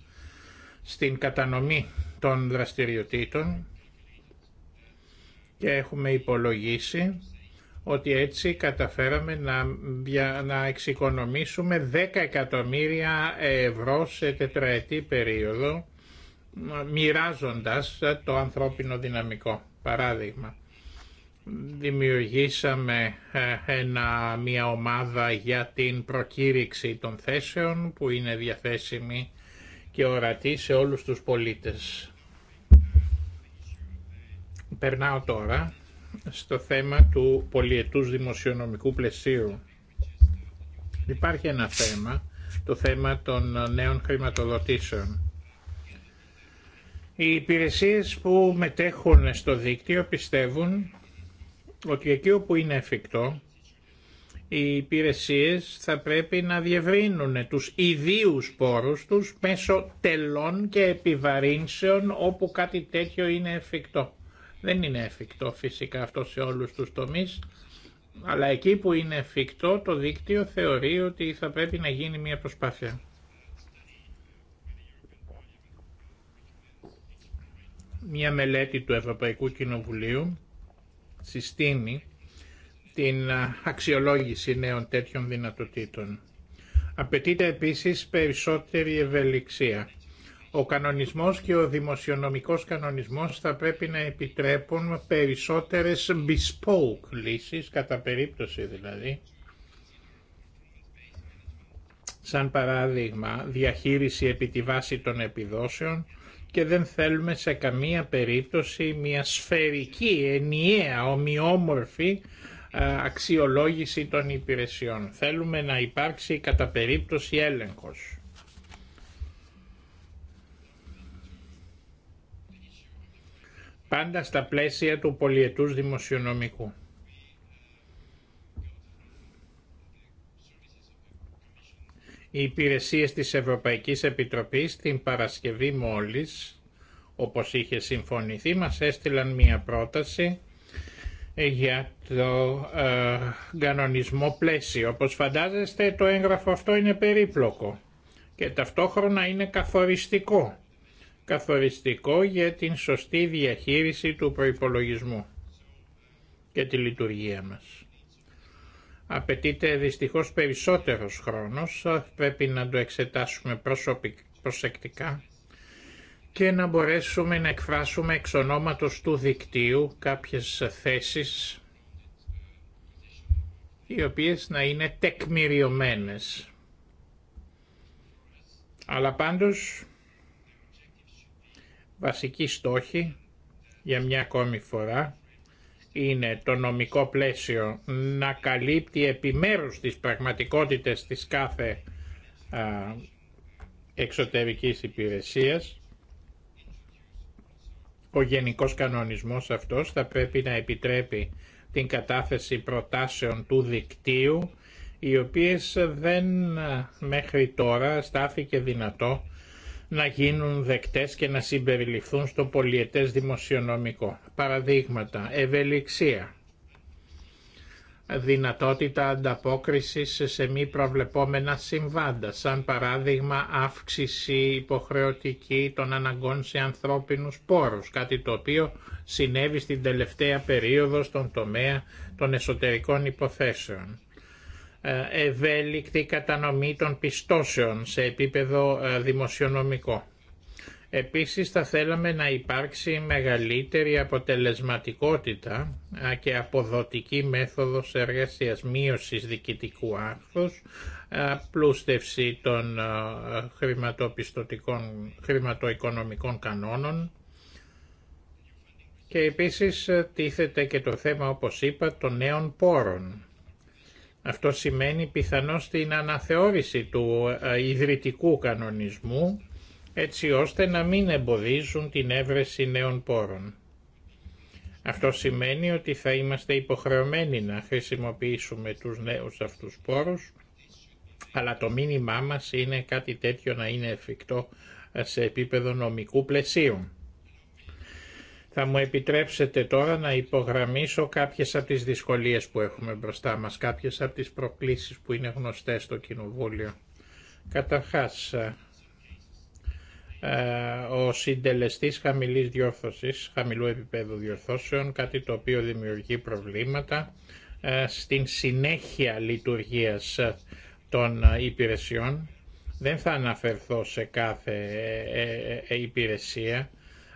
στην κατανομή των δραστηριοτήτων και έχουμε υπολογίσει ότι έτσι καταφέραμε να, να εξοικονομήσουμε 10 εκατομμύρια ευρώ σε τετραετή περίοδο μοιράζοντας το ανθρώπινο δυναμικό. Παράδειγμα, Δημιουργήσαμε ε, ένα, μια ομάδα για την προκήρυξη των θέσεων που είναι διαθέσιμη και ορατή σε όλους τους πολίτες. Περνάω τώρα στο θέμα του πολιετούς δημοσιονομικού πλαισίου. Υπάρχει ένα θέμα, το θέμα των νέων χρηματοδοτήσεων. Οι υπηρεσίες που μετέχουν στο δίκτυο πιστεύουν ότι εκεί όπου είναι εφικτό οι υπηρεσίες θα πρέπει να διευρύνουν τους ιδίους πόρους τους μέσω τελών και επιβαρύνσεων όπου κάτι τέτοιο είναι εφικτό. Δεν είναι εφικτό φυσικά αυτό σε όλους τους τομείς, αλλά εκεί που είναι εφικτό το δίκτυο θεωρεί ότι θα πρέπει να γίνει μια προσπάθεια. Μια μελέτη του Ευρωπαϊκού Κοινοβουλίου συστήνει την αξιολόγηση νέων τέτοιων δυνατοτήτων. Απαιτείται επίσης περισσότερη ευελιξία. Ο κανονισμός και ο δημοσιονομικός κανονισμός θα πρέπει να επιτρέπουν περισσότερες bespoke λύσεις, κατά περίπτωση δηλαδή. Σαν παράδειγμα, διαχείριση επί τη βάση των επιδόσεων, και δεν θέλουμε σε καμία περίπτωση μια σφαιρική, ενιαία, ομοιόμορφη αξιολόγηση των υπηρεσιών. Θέλουμε να υπάρξει κατά περίπτωση έλεγχος. Πάντα στα πλαίσια του πολιετούς δημοσιονομικού. Οι υπηρεσίες της Ευρωπαϊκής Επιτροπής την Παρασκευή μόλις, όπως είχε συμφωνηθεί, μας έστειλαν μία πρόταση για το ε, κανονισμό πλαίσιο. Όπως φαντάζεστε το έγγραφο αυτό είναι περίπλοκο και ταυτόχρονα είναι καθοριστικό. Καθοριστικό για την σωστή διαχείριση του προϋπολογισμού και τη λειτουργία μας. Απαιτείται δυστυχώς περισσότερος χρόνος, πρέπει να το εξετάσουμε προσεκτικά και να μπορέσουμε να εκφράσουμε εξ του δικτύου κάποιες θέσεις οι οποίες να είναι τεκμηριωμένες. Αλλά πάντως, βασική στόχη για μια ακόμη φορά είναι το νομικό πλαίσιο να καλύπτει επιμέρους τις πραγματικότητες της κάθε α, εξωτερικής υπηρεσίας. Ο γενικός κανονισμός αυτός θα πρέπει να επιτρέπει την κατάθεση προτάσεων του δικτύου οι οποίες δεν μέχρι τώρα στάθηκε δυνατό να γίνουν δεκτές και να συμπεριληφθούν στο πολιετές δημοσιονομικό. Παραδείγματα, ευελιξία, δυνατότητα ανταπόκρισης σε μη προβλεπόμενα συμβάντα, σαν παράδειγμα αύξηση υποχρεωτική των αναγκών σε ανθρώπινους πόρους, κάτι το οποίο συνέβη στην τελευταία περίοδο στον τομέα των εσωτερικών υποθέσεων. Ε, ευέλικτη κατανομή των πιστώσεων σε επίπεδο ε, δημοσιονομικό. Επίσης θα θέλαμε να υπάρξει μεγαλύτερη αποτελεσματικότητα ε, και αποδοτική μέθοδος εργασίας μείωσης διοικητικού άρθρους, πλούστευση των χρηματοπιστωτικών, χρηματοοικονομικών κανόνων και επίσης τίθεται και το θέμα όπως είπα των νέων πόρων αυτό σημαίνει πιθανώς την αναθεώρηση του ε, ιδρυτικού κανονισμού έτσι ώστε να μην εμποδίζουν την έβρεση νέων πόρων. Αυτό σημαίνει ότι θα είμαστε υποχρεωμένοι να χρησιμοποιήσουμε τους νέους αυτούς πόρους, αλλά το μήνυμά μας είναι κάτι τέτοιο να είναι εφικτό ε, σε επίπεδο νομικού πλαισίου. Θα μου επιτρέψετε τώρα να υπογραμμίσω κάποιες από τις δυσκολίες που έχουμε μπροστά μας, κάποιες από τις προκλήσεις που είναι γνωστές στο Κοινοβούλιο. Καταρχάς, ε, ε, ο συντελεστής χαμηλής διόρθωσης, χαμηλού επίπεδου διορθώσεων, κάτι το οποίο δημιουργεί προβλήματα ε, στην συνέχεια λειτουργίας των υπηρεσιών. Δεν θα αναφερθώ σε κάθε υπηρεσία,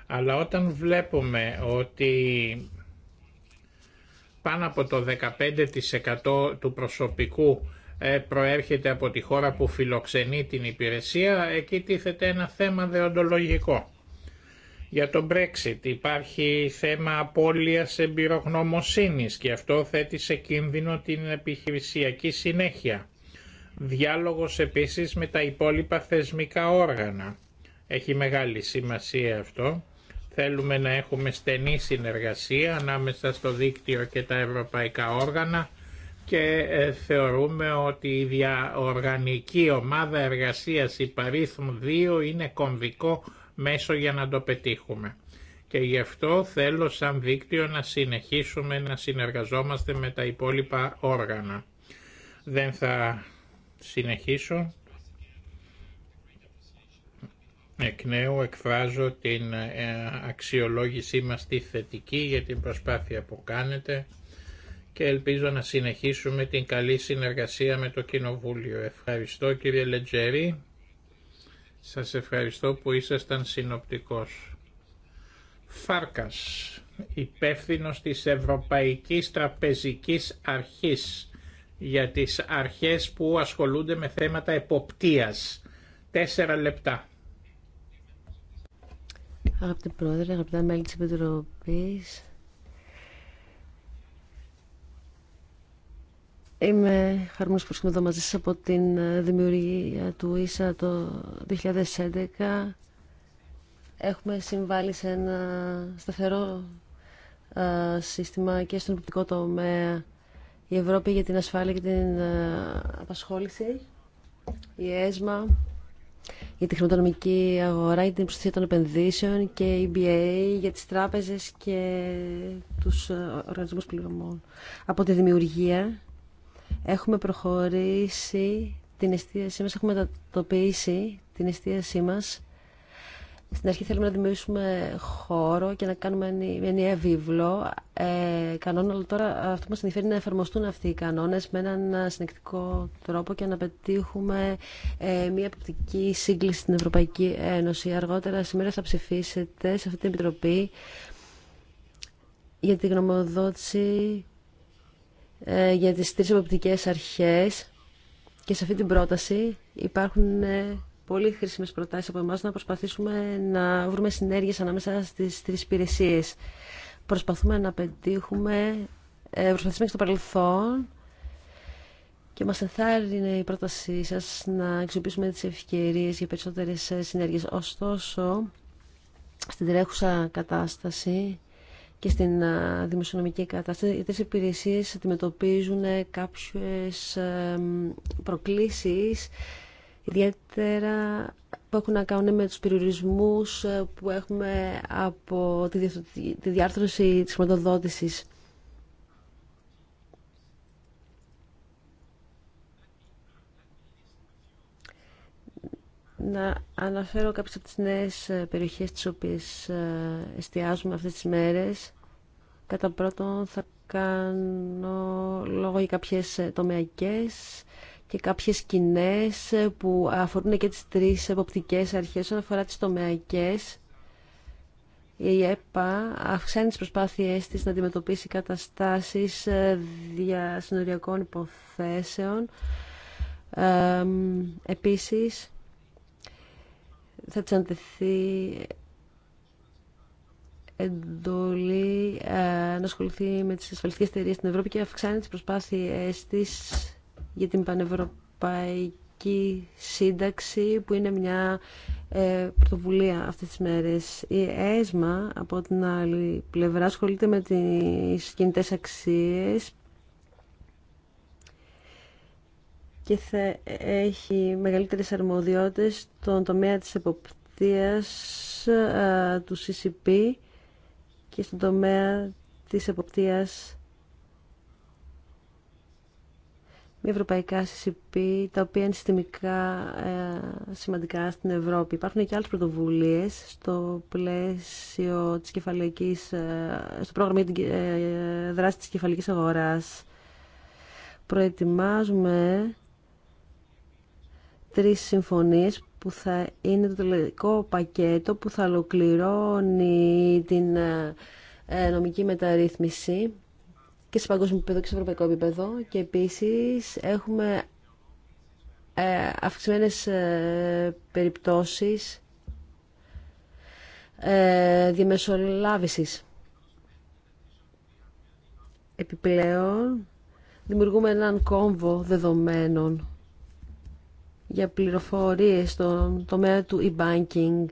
αλλά όταν βλέπουμε ότι πάνω από το 15% του προσωπικού ε, προέρχεται από τη χώρα που φιλοξενεί την υπηρεσία, εκεί τίθεται ένα θέμα δεοντολογικό. Για το Brexit υπάρχει θέμα απώλειας εμπειρογνωμοσύνης και αυτό θέτει σε κίνδυνο την επιχειρησιακή συνέχεια. Διάλογος επίσης με τα υπόλοιπα θεσμικά όργανα. Έχει μεγάλη σημασία αυτό Θέλουμε να έχουμε στενή συνεργασία ανάμεσα στο δίκτυο και τα ευρωπαϊκά όργανα και ε, θεωρούμε ότι η διαοργανική ομάδα εργασίας υπαρίθμου 2 είναι κομβικό μέσο για να το πετύχουμε. Και γι' αυτό θέλω σαν δίκτυο να συνεχίσουμε να συνεργαζόμαστε με τα υπόλοιπα όργανα. Δεν θα συνεχίσω. Ναι. Εκ νέου εκφράζω την ε, αξιολόγησή μας τη θετική για την προσπάθεια που κάνετε και ελπίζω να συνεχίσουμε την καλή συνεργασία με το Κοινοβούλιο. Ευχαριστώ κύριε Λετζέρη. Σας ευχαριστώ που ήσασταν συνοπτικός. Φάρκας, υπεύθυνο της Ευρωπαϊκής Τραπεζικής Αρχής για τις αρχές που ασχολούνται με θέματα εποπτείας. Τέσσερα λεπτά. Αγαπητοί Πρόεδρε, αγαπητά μέλη της Επιτροπής, Είμαι χαρούμενος που είμαι εδώ μαζί σας από την δημιουργία του ΙΣΑ το 2011. Έχουμε συμβάλει σε ένα σταθερό σύστημα και στον υποπτικό τομέα η Ευρώπη για την ασφάλεια και την απασχόληση, η ΕΣΜΑ, για τη χρηματονομική αγορά, για την προστασία των επενδύσεων και EBA για τις τράπεζες και τους ε, οργανισμούς πληρωμών. Από τη δημιουργία έχουμε προχωρήσει την εστίασή μας, έχουμε μετατοπίσει την εστίασή μας στην αρχή θέλουμε να δημιουργήσουμε χώρο και να κάνουμε ενιαία βίβλο ε, κανόνων, αλλά τώρα αυτό που μας ενδιαφέρει είναι να εφαρμοστούν αυτοί οι κανόνες με έναν ε, συνεκτικό τρόπο και να πετύχουμε ε, μια επιπτική σύγκληση στην Ευρωπαϊκή Ένωση. Αργότερα σήμερα θα ψηφίσετε σε αυτή την Επιτροπή για τη γνωμοδότηση ε, για τις τρεις επιπτικές αρχές και σε αυτή την πρόταση υπάρχουν ε, πολύ χρήσιμες προτάσεις από εμάς να προσπαθήσουμε να βρούμε συνέργειες ανάμεσα στις τρεις υπηρεσίε. Προσπαθούμε να πετύχουμε, ε, προσπαθήσουμε και στο παρελθόν και μας ενθάρρυνε η πρότασή σας να αξιοποιήσουμε τις ευκαιρίες για περισσότερες ε, συνέργειες. Ωστόσο, στην τρέχουσα κατάσταση και στην ε, δημοσιονομική κατάσταση, οι τρεις υπηρεσίες αντιμετωπίζουν κάποιες προκλήσεις ιδιαίτερα που έχουν να κάνουν με τους περιορισμούς ε, που έχουμε από τη διάρθρωση της χρηματοδότησης. Να αναφέρω κάποιες από τις νέες ε, περιοχές τις οποίες ε, εστιάζουμε αυτές τις μέρες. Κατά πρώτον θα κάνω λόγο για κάποιες τομεακές και κάποιες κοινέ ε, που αφορούν και τις τρεις εποπτικές αρχές όσον αφορά τις τομεακές. Η ΕΠΑ αυξάνει τις προσπάθειές της να αντιμετωπίσει καταστάσεις ε, διασυνοριακών υποθέσεων. Ε, επίσης, θα της αντεθεί εντολή ε, να ασχοληθεί με τις ασφαλιστικές εταιρείε στην Ευρώπη και αυξάνει τις προσπάθειές της για την Πανευρωπαϊκή Σύνταξη που είναι μια ε, πρωτοβουλία αυτές τις μέρες. Η ΕΣΜΑ από την άλλη πλευρά ασχολείται με τις κινητές αξίες και θα έχει μεγαλύτερες αρμοδιότητες στον τομέα της εποπτείας ε, του CCP και στον τομέα της εποπτείας μια ευρωπαϊκά CCP, τα οποία είναι συστημικά ε, σημαντικά στην Ευρώπη. Υπάρχουν και άλλες πρωτοβουλίες στο πλαίσιο της κεφαλαϊκής, ε, στο πρόγραμμα για ε, δράση της κεφαλικής αγοράς. Προετοιμάζουμε τρεις συμφωνίες που θα είναι το τελευταίο πακέτο που θα ολοκληρώνει την νομική μεταρρύθμιση και σε παγκόσμιο επίπεδο και σε ευρωπαϊκό επίπεδο και επίση έχουμε ε, αυξημένες ε, περιπτώσεις ε, διαμεσολάβησης. Επιπλέον, δημιουργούμε έναν κόμβο δεδομένων για πληροφορίες στον τομέα του e-banking.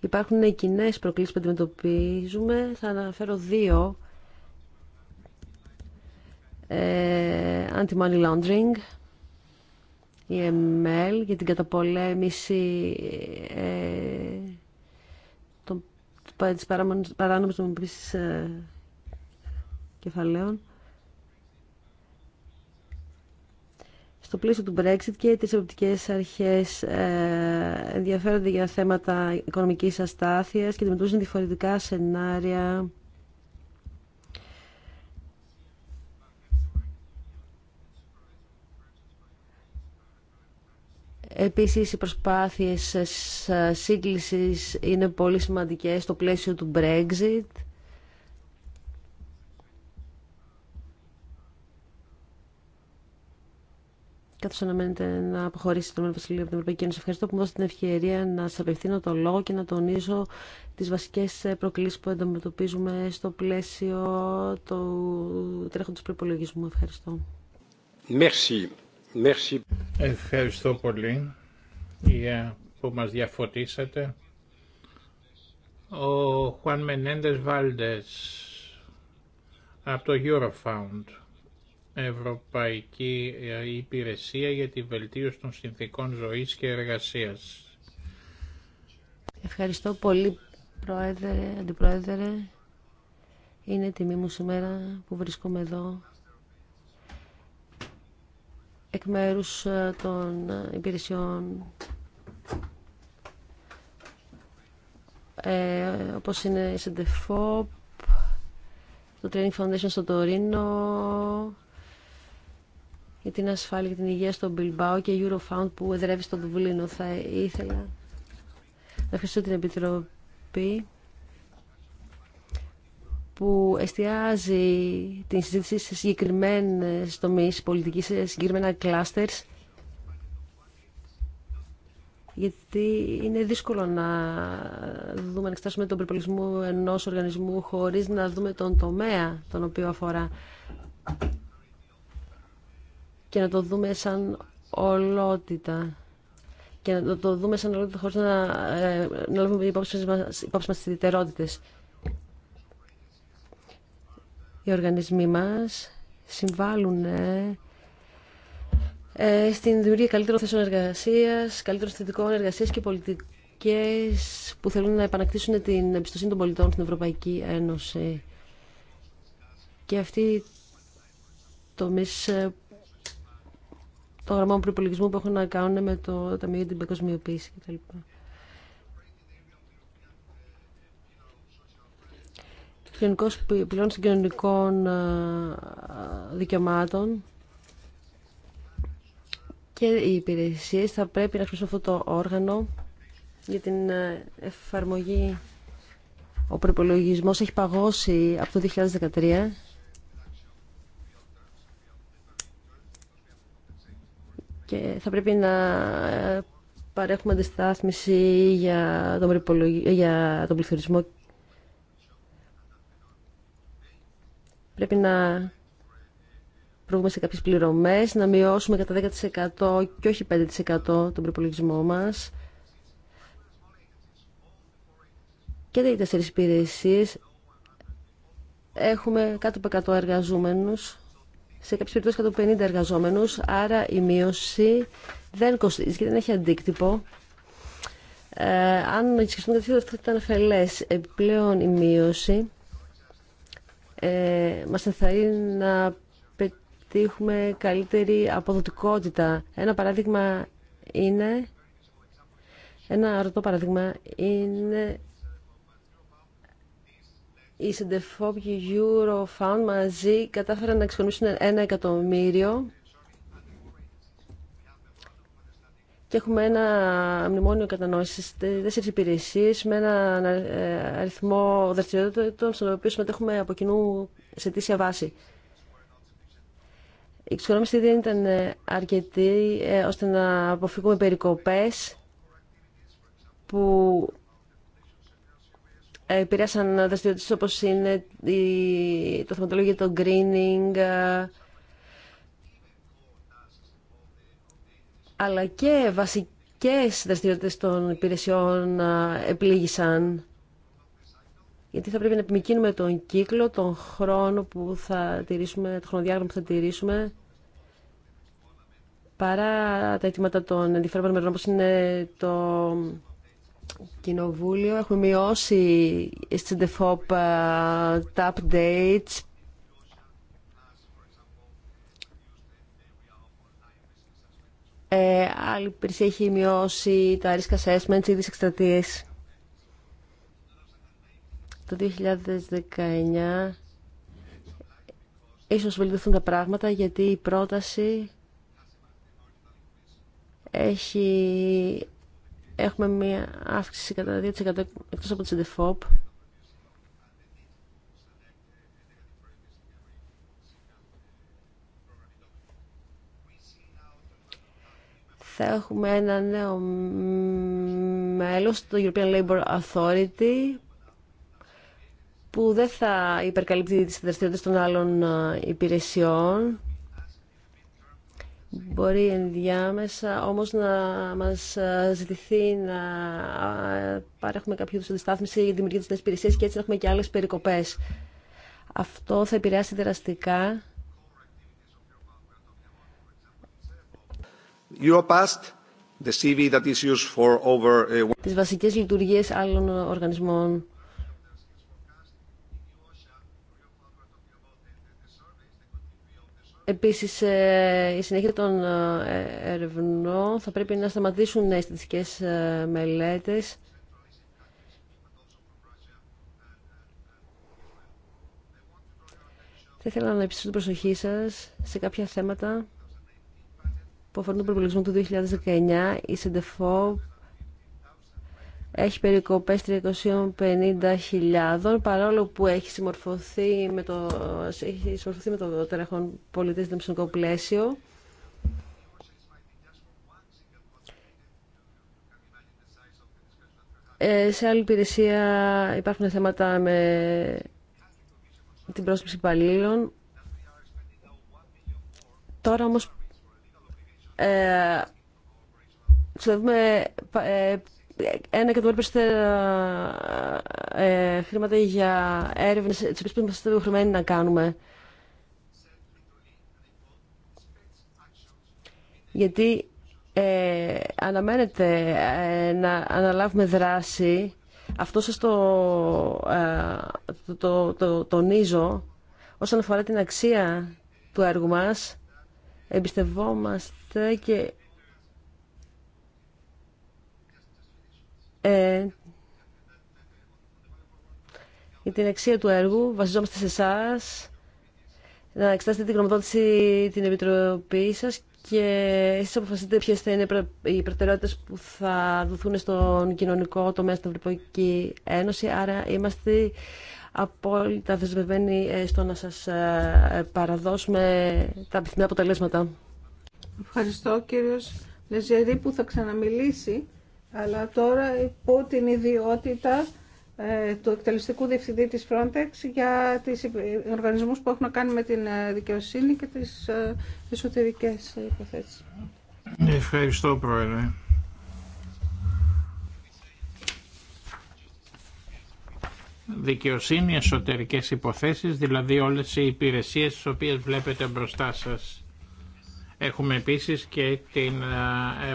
Υπάρχουν κοινέ προκλήσεις που αντιμετωπίζουμε. Θα αναφέρω δύο ε, anti-money laundering, EML για την καταπολέμηση ε, των, της παράνομης ε, κεφαλαίων. Στο πλαίσιο του Brexit και τις ευρωπαϊκές αρχές ε, ενδιαφέρονται για θέματα οικονομικής αστάθειας και αντιμετωπίζουν διαφορετικά σενάρια Επίσης, οι προσπάθειες σύγκλησης είναι πολύ σημαντικές στο πλαίσιο του Brexit. καθώ αναμένετε να αποχωρήσει το Μέλλον Βασιλείο από την Ευρωπαϊκή Ένωση. Ευχαριστώ που μου δώσετε την ευκαιρία να σας απευθύνω το λόγο και να τονίζω τις βασικές προκλήσεις που αντιμετωπίζουμε στο πλαίσιο του τρέχοντος προπολογισμού. Ευχαριστώ. Ευχαριστώ πολύ για που μας διαφωτίσατε. Ο Χουάν Μενέντες Βάλντες από το Eurofound, Ευρωπαϊκή ε, Υπηρεσία για τη Βελτίωση των Συνθήκων Ζωής και Εργασίας. Ευχαριστώ πολύ, Πρόεδρε, Αντιπρόεδρε. Είναι τιμή μου σήμερα που βρίσκομαι εδώ εκ μέρους ε, των ε, υπηρεσιών ε, όπως είναι η Σεντεφόπ, το Training Foundation στο Τωρίνο, η την ασφάλεια και την υγεία στο Μπιλμπάο και Eurofound που εδρεύει στο Δουβλίνο. Θα ήθελα να ευχαριστώ την Επιτροπή που εστιάζει την συζήτηση σε συγκεκριμένε τομεί, πολιτική, σε συγκεκριμένα κλάστερς, γιατί είναι δύσκολο να δούμε, να εξετάσουμε τον περιπολισμό ενός οργανισμού χωρίς να δούμε τον τομέα τον οποίο αφορά και να το δούμε σαν ολότητα και να το δούμε σαν ολότητα χωρίς να, ε, να λάβουμε υπόψη μας, υπόψη μας οι οργανισμοί μας συμβάλλουν ε, ε, στην δημιουργία καλύτερων θέσεων εργασία, καλύτερων θετικών εργασία και πολιτικέ που θέλουν να επανακτήσουν την εμπιστοσύνη των πολιτών στην Ευρωπαϊκή Ένωση. Και αυτοί το τομεί ε, το γραμμών προπολογισμού που έχουν να κάνουν με το Ταμείο για την Παγκοσμιοποίηση κτλ. του Κοινωνικών ε, Δικαιωμάτων και οι υπηρεσίες θα πρέπει να χρησιμοποιούν αυτό το όργανο για την ε, εφαρμογή. Ο προπολογισμό έχει παγώσει από το 2013 και θα πρέπει να ε, παρέχουμε αντιστάθμιση για τον, για τον πληθωρισμό Πρέπει να προβούμε σε κάποιες πληρωμές, να μειώσουμε κατά 10% και όχι 5% τον προπολογισμό μας. Και τα τέσσερις υπηρεσίε έχουμε κάτω από 100 εργαζόμενους, σε κάποιες περιπτώσεις 50 εργαζόμενους, άρα η μείωση δεν κοστίζει και δεν έχει αντίκτυπο. Ε, αν σκεφτούμε κάτι θα ήταν αφελές. Επιπλέον η μείωση ε, μας ενθαρρύνει να πετύχουμε καλύτερη αποδοτικότητα. Ένα παράδειγμα είναι... Ένα ρωτό παράδειγμα είναι οι συντεφόπιοι Eurofound μαζί κατάφεραν να εξοικονομήσουν ένα εκατομμύριο και έχουμε ένα μνημόνιο κατανόηση τέσσερι υπηρεσίε με ένα ε, αριθμό δραστηριοτήτων στον οποίο συμμετέχουμε από κοινού σε τήσια βάση. Η εξοικονόμηση δεν ήταν ε, αρκετή ε, ώστε να αποφύγουμε περικοπές που επηρέασαν δραστηριότητε, όπω είναι το θεματολόγιο, το greening, αλλά και βασικές δραστηριότητες των υπηρεσιών επλήγησαν. Γιατί θα πρέπει να επιμηκύνουμε τον κύκλο, τον χρόνο που θα τηρήσουμε, το χρονοδιάγραμμα που θα τηρήσουμε, παρά τα αιτήματα των ενδιαφέροντων μερών, όπως είναι το Κοινοβούλιο. Έχουμε μειώσει στην DEFOP τα updates ε, άλλη υπηρεσία έχει μειώσει τα risk assessments ή τις εκστρατείες. Το 2019 ίσως βελτιωθούν τα πράγματα γιατί η πρόταση έχει... Έχουμε μία αύξηση κατά 2% εκτός από τις δεφόπ θα έχουμε ένα νέο μέλος στο European Labour Authority που δεν θα υπερκαλύπτει τις δραστηριότητες των άλλων ε, υπηρεσιών. Μπορεί ενδιάμεσα όμως να μας ε, ζητηθεί να παρέχουμε κάποιο είδους αντιστάθμιση για τη δημιουργία της νέας υπηρεσίας και έτσι να έχουμε και άλλες περικοπές. Αυτό θα επηρεάσει δραστικά Τις βασικές λειτουργίες άλλων οργανισμών. Επίσης, ε, η συνέχεια των ε, ερευνών θα πρέπει να σταματήσουν οι αισθητικές ε, μελέτες Θα ήθελα να επιστρέψω την προσοχή σας σε κάποια θέματα που αφορούν τον προπολογισμό του 2019, η ΣΕΝΤΕΦΟ έχει περικοπές 350.000 παρόλο που έχει συμμορφωθεί με το, έχει συμμορφωθεί με το πλαίσιο. Ε, σε άλλη υπηρεσία υπάρχουν θέματα με την πρόσληψη υπαλλήλων. Τώρα όμως ε, ξοδεύουμε ε, ένα και περισσότερα ε, χρήματα για έρευνε τι οποίε είμαστε υποχρεωμένοι να κάνουμε. Γιατί ε, αναμένεται ε, να αναλάβουμε δράση. Αυτό σας το, το, το, το τονίζω όσον αφορά την αξία του έργου μας εμπιστευόμαστε και ε, για την αξία του έργου. Βασιζόμαστε σε εσά να εξετάσετε την γνωμοδότηση την Επιτροπή σας και εσείς αποφασίσετε ποιε θα είναι οι προτεραιότητε που θα δοθούν στον κοινωνικό τομέα στην Ευρωπαϊκή Ένωση. Άρα είμαστε απόλυτα δεσμευμένοι ε, στο να σας ε, παραδώσουμε τα πιθανά αποτελέσματα. Ευχαριστώ κύριος Λεζιαρή που θα ξαναμιλήσει, αλλά τώρα υπό την ιδιότητα ε, του εκτελεστικού διευθυντή της Frontex για τις οργανισμούς που έχουν να κάνουν με την δικαιοσύνη και τις εσωτερικές υποθέσεις. Ευχαριστώ Πρόεδρε. δικαιοσύνη, εσωτερικές υποθέσεις, δηλαδή όλες οι υπηρεσίες τις οποίες βλέπετε μπροστά σας. Έχουμε επίσης και την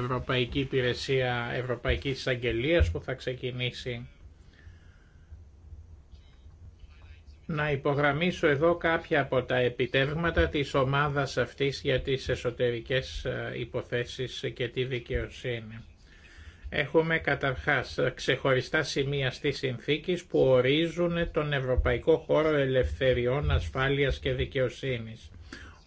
Ευρωπαϊκή Υπηρεσία Ευρωπαϊκής Αγγελίας που θα ξεκινήσει. Να υπογραμμίσω εδώ κάποια από τα επιτεύγματα της ομάδας αυτής για τις εσωτερικές υποθέσεις και τη δικαιοσύνη. Έχουμε καταρχάς ξεχωριστά σημεία στις συνθήκες που ορίζουν τον Ευρωπαϊκό Χώρο Ελευθεριών, Ασφάλειας και Δικαιοσύνης.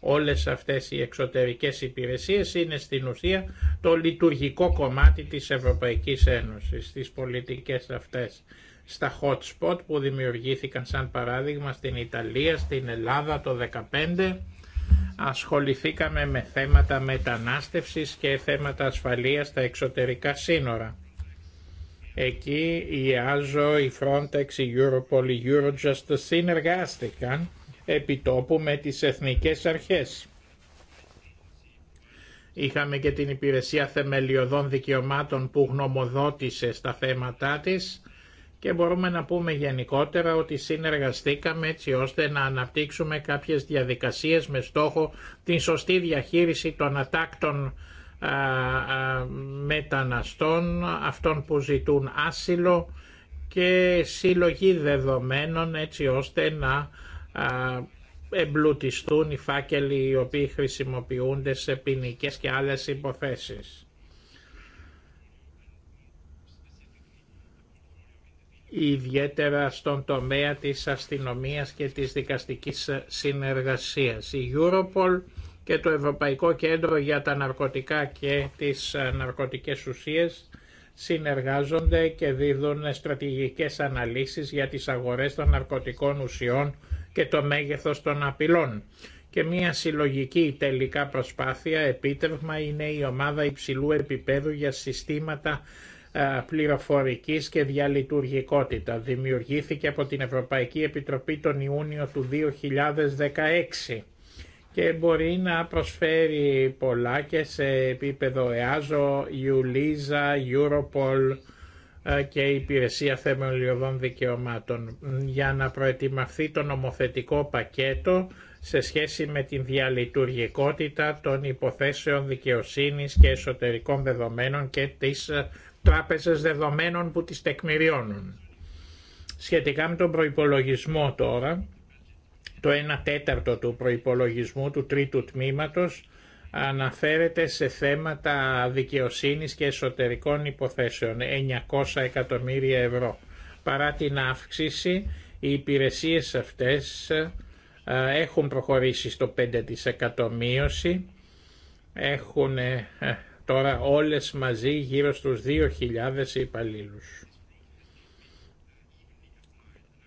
Όλες αυτές οι εξωτερικές υπηρεσίες είναι στην ουσία το λειτουργικό κομμάτι της Ευρωπαϊκής Ένωσης, στις πολιτικές αυτές. Στα hot spot που δημιουργήθηκαν σαν παράδειγμα στην Ιταλία, στην Ελλάδα το 2015, ασχοληθήκαμε με θέματα μετανάστευσης και θέματα ασφαλείας στα εξωτερικά σύνορα. Εκεί η ΆΖΟ, η Frontex, η Europol, η Eurojust συνεργάστηκαν τόπου με τις εθνικές αρχές. Είχαμε και την Υπηρεσία Θεμελιωδών Δικαιωμάτων που γνωμοδότησε στα θέματά της και μπορούμε να πούμε γενικότερα ότι συνεργαστήκαμε έτσι ώστε να αναπτύξουμε κάποιες διαδικασίες με στόχο την σωστή διαχείριση των ατάκτων μεταναστών, αυτών που ζητούν άσυλο και συλλογή δεδομένων έτσι ώστε να εμπλουτιστούν οι φάκελοι οι οποίοι χρησιμοποιούνται σε ποινικέ και άλλες υποθέσεις. ιδιαίτερα στον τομέα της αστυνομίας και της δικαστικής συνεργασίας. Η Europol και το Ευρωπαϊκό Κέντρο για τα Ναρκωτικά και τις Ναρκωτικές Ουσίες συνεργάζονται και δίδουν στρατηγικές αναλύσεις για τις αγορές των ναρκωτικών ουσιών και το μέγεθος των απειλών. Και μια συλλογική τελικά προσπάθεια επίτευγμα είναι η ομάδα υψηλού επίπεδου για συστήματα πληροφορικής και διαλειτουργικότητα. Δημιουργήθηκε από την Ευρωπαϊκή Επιτροπή τον Ιούνιο του 2016 και μπορεί να προσφέρει πολλά και σε επίπεδο ΕΑΖΟ, Ιουλίζα, Europol και η Υπηρεσία Θεμελιωδών Δικαιωμάτων για να προετοιμαθεί το νομοθετικό πακέτο σε σχέση με την διαλειτουργικότητα των υποθέσεων δικαιοσύνης και εσωτερικών δεδομένων και της τράπεζες δεδομένων που τις τεκμηριώνουν. Σχετικά με τον προϋπολογισμό τώρα, το 1 τέταρτο του προϋπολογισμού του τρίτου τμήματος αναφέρεται σε θέματα δικαιοσύνης και εσωτερικών υποθέσεων, 900 εκατομμύρια ευρώ. Παρά την αύξηση, οι υπηρεσίες αυτές ε, έχουν προχωρήσει στο 5% μείωση, έχουν ε, Τώρα όλες μαζί γύρω στους 2.000 υπαλλήλους.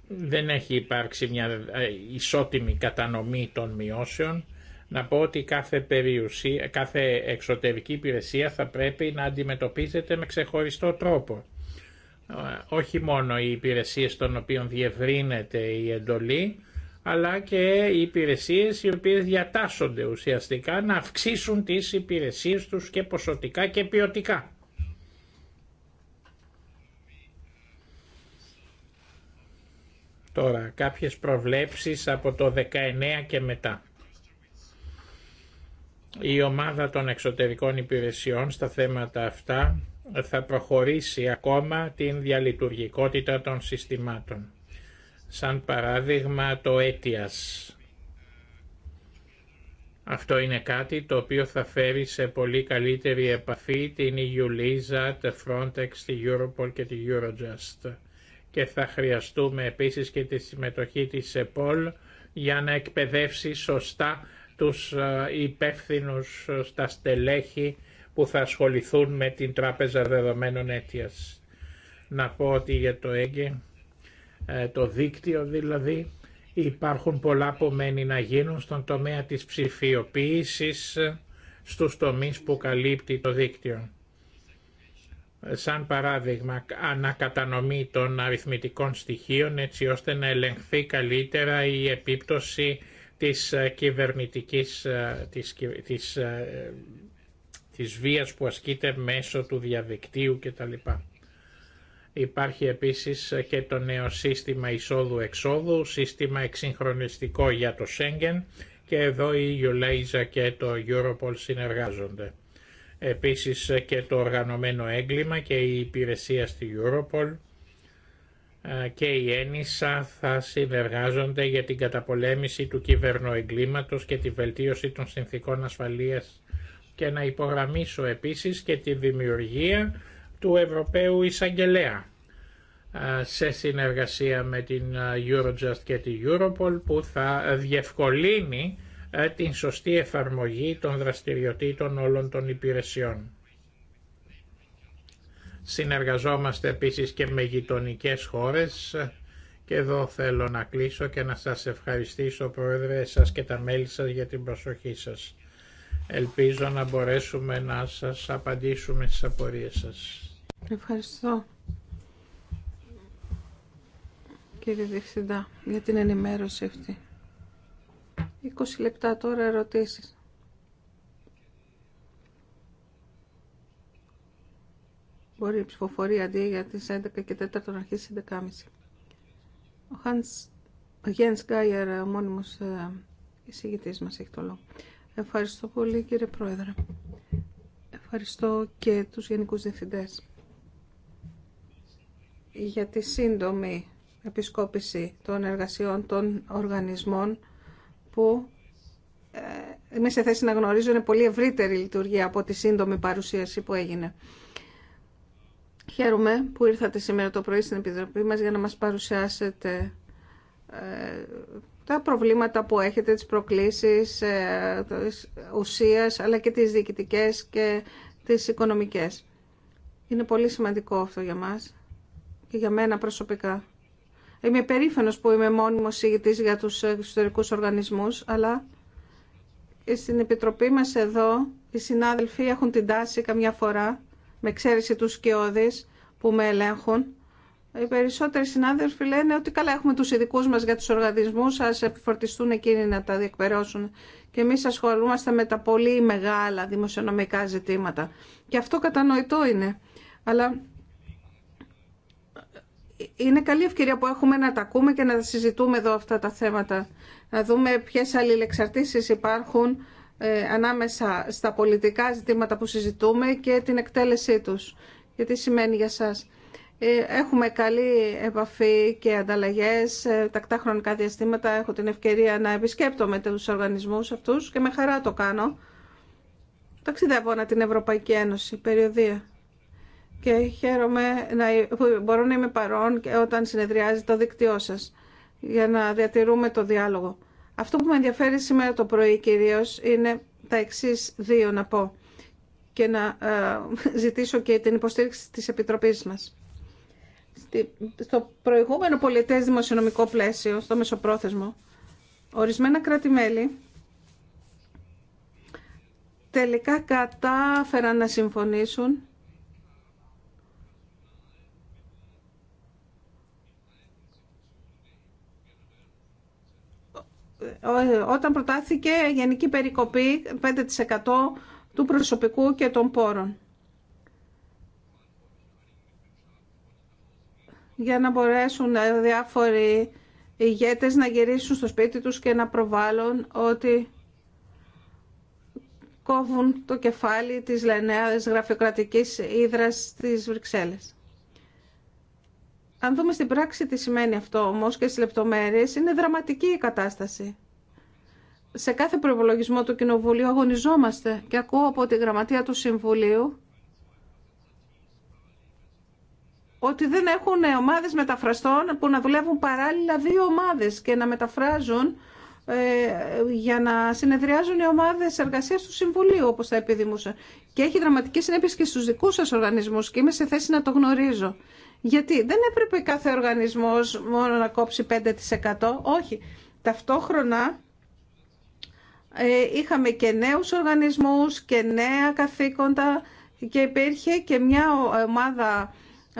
Δεν έχει υπάρξει μια ε, ισότιμη κατανομή των μειώσεων. Να πω ότι κάθε, περιουσία, κάθε εξωτερική υπηρεσία θα πρέπει να αντιμετωπίζεται με ξεχωριστό τρόπο. Ε, όχι μόνο οι υπηρεσίες των οποίων διευρύνεται η εντολή, αλλά και οι υπηρεσίες οι οποίες διατάσσονται ουσιαστικά να αυξήσουν τις υπηρεσίες τους και ποσοτικά και ποιοτικά. Τώρα κάποιες προβλέψεις από το 19 και μετά. Η ομάδα των εξωτερικών υπηρεσιών στα θέματα αυτά θα προχωρήσει ακόμα την διαλειτουργικότητα των συστημάτων σαν παράδειγμα το αίτιας. Αυτό είναι κάτι το οποίο θα φέρει σε πολύ καλύτερη επαφή την EU-LISA, τη Frontex, τη Europol και τη Eurojust. Και θα χρειαστούμε επίσης και τη συμμετοχή της ΕΠΟΛ για να εκπαιδεύσει σωστά τους ε, υπεύθυνου ε, στα στελέχη που θα ασχοληθούν με την Τράπεζα Δεδομένων Αίτιας. Να πω ότι για το ΕΓΚΕ ε, το δίκτυο δηλαδή. Υπάρχουν πολλά που μένει να γίνουν στον τομέα της ψηφιοποίησης στους τομείς που καλύπτει το δίκτυο. Ε, σαν παράδειγμα, ανακατανομή των αριθμητικών στοιχείων έτσι ώστε να ελεγχθεί καλύτερα η επίπτωση της ε, κυβερνητικής, της, της, της βίας που ασκείται μέσω του διαδικτύου κτλ. Υπάρχει επίσης και το νέο σύστημα εισόδου-εξόδου, σύστημα εξυγχρονιστικό για το Schengen και εδώ η Ιούλειζα και το Europol συνεργάζονται. Επίσης και το οργανωμένο έγκλημα και η υπηρεσία στη Europol ε, και η ένισα θα συνεργάζονται για την καταπολέμηση του κυβερνοεγκλήματος και τη βελτίωση των συνθήκων ασφαλείας και να υπογραμμίσω επίσης και τη δημιουργία του Ευρωπαίου Εισαγγελέα σε συνεργασία με την Eurojust και την Europol που θα διευκολύνει την σωστή εφαρμογή των δραστηριοτήτων όλων των υπηρεσιών. Συνεργαζόμαστε επίσης και με γειτονικέ χώρες και εδώ θέλω να κλείσω και να σας ευχαριστήσω Πρόεδρε σας και τα μέλη σας για την προσοχή σας. Ελπίζω να μπορέσουμε να σας απαντήσουμε στις απορίες σας. Ευχαριστώ κύριε Διευθυντά για την ενημέρωση αυτή. 20 λεπτά τώρα ερωτήσεις. Μπορεί η ψηφοφορία αντί για τις 11 και 4 να αρχίσει 11.30. Ο Hans Γκάιερ, ο μόνιμος ε, εισηγητής μας, έχει το λόγο. Ευχαριστώ πολύ κύριε Πρόεδρε. Ευχαριστώ και τους Γενικούς Διευθυντές για τη σύντομη επισκόπηση των εργασιών των οργανισμών που ε, είμαι σε θέση να γνωρίζω είναι πολύ ευρύτερη λειτουργία από τη σύντομη παρουσίαση που έγινε. Χαίρομαι που ήρθατε σήμερα το πρωί στην Επιτροπή μας για να μας παρουσιάσετε ε, τα προβλήματα που έχετε, τις προκλήσεις ε, της αλλά και τις διοικητικές και τις οικονομικές. Είναι πολύ σημαντικό αυτό για μας και για μένα προσωπικά. Είμαι περήφανο που είμαι μόνιμο ηγητής για του εξωτερικού οργανισμού, αλλά στην Επιτροπή μα εδώ οι συνάδελφοι έχουν την τάση καμιά φορά, με εξαίρεση του σκιώδη που με ελέγχουν, οι περισσότεροι συνάδελφοι λένε ότι καλά έχουμε του ειδικού μα για του οργανισμού, α επιφορτιστούν εκείνοι να τα διεκπαιρώσουν και εμεί ασχολούμαστε με τα πολύ μεγάλα δημοσιονομικά ζητήματα. Και αυτό κατανοητό είναι. Αλλά είναι καλή ευκαιρία που έχουμε να τα ακούμε και να συζητούμε εδώ αυτά τα θέματα. Να δούμε ποιες αλληλεξαρτήσεις υπάρχουν ε, ανάμεσα στα πολιτικά ζητήματα που συζητούμε και την εκτέλεσή τους. Γιατί σημαίνει για σας. Ε, έχουμε καλή επαφή και ανταλλαγές ε, τακτά χρονικά διαστήματα. Έχω την ευκαιρία να επισκέπτομαι τους οργανισμούς αυτούς και με χαρά το κάνω. Ταξιδεύω ανά την Ευρωπαϊκή Ένωση, περιοδία και χαίρομαι να, που μπορώ να είμαι παρόν και όταν συνεδριάζει το δίκτυό σας για να διατηρούμε το διάλογο. Αυτό που με ενδιαφέρει σήμερα το πρωί κυρίως είναι τα εξής δύο να πω και να ε, ζητήσω και την υποστήριξη της Επιτροπής μας. Στο προηγούμενο πολιτές δημοσιονομικό πλαίσιο, στο Μεσοπρόθεσμο, ορισμένα κράτη-μέλη τελικά κατάφεραν να συμφωνήσουν όταν προτάθηκε γενική περικοπή 5% του προσωπικού και των πόρων. Για να μπορέσουν διάφοροι ηγέτες να γυρίσουν στο σπίτι τους και να προβάλλουν ότι κόβουν το κεφάλι της λενέας γραφειοκρατικής ίδρας της Βρυξέλλες. Αν δούμε στην πράξη τι σημαίνει αυτό όμως και στις λεπτομέρειες, είναι δραματική η κατάσταση σε κάθε προπολογισμό του Κοινοβουλίου αγωνιζόμαστε και ακούω από τη γραμματεία του Συμβουλίου ότι δεν έχουν ομάδες μεταφραστών που να δουλεύουν παράλληλα δύο ομάδες και να μεταφράζουν ε, για να συνεδριάζουν οι ομάδες εργασίας του Συμβουλίου όπως θα επιδημούσα. Και έχει δραματική συνέπειες και στους δικούς σας οργανισμούς και είμαι σε θέση να το γνωρίζω. Γιατί δεν έπρεπε κάθε οργανισμός μόνο να κόψει 5%. Όχι. Ταυτόχρονα ε, είχαμε και νέους οργανισμούς και νέα καθήκοντα και υπήρχε και μια ε, ομάδα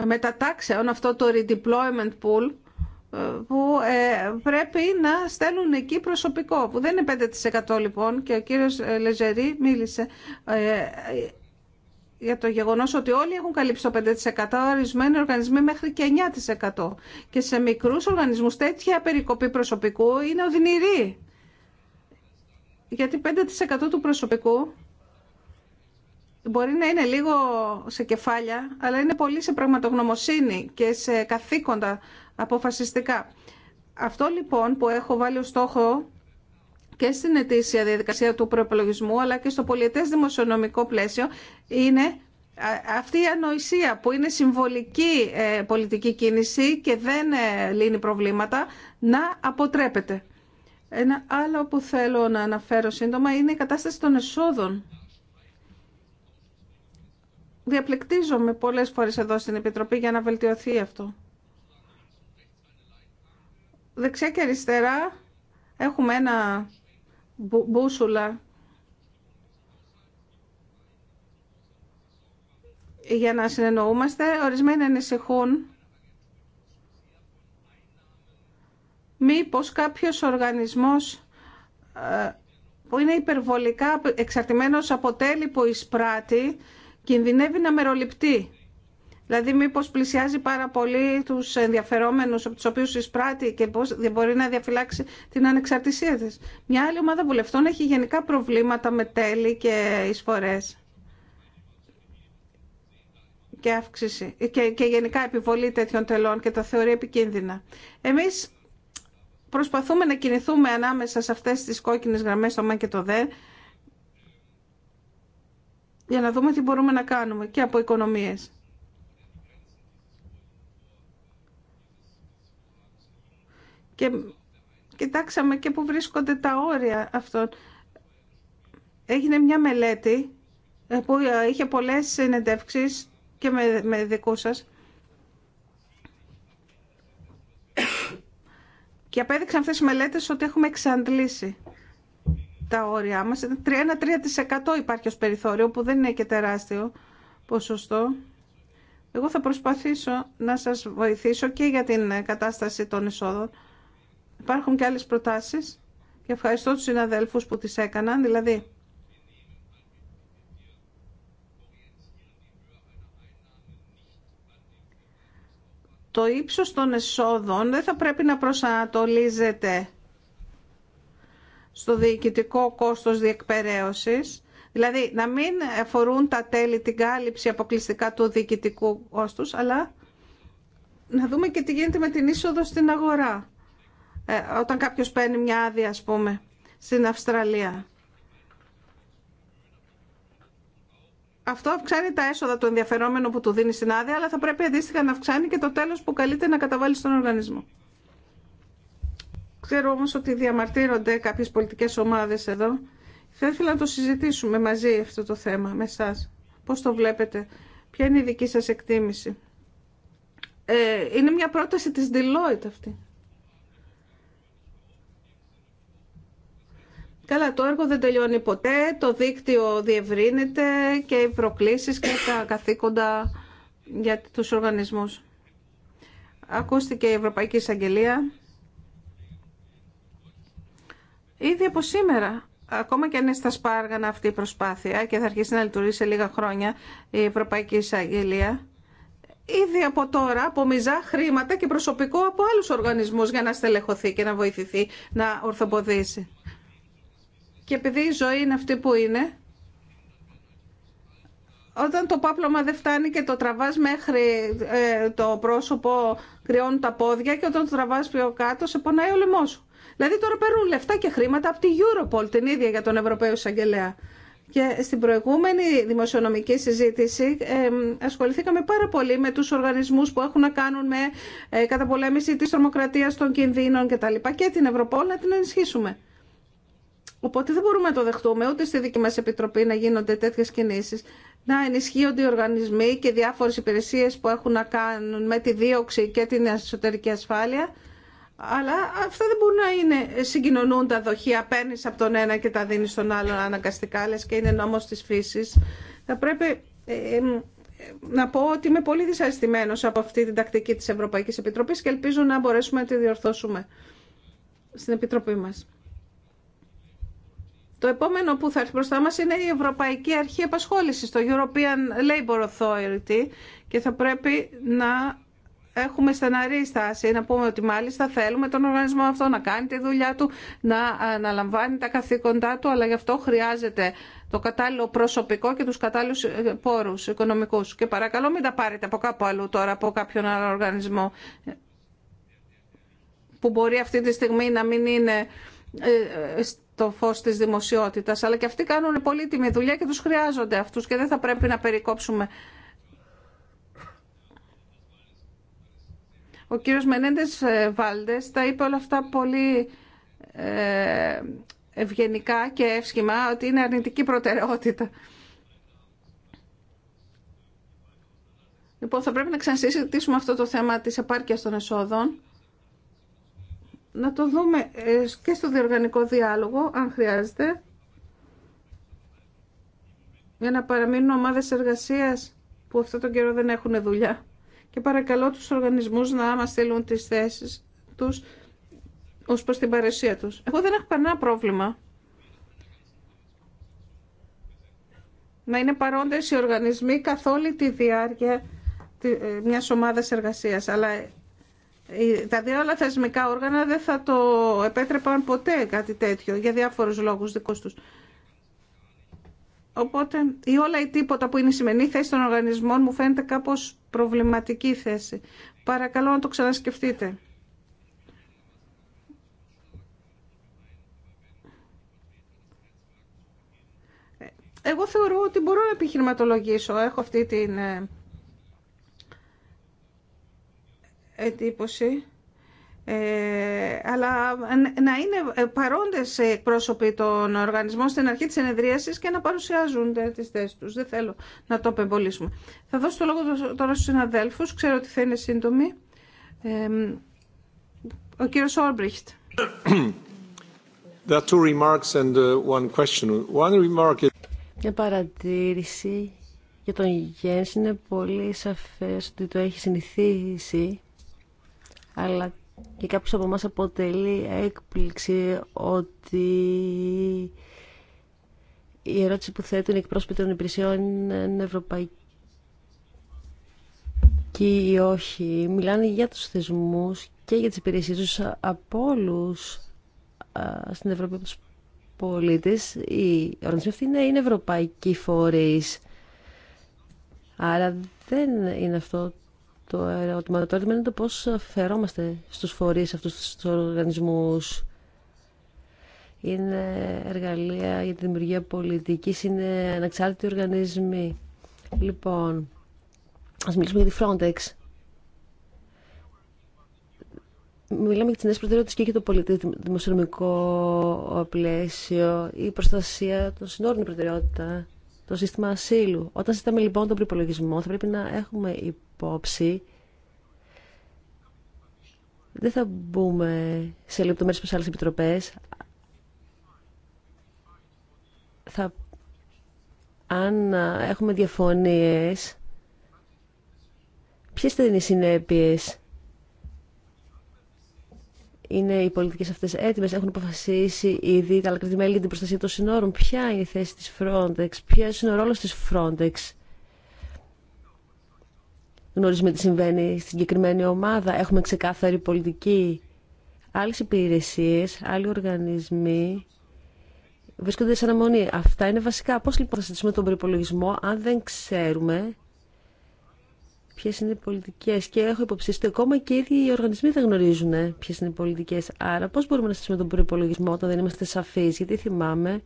μετατάξεων, αυτό το redeployment pool, ε, που πρέπει να στέλνουν εκεί προσωπικό, που δεν είναι 5% λοιπόν και ο κύριος Λεζερή μίλησε για το γεγονός ότι όλοι έχουν καλύψει το 5%, ορισμένοι οργανισμοί μέχρι και 9%. Και σε μικρούς οργανισμούς τέτοια περικοπή προσωπικού είναι οδυνηρή γιατί 5% του προσωπικού μπορεί να είναι λίγο σε κεφάλια, αλλά είναι πολύ σε πραγματογνωμοσύνη και σε καθήκοντα αποφασιστικά. Αυτό λοιπόν που έχω βάλει ως στόχο και στην ετήσια διαδικασία του προπολογισμού, αλλά και στο πολιετές δημοσιονομικό πλαίσιο, είναι αυτή η ανοησία που είναι συμβολική ε, πολιτική κίνηση και δεν ε, λύνει προβλήματα, να αποτρέπεται. Ένα άλλο που θέλω να αναφέρω σύντομα είναι η κατάσταση των εσόδων. Διαπληκτίζομαι πολλές φορές εδώ στην Επιτροπή για να βελτιωθεί αυτό. Δεξιά και αριστερά έχουμε ένα μπούσουλα για να συνεννοούμαστε. Ορισμένοι ανησυχούν μήπως κάποιος οργανισμός ε, που είναι υπερβολικά εξαρτημένος από τέλη που εισπράττει κινδυνεύει να μεροληπτεί. Δηλαδή μήπως πλησιάζει πάρα πολύ τους ενδιαφερόμενους από τους οποίους εισπράττει και πώς δεν μπορεί να διαφυλάξει την ανεξαρτησία της. Μια άλλη ομάδα βουλευτών έχει γενικά προβλήματα με τέλη και εισφορές και αύξηση και, γενικά επιβολή τέτοιων τελών και τα θεωρεί επικίνδυνα. Εμείς Προσπαθούμε να κινηθούμε ανάμεσα σε αυτές τις κόκκινες γραμμές το ΜΑ και το ΔΕ για να δούμε τι μπορούμε να κάνουμε και από οικονομίες. Και κοιτάξαμε και πού βρίσκονται τα όρια αυτών. Έγινε μια μελέτη ε, που ε, είχε πολλές συνεντεύξεις και με, με δικού σας Και απέδειξαν αυτές οι μελέτες ότι έχουμε εξαντλήσει τα όρια μας. 3-3% υπάρχει ως περιθώριο που δεν είναι και τεράστιο ποσοστό. Εγώ θα προσπαθήσω να σας βοηθήσω και για την κατάσταση των εισόδων. Υπάρχουν και άλλες προτάσεις και ευχαριστώ τους συναδέλφους που τις έκαναν. Δηλαδή, το ύψος των εσόδων δεν θα πρέπει να προσανατολίζεται στο διοικητικό κόστος διεκπαιρέωσης, δηλαδή να μην αφορούν τα τέλη την κάλυψη αποκλειστικά του διοικητικού κόστους, αλλά να δούμε και τι γίνεται με την είσοδο στην αγορά. Ε, όταν κάποιος παίρνει μια άδεια, ας πούμε, στην Αυστραλία. αυτό αυξάνει τα έσοδα του ενδιαφερόμενου που του δίνει στην άδεια, αλλά θα πρέπει αντίστοιχα να αυξάνει και το τέλος που καλείται να καταβάλει στον οργανισμό. Ξέρω όμως ότι διαμαρτύρονται κάποιε πολιτικές ομάδες εδώ. Θα ήθελα να το συζητήσουμε μαζί αυτό το θέμα με εσά. Πώς το βλέπετε, ποια είναι η δική σα εκτίμηση. Ε, είναι μια πρόταση της Deloitte αυτή. Καλά, το έργο δεν τελειώνει ποτέ, το δίκτυο διευρύνεται και οι προκλήσεις και τα καθήκοντα για τους οργανισμούς. Ακούστηκε η Ευρωπαϊκή Εισαγγελία. Ήδη από σήμερα, ακόμα και αν είναι στα σπάργανα αυτή η προσπάθεια και θα αρχίσει να λειτουργεί σε λίγα χρόνια η Ευρωπαϊκή Εισαγγελία, ήδη από τώρα απομιζά χρήματα και προσωπικό από άλλους οργανισμούς για να στελεχωθεί και να βοηθηθεί να ορθοποδήσει. Και επειδή η ζωή είναι αυτή που είναι, όταν το πάπλωμα δεν φτάνει και το τραβάς μέχρι ε, το πρόσωπο, κρυώνουν τα πόδια και όταν το τραβάς πιο κάτω σε πονάει ο λαιμό σου. Δηλαδή τώρα παίρνουν λεφτά και χρήματα από τη Europol την ίδια για τον Ευρωπαίο Εισαγγελέα. Και στην προηγούμενη δημοσιονομική συζήτηση ε, ασχοληθήκαμε πάρα πολύ με τους οργανισμούς που έχουν να κάνουν με ε, καταπολέμηση της τρομοκρατίας των κινδύνων κτλ. Και, και την Ευρωπόλ να την ενισχύσουμε. Οπότε δεν μπορούμε να το δεχτούμε ούτε στη δική μας επιτροπή να γίνονται τέτοιες κινήσεις. Να ενισχύονται οι οργανισμοί και διάφορες υπηρεσίες που έχουν να κάνουν με τη δίωξη και την εσωτερική ασφάλεια. Αλλά αυτά δεν μπορούν να είναι συγκοινωνούν τα δοχεία, παίρνει από τον ένα και τα δίνει στον άλλον αναγκαστικά, λες και είναι νόμος της φύσης. Θα πρέπει ε, ε, να πω ότι είμαι πολύ δυσαρεστημένος από αυτή την τακτική της Ευρωπαϊκής Επιτροπής και ελπίζω να μπορέσουμε να τη διορθώσουμε στην Επιτροπή μας. Το επόμενο που θα έρθει μπροστά μας είναι η Ευρωπαϊκή Αρχή Επασχόληση το European Labour Authority και θα πρέπει να έχουμε στεναρή στάση, να πούμε ότι μάλιστα θέλουμε τον οργανισμό αυτό να κάνει τη δουλειά του, να αναλαμβάνει τα καθήκοντά του, αλλά γι' αυτό χρειάζεται το κατάλληλο προσωπικό και τους κατάλληλους ε, πόρους οικονομικούς. Και παρακαλώ μην τα πάρετε από κάπου αλλού τώρα, από κάποιον άλλο οργανισμό, που μπορεί αυτή τη στιγμή να μην είναι ε, ε, το φω τη δημοσιοτητα. αλλά και αυτοί κάνουν πολύτιμη δουλειά και του χρειάζονται αυτού και δεν θα πρέπει να περικόψουμε. Ο κύριος Μενέντες ε, Βάλντες τα είπε όλα αυτά πολύ ε, ευγενικά και εύσχημα ότι είναι αρνητική προτεραιότητα. Λοιπόν, θα πρέπει να ξανασυζητήσουμε αυτό το θέμα της επάρκειας των εσόδων να το δούμε ε, και στο διοργανικό διάλογο, αν χρειάζεται, για να παραμείνουν ομάδες εργασίας που αυτό τον καιρό δεν έχουν δουλειά. Και παρακαλώ τους οργανισμούς να μας στείλουν τις θέσεις τους ως προς την παρουσία τους. Εγώ δεν έχω κανένα πρόβλημα. Να είναι παρόντες οι οργανισμοί καθ' όλη τη διάρκεια ε, μιας ομάδας εργασίας. Αλλά ε, τα δύο άλλα θεσμικά όργανα δεν θα το επέτρεπαν ποτέ κάτι τέτοιο για διάφορους λόγους δικούς τους. Οπότε η όλα ή τίποτα που είναι η σημερινή θέση των οργανισμών μου φαίνεται κάπως προβληματική θέση. Παρακαλώ να το ξανασκεφτείτε. Ε, εγώ θεωρώ ότι μπορώ να επιχειρηματολογήσω. Έχω αυτή την ε, εντύπωση ε, αλλά να είναι παρόντες εκπρόσωποι των οργανισμών στην αρχή της ενεδρίασης και να παρουσιάζουν τις θέσεις τους. Δεν θέλω να το απεμπολίσουμε. Θα δώσω το λόγο τώρα στους συναδέλφους. Ξέρω ότι θα είναι σύντομη. Ε, ο κύριος Όρμπριχτ. Μια παρατήρηση για τον Γιένς είναι πολύ σαφές ότι το έχει συνηθίσει αλλά και κάποιος από μας αποτελεί έκπληξη ότι η ερώτηση που θέτουν οι εκπρόσωποι των υπηρεσιών είναι ευρωπαϊκή ή όχι. Μιλάνε για τους θεσμούς και για τις υπηρεσίες τους από όλους στην Ευρώπη από τους πολίτες. Η είναι, είναι ευρωπαϊκοί φορείς. Άρα δεν είναι αυτό το ερώτημα το είναι το πώς φερόμαστε στους φορείς αυτούς τους οργανισμούς. Είναι εργαλεία για τη δημιουργία πολιτικής, είναι αναξάρτητοι οργανισμοί. Λοιπόν, ας μιλήσουμε για τη Frontex. Μιλάμε για τις νέες προτεραιότητες και για το πολιτικό δημοσιονομικό πλαίσιο. Η προστασία των συνόρων προτεραιότητα το σύστημα ασύλου. Όταν ζητάμε λοιπόν τον προπολογισμό, θα πρέπει να έχουμε υπόψη. Δεν θα μπούμε σε λεπτομέρειες προς άλλες επιτροπές. Θα... Αν έχουμε διαφωνίες, ποιες θα είναι οι συνέπειες είναι οι πολιτικέ αυτέ έτοιμες, έχουν αποφασίσει ήδη τα μέλη για την προστασία των συνόρων. Ποια είναι η θέση της Frontex, ποιος είναι ο ρόλο τη Frontex γνωρίζουμε τι συμβαίνει στην συγκεκριμένη ομάδα, έχουμε ξεκάθαρη πολιτική. άλλε υπηρεσίε, άλλοι οργανισμοί βρίσκονται σε αναμονή. Αυτά είναι βασικά. Πώ λοιπόν θα συζητήσουμε τον προπολογισμό αν δεν ξέρουμε ποιε είναι οι πολιτικέ. Και έχω υποψίσει ότι ακόμα και οι ίδιοι οι οργανισμοί δεν γνωρίζουν ποιε είναι οι πολιτικέ. Άρα, πώ μπορούμε να στήσουμε τον προπολογισμό όταν δεν είμαστε σαφεί. Γιατί θυμάμαι.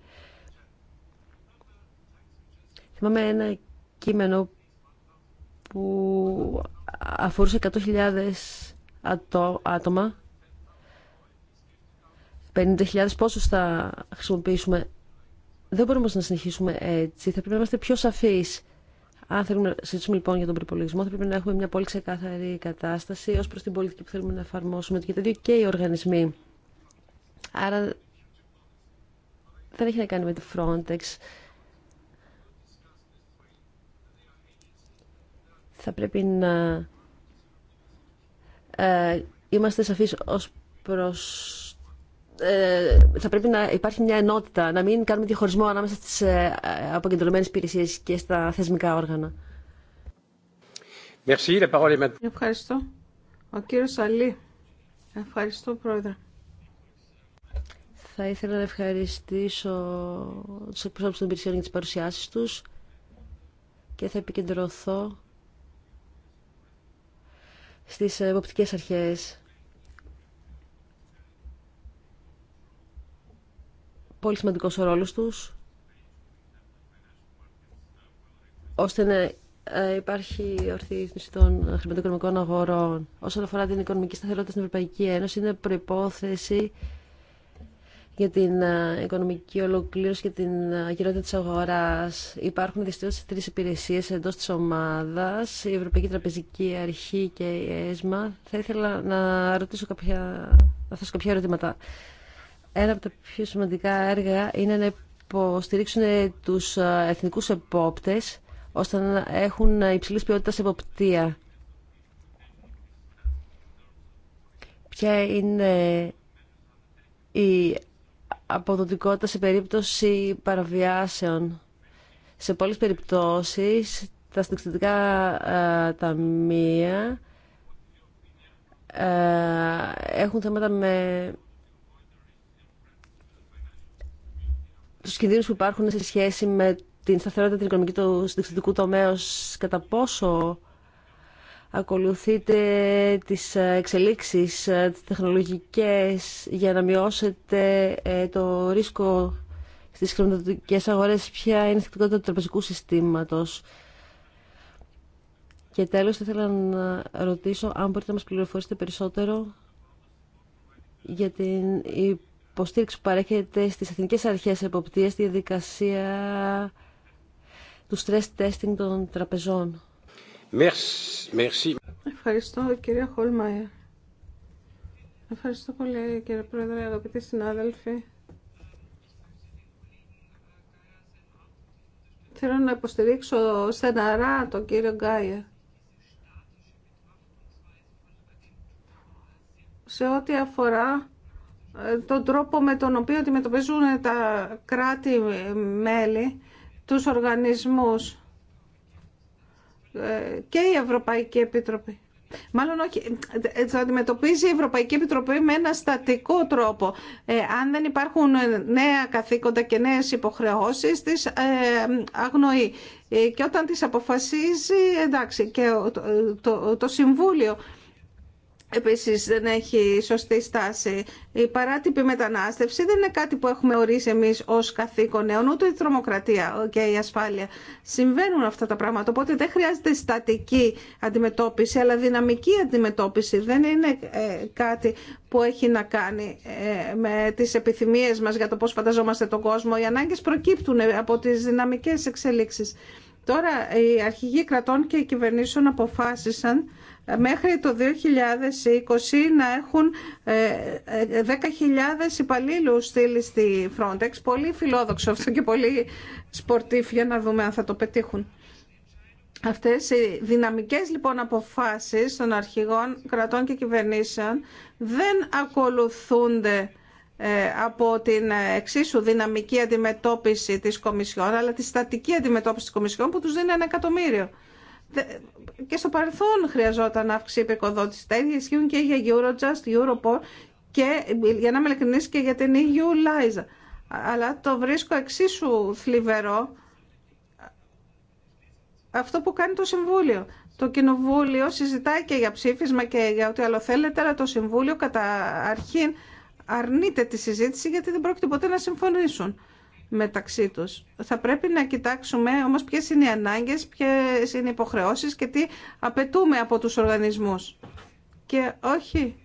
Θυμάμαι ένα κείμενο που αφορούσε 100.000 άτομα. 50.000 πόσους θα χρησιμοποιήσουμε. Δεν μπορούμε να συνεχίσουμε έτσι. Θα πρέπει να είμαστε πιο σαφείς. Αν θέλουμε να συζητήσουμε λοιπόν για τον προπολογισμό, θα πρέπει να έχουμε μια πολύ ξεκάθαρη κατάσταση ω προ την πολιτική που θέλουμε να εφαρμόσουμε. Και τα δύο και οι οργανισμοί. Άρα δεν έχει να κάνει με τη Frontex. Θα πρέπει να ε, είμαστε σαφείς ως προς ε, θα πρέπει να υπάρχει μια ενότητα, να μην κάνουμε διαχωρισμό ανάμεσα στις ε, αποκεντρωμένες υπηρεσίε και στα θεσμικά όργανα. Ευχαριστώ. Ο κύριος Αλή. Ευχαριστώ, Πρόεδρε. Θα ήθελα να ευχαριστήσω τους εκπροσώπους των υπηρεσιών για τις παρουσιάσεις τους και θα επικεντρωθώ στις ε, εποπτικές αρχές. Πολύ σημαντικός ο ρόλος τους, ώστε να ε, υπάρχει ορθή ρύθμιση των χρηματοοικονομικών αγορών. Όσον αφορά την οικονομική σταθερότητα στην Ευρωπαϊκή Ένωση, είναι προϋπόθεση για την ε, οικονομική ολοκλήρωση και την γυρότητα ε, της αγοράς. Υπάρχουν δυστυχώς τρεις υπηρεσίες εντός της ομάδας, η Ευρωπαϊκή Τραπεζική Αρχή και η ΕΣΜΑ. Θα ήθελα να, ρωτήσω κάποια, να θέσω κάποια ερωτήματα. Ένα από τα πιο σημαντικά έργα είναι να υποστηρίξουν τους ε, εθνικούς επόπτες ώστε να έχουν υψηλής ποιότητας εποπτεία. Ποια είναι η αποδοτικότητα σε περίπτωση παραβιάσεων. Σε πολλές περιπτώσεις τα συνταξιδετικά ε, ταμεία ε, έχουν θέματα με τους κινδύνους που υπάρχουν σε σχέση με την σταθερότητα την οικονομική του συνταξιδετικού τομέα κατά πόσο ακολουθείτε τις ε, εξελίξεις, ε, τις τεχνολογικές για να μειώσετε ε, το ρίσκο στις χρηματοδοτικές αγορές, ποια είναι η θετικότητα του τραπεζικού συστήματος. Και τέλος, θα ήθελα να ρωτήσω αν μπορείτε να μας πληροφορήσετε περισσότερο για την υποστήριξη που παρέχεται στις εθνικές αρχές εποπτείας στη διαδικασία του stress testing των τραπεζών. Ευχαριστώ κύριε Χολμάια. Ευχαριστώ πολύ κύριε Πρόεδρε, αγαπητοί συνάδελφοι. Θέλω να υποστηρίξω στεναρά τον κύριο Γκάιερ. σε ό,τι αφορά ε, τον τρόπο με τον οποίο αντιμετωπίζουν τα κράτη-μέλη, τους οργανισμούς και η Ευρωπαϊκή Επιτροπή. Μάλλον όχι, θα αντιμετωπίζει η Ευρωπαϊκή Επιτροπή με ένα στατικό τρόπο. Ε, αν δεν υπάρχουν νέα καθήκοντα και νέες υποχρεώσεις, τις ε, αγνοεί. Ε, και όταν τις αποφασίζει, εντάξει, και το Συμβούλιο Επίσης δεν έχει σωστή στάση. Η παράτυπη μετανάστευση δεν είναι κάτι που έχουμε ορίσει εμείς ως καθήκον νέων, ούτε η τρομοκρατία και η ασφάλεια. Συμβαίνουν αυτά τα πράγματα, οπότε δεν χρειάζεται στατική αντιμετώπιση, αλλά δυναμική αντιμετώπιση. Δεν είναι ε, κάτι που έχει να κάνει ε, με τις επιθυμίες μας για το πώς φανταζόμαστε τον κόσμο. Οι ανάγκες προκύπτουν ε, από τις δυναμικές εξελίξεις. Τώρα οι αρχηγοί κρατών και κυβερνήσεων αποφάσισαν μέχρι το 2020 να έχουν 10.000 ε, ε, υπαλλήλου στείλει στη Frontex. Πολύ φιλόδοξο αυτό και πολύ σπορτίφ για να δούμε αν θα το πετύχουν. Αυτές οι δυναμικές λοιπόν αποφάσεις των αρχηγών κρατών και κυβερνήσεων δεν ακολουθούνται ε, από την εξίσου δυναμική αντιμετώπιση της Κομισιόν, αλλά τη στατική αντιμετώπιση της Κομισιόν που τους δίνει ένα εκατομμύριο. Και στο παρελθόν χρειαζόταν αύξηση επικοδότηση. Τα ίδια ισχύουν και για Eurojust, Europol και για να είμαι και για την EU Liza. Αλλά το βρίσκω εξίσου θλιβερό αυτό που κάνει το Συμβούλιο. Το Κοινοβούλιο συζητάει και για ψήφισμα και για ό,τι άλλο θέλετε, αλλά το Συμβούλιο κατά αρχήν αρνείται τη συζήτηση γιατί δεν πρόκειται ποτέ να συμφωνήσουν μεταξύ τους. Θα πρέπει να κοιτάξουμε όμως ποιες είναι οι ανάγκες, ποιες είναι οι υποχρεώσεις και τι απαιτούμε από τους οργανισμούς. Και όχι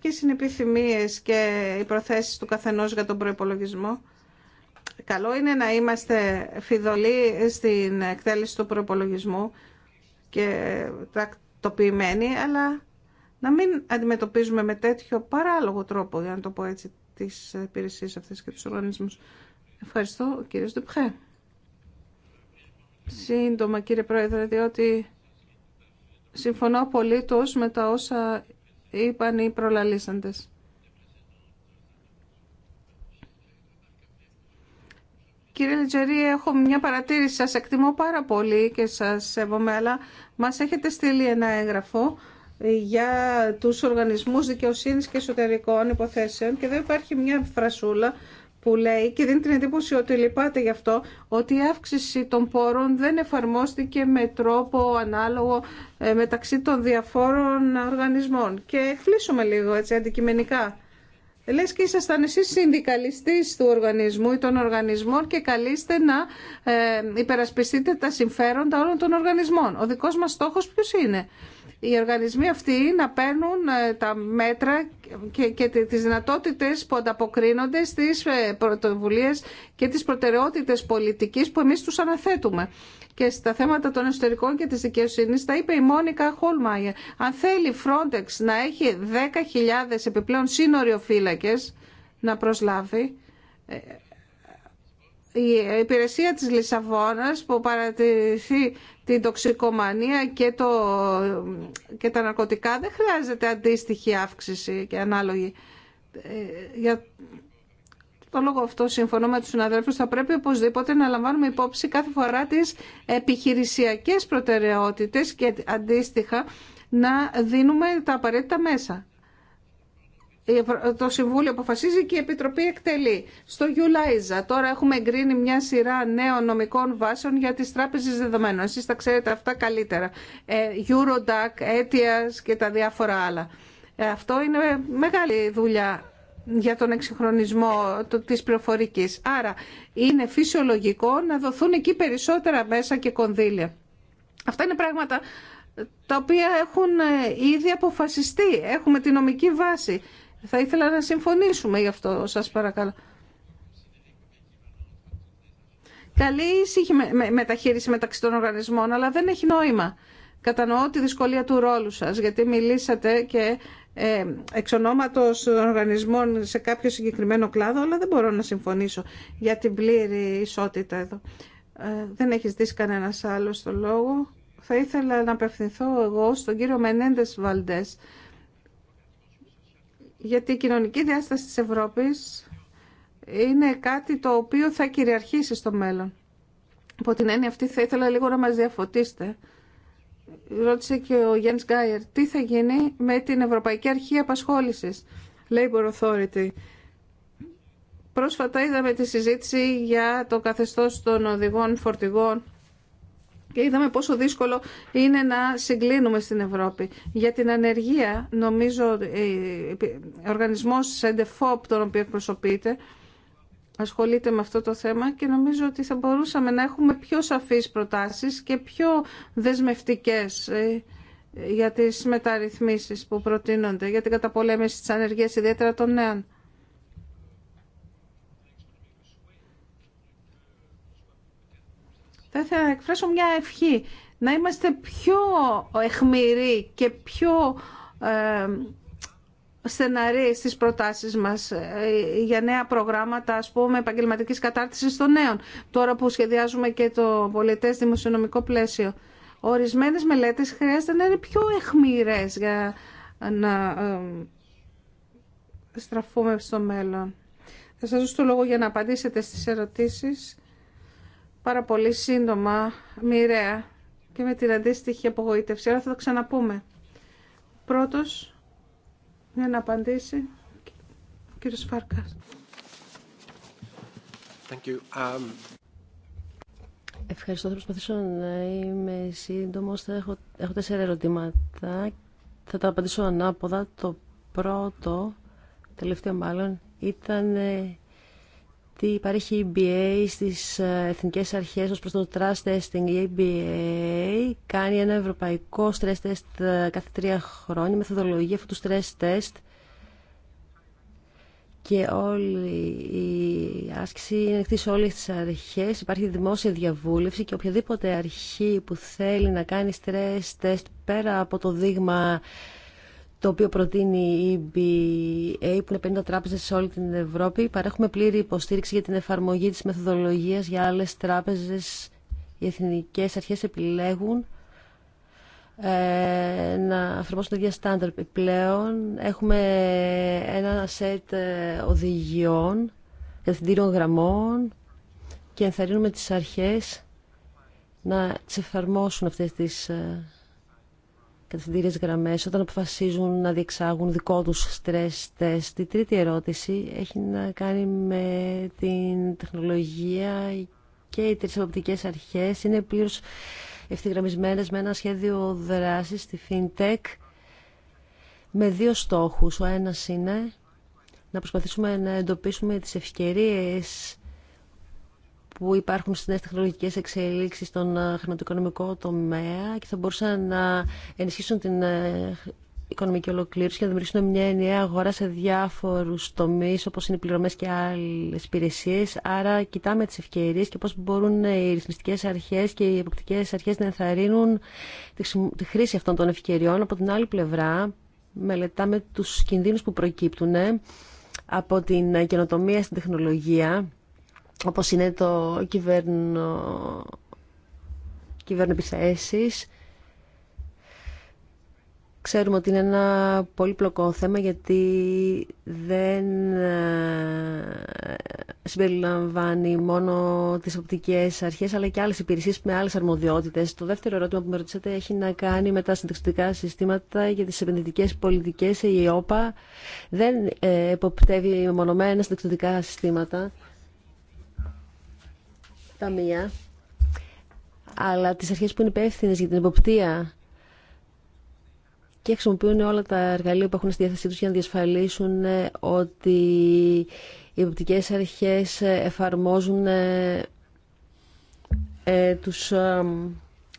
ποιες είναι οι επιθυμίες και οι προθέσεις του καθενός για τον προϋπολογισμό. Καλό είναι να είμαστε φιδωλοί στην εκτέλεση του προϋπολογισμού και τακτοποιημένοι, αλλά να μην αντιμετωπίζουμε με τέτοιο παράλογο τρόπο, για να το πω έτσι, τις υπηρεσίες αυτές και τους οργανισμούς. Ευχαριστώ, κύριε Στουπχέ. Σύντομα, κύριε Πρόεδρε, διότι συμφωνώ τόσο με τα όσα είπαν οι προλαλήσαντες. Κύριε Λιτζερή, έχω μια παρατήρηση. Σας εκτιμώ πάρα πολύ και σας σέβομαι, αλλά μας έχετε στείλει ένα έγγραφο για τους οργανισμούς δικαιοσύνης και εσωτερικών υποθέσεων και εδώ υπάρχει μια φρασούλα που λέει και δίνει την εντύπωση ότι λυπάται γι' αυτό ότι η αύξηση των πόρων δεν εφαρμόστηκε με τρόπο ανάλογο ε, μεταξύ των διαφόρων οργανισμών. Και εκπλήσουμε λίγο έτσι αντικειμενικά. Ε, λες και ήσασταν εσείς συνδικαλιστής του οργανισμού ή των οργανισμών και καλείστε να ε, υπερασπιστείτε τα συμφέροντα όλων των οργανισμών. Ο δικός μας στόχος ποιο είναι. Οι οργανισμοί αυτοί να παίρνουν ε, τα μέτρα και τις δυνατότητες που ανταποκρίνονται στις πρωτοβουλίε και τις προτεραιότητε πολιτικής που εμεί του αναθέτουμε και στα θέματα των εσωτερικών και της δικαιοσύνης, τα είπε η Μόνικα Χολμάγερ. Αν θέλει η Frontex να έχει 10.000 επιπλέον σύνοριοφύλακες να προσλάβει, ε, η υπηρεσία της Λισαβόνας που παρατηρηθεί την τοξικομανία και, τα ναρκωτικά δεν χρειάζεται αντίστοιχη αύξηση και ανάλογη. Ε, για το λόγο αυτό, συμφωνώ με τους συναδέλφου, θα πρέπει οπωσδήποτε να λαμβάνουμε υπόψη κάθε φορά τι επιχειρησιακές προτεραιότητες και αντίστοιχα να δίνουμε τα απαραίτητα μέσα. Το Συμβούλιο αποφασίζει και η Επιτροπή εκτελεί. Στο Γιουλάιζα τώρα έχουμε εγκρίνει μια σειρά νέων νομικών βάσεων για τις τράπεζες δεδομένων. Εσείς τα ξέρετε αυτά καλύτερα. Ε, Eurodac, Etias και τα διάφορα άλλα. Ε, αυτό είναι μεγάλη δουλειά για τον εξυγχρονισμό της πληροφορικής. Άρα είναι φυσιολογικό να δοθούν εκεί περισσότερα μέσα και κονδύλια. Αυτά είναι πράγματα τα οποία έχουν ε, ήδη αποφασιστεί. Έχουμε τη νομική βάση. Θα ήθελα να συμφωνήσουμε γι' αυτό, σας παρακαλώ. Καλή ήσυχη μεταχείριση μεταξύ των οργανισμών, αλλά δεν έχει νόημα. Κατανοώ τη δυσκολία του ρόλου σας, γιατί μιλήσατε και ε, εξ ονόματος οργανισμών σε κάποιο συγκεκριμένο κλάδο, αλλά δεν μπορώ να συμφωνήσω για την πλήρη ισότητα εδώ. Ε, δεν έχει δει κανένα άλλο το λόγο. Θα ήθελα να απευθυνθώ εγώ στον κύριο Μενέντες Βαλντές, γιατί η κοινωνική διάσταση της Ευρώπης είναι κάτι το οποίο θα κυριαρχήσει στο μέλλον. Από την έννοια αυτή θα ήθελα λίγο να μας διαφωτίσετε ρώτησε και ο Γιάννης Γκάιερ, τι θα γίνει με την Ευρωπαϊκή Αρχή Απασχόλησης, Labor Authority. Πρόσφατα είδαμε τη συζήτηση για το καθεστώς των οδηγών φορτηγών και είδαμε πόσο δύσκολο είναι να συγκλίνουμε στην Ευρώπη. Για την ανεργία, νομίζω, ο ε, ε, οργανισμός ΣΕΝΤΕΦΟΠ, τον οποίο εκπροσωπείται, ασχολείται με αυτό το θέμα και νομίζω ότι θα μπορούσαμε να έχουμε πιο σαφείς προτάσεις και πιο δεσμευτικές ε, για τις μεταρρυθμίσεις που προτείνονται για την καταπολέμηση της ανεργίας ιδιαίτερα των νέων. Θα ήθελα να εκφράσω μια ευχή να είμαστε πιο εχμηροί και πιο ε, στεναρεί στις προτάσεις μας ε, για νέα προγράμματα, ας πούμε, επαγγελματικής κατάρτισης των νέων, τώρα που σχεδιάζουμε και το πολιτές δημοσιονομικό πλαίσιο. Ορισμένες μελέτες χρειάζεται να είναι πιο εχμηρές για να ε, στραφούμε στο μέλλον. Θα σας δώσω το λόγο για να απαντήσετε στις ερωτήσεις πάρα πολύ σύντομα, μοιραία και με την αντίστοιχη απογοήτευση. Άρα θα το ξαναπούμε. Πρώτος, για να απαντήσει ο κύριος Φάρκας. Thank you. Um, Ευχαριστώ. Θα προσπαθήσω να είμαι σύντομο. Έχω, έχω τέσσερα ερωτήματα. Θα τα απαντήσω ανάποδα. Το πρώτο, τελευταίο μάλλον, ήταν ε, ότι υπάρχει EBA στις ε, εθνικές αρχές ως προς το trust testing. Η EBA κάνει ένα ευρωπαϊκό stress test ε, κάθε τρία χρόνια, μεθοδολογία αυτού του stress test και όλη η άσκηση είναι εκτή σε όλες τις αρχές. Υπάρχει δημόσια διαβούλευση και οποιαδήποτε αρχή που θέλει να κάνει stress test πέρα από το δείγμα το οποίο προτείνει η EBA που είναι 50 τράπεζε σε όλη την Ευρώπη. Παρέχουμε πλήρη υποστήριξη για την εφαρμογή της μεθοδολογίας για άλλε τράπεζες. Οι εθνικέ αρχές επιλέγουν ε, να εφαρμόσουν τα ίδια στάνταρ. Επιπλέον έχουμε ένα σετ ε, οδηγιών, διευθυντήριων γραμμών και ενθαρρύνουμε τις αρχές να τις εφαρμόσουν αυτές τις ε, κατευθυντήριες γραμμές όταν αποφασίζουν να διεξάγουν δικό τους stress τεστ. Η τρίτη ερώτηση έχει να κάνει με την τεχνολογία και οι τρεις αρχές είναι πλήρως ευθυγραμμισμένες με ένα σχέδιο δράσης στη FinTech με δύο στόχους. Ο ένας είναι να προσπαθήσουμε να εντοπίσουμε τις ευκαιρίες που υπάρχουν στι νέε τεχνολογικέ εξελίξει στον ε, χρηματοοικονομικό τομέα και θα μπορούσαν να ενισχύσουν την ε, οικονομική ολοκλήρωση και να δημιουργήσουν μια ενιαία αγορά σε διάφορου τομεί, όπω είναι οι πληρωμέ και άλλε υπηρεσίε. Άρα κοιτάμε τι ευκαιρίε και πώ μπορούν ε, οι ρυθμιστικέ αρχέ και οι εποπτικέ αρχέ να ενθαρρύνουν τη χρήση αυτών των ευκαιριών. Από την άλλη πλευρά μελετάμε του κινδύνου που προκύπτουν από την καινοτομία στην τεχνολογία όπως είναι το κυβέρνο, κυβέρνο επιθέσεις. Ξέρουμε ότι είναι ένα πολύ πλοκό θέμα γιατί δεν ε, συμπεριλαμβάνει μόνο τις οπτικές αρχές αλλά και άλλες υπηρεσίες με άλλες αρμοδιότητες. Το δεύτερο ερώτημα που με ρωτήσατε έχει να κάνει με τα συντεξιτικά συστήματα για τις επενδυτικές πολιτικές. Η ΕΟΠΑ δεν ε, εποπτεύει μονομένα συντεξιτικά συστήματα ταμεία, αλλά τις αρχές που είναι υπεύθυνε για την εποπτεία και χρησιμοποιούν όλα τα εργαλεία που έχουν στη διάθεσή τους για να διασφαλίσουν ε, ότι οι εποπτικές αρχές εφαρμόζουν ε, ε, τους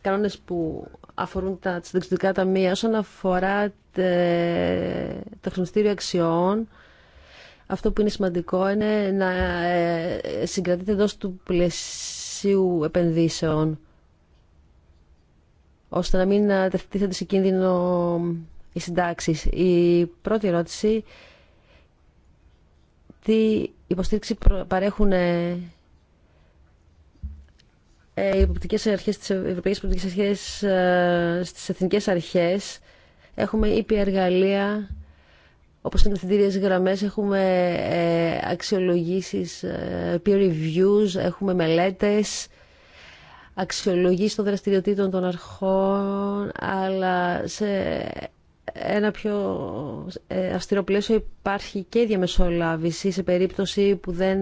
κανόνες που αφορούν τα συνταξιδικά ταμεία όσον αφορά το χρηματιστήριο αξιών αυτό που είναι σημαντικό είναι να ε, συγκρατείτε εντό του πλαισίου επενδύσεων ώστε να μην ε, τεθείτε σε κίνδυνο οι συντάξει. Η πρώτη ερώτηση, τι υποστήριξη παρέχουν ε, οι υποπτικές αρχές της Ευρωπαϊκής Πολιτικής Αρχές στις εθνικές αρχές. Έχουμε ήπια εργαλεία όπως είναι καθητήριες γραμμές, έχουμε ε, αξιολογήσεις, ε, peer reviews, έχουμε μελέτες, αξιολογήσεις των δραστηριοτήτων των αρχών, αλλά σε ένα πιο ε, αυστηρό πλαίσιο υπάρχει και διαμεσολάβηση σε περίπτωση που δεν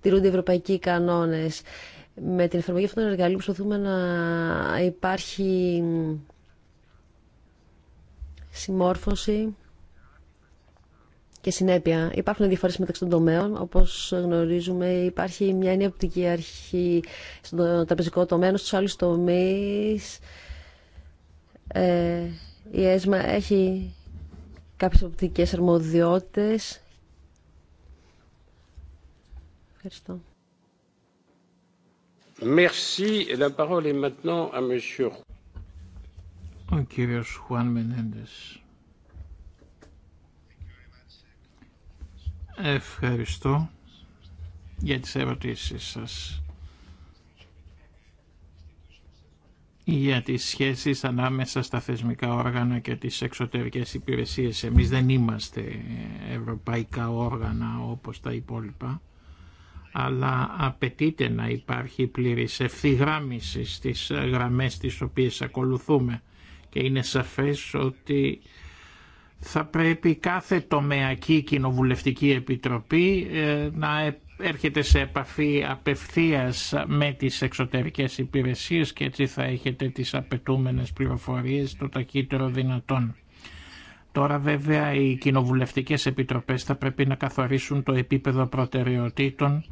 τηρούνται οι ευρωπαϊκοί κανόνες. Με την εφαρμογή αυτών των εργαλείων προσπαθούμε να υπάρχει συμμόρφωση και συνέπεια. Υπάρχουν διαφορές μεταξύ των τομέων. Όπως γνωρίζουμε υπάρχει μια νέα οπτική αρχή στον τραπεζικό τομέα, ενώ στους άλλους τομείς. Ε, η ΕΣΜΑ έχει κάποιες οπτικές αρμοδιότητες. Ευχαριστώ. Merci. La parole est maintenant à monsieur. Ο κύριος Χουάν Μενέντες. Ευχαριστώ για τις ερωτήσεις σας. για τις σχέσεις ανάμεσα στα θεσμικά όργανα και τις εξωτερικές υπηρεσίες. Εμείς δεν είμαστε ευρωπαϊκά όργανα όπως τα υπόλοιπα, αλλά απαιτείται να υπάρχει πλήρης ευθυγράμμιση στις γραμμές τις οποίες ακολουθούμε και είναι σαφές ότι θα πρέπει κάθε τομεακή κοινοβουλευτική επιτροπή ε, να ε, έρχεται σε επαφή απευθείας με τις εξωτερικές υπηρεσίες και έτσι θα έχετε τις απαιτούμενες πληροφορίες το ταχύτερο δυνατόν. Τώρα βέβαια οι κοινοβουλευτικές επιτροπές θα πρέπει να καθορίσουν το επίπεδο προτεραιοτήτων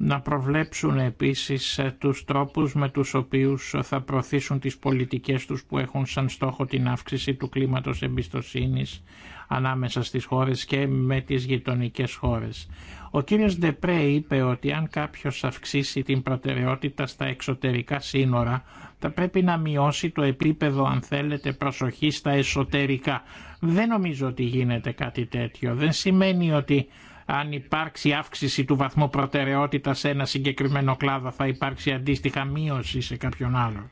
να προβλέψουν επίσης ε, τους τρόπους με τους οποίους θα προωθήσουν τις πολιτικές τους που έχουν σαν στόχο την αύξηση του κλίματος εμπιστοσύνης ανάμεσα στις χώρες και με τις γειτονικές χώρες. Ο κύριος Ντεπρέ είπε ότι αν κάποιος αυξήσει την προτεραιότητα στα εξωτερικά σύνορα θα πρέπει να μειώσει το επίπεδο αν θέλετε προσοχή στα εσωτερικά. Δεν νομίζω ότι γίνεται κάτι τέτοιο. Δεν σημαίνει ότι αν υπάρξει αύξηση του βαθμού προτεραιότητα σε ένα συγκεκριμένο κλάδο θα υπάρξει αντίστοιχα μείωση σε κάποιον άλλο.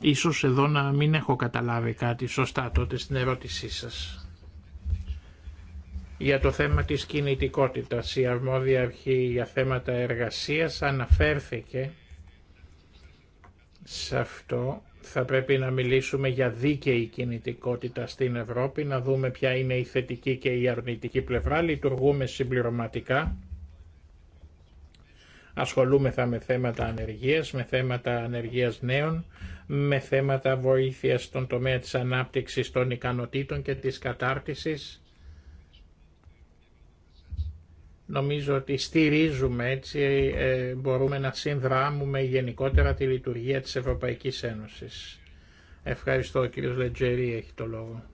Ίσως εδώ να μην έχω καταλάβει κάτι σωστά τότε στην ερώτησή σας. Για το θέμα της κινητικότητας, η αρμόδια αρχή για θέματα εργασίας αναφέρθηκε σε αυτό θα πρέπει να μιλήσουμε για δίκαιη κινητικότητα στην Ευρώπη, να δούμε ποια είναι η θετική και η αρνητική πλευρά. Λειτουργούμε συμπληρωματικά. Ασχολούμεθα με θέματα ανεργίας, με θέματα ανεργίας νέων, με θέματα βοήθειας στον τομέα της ανάπτυξης των ικανοτήτων και της κατάρτισης Νομίζω ότι στηρίζουμε έτσι, ε, μπορούμε να συνδράμουμε γενικότερα τη λειτουργία της Ευρωπαϊκής Ένωσης. Ευχαριστώ, ο κύριος Λετζερή έχει το λόγο.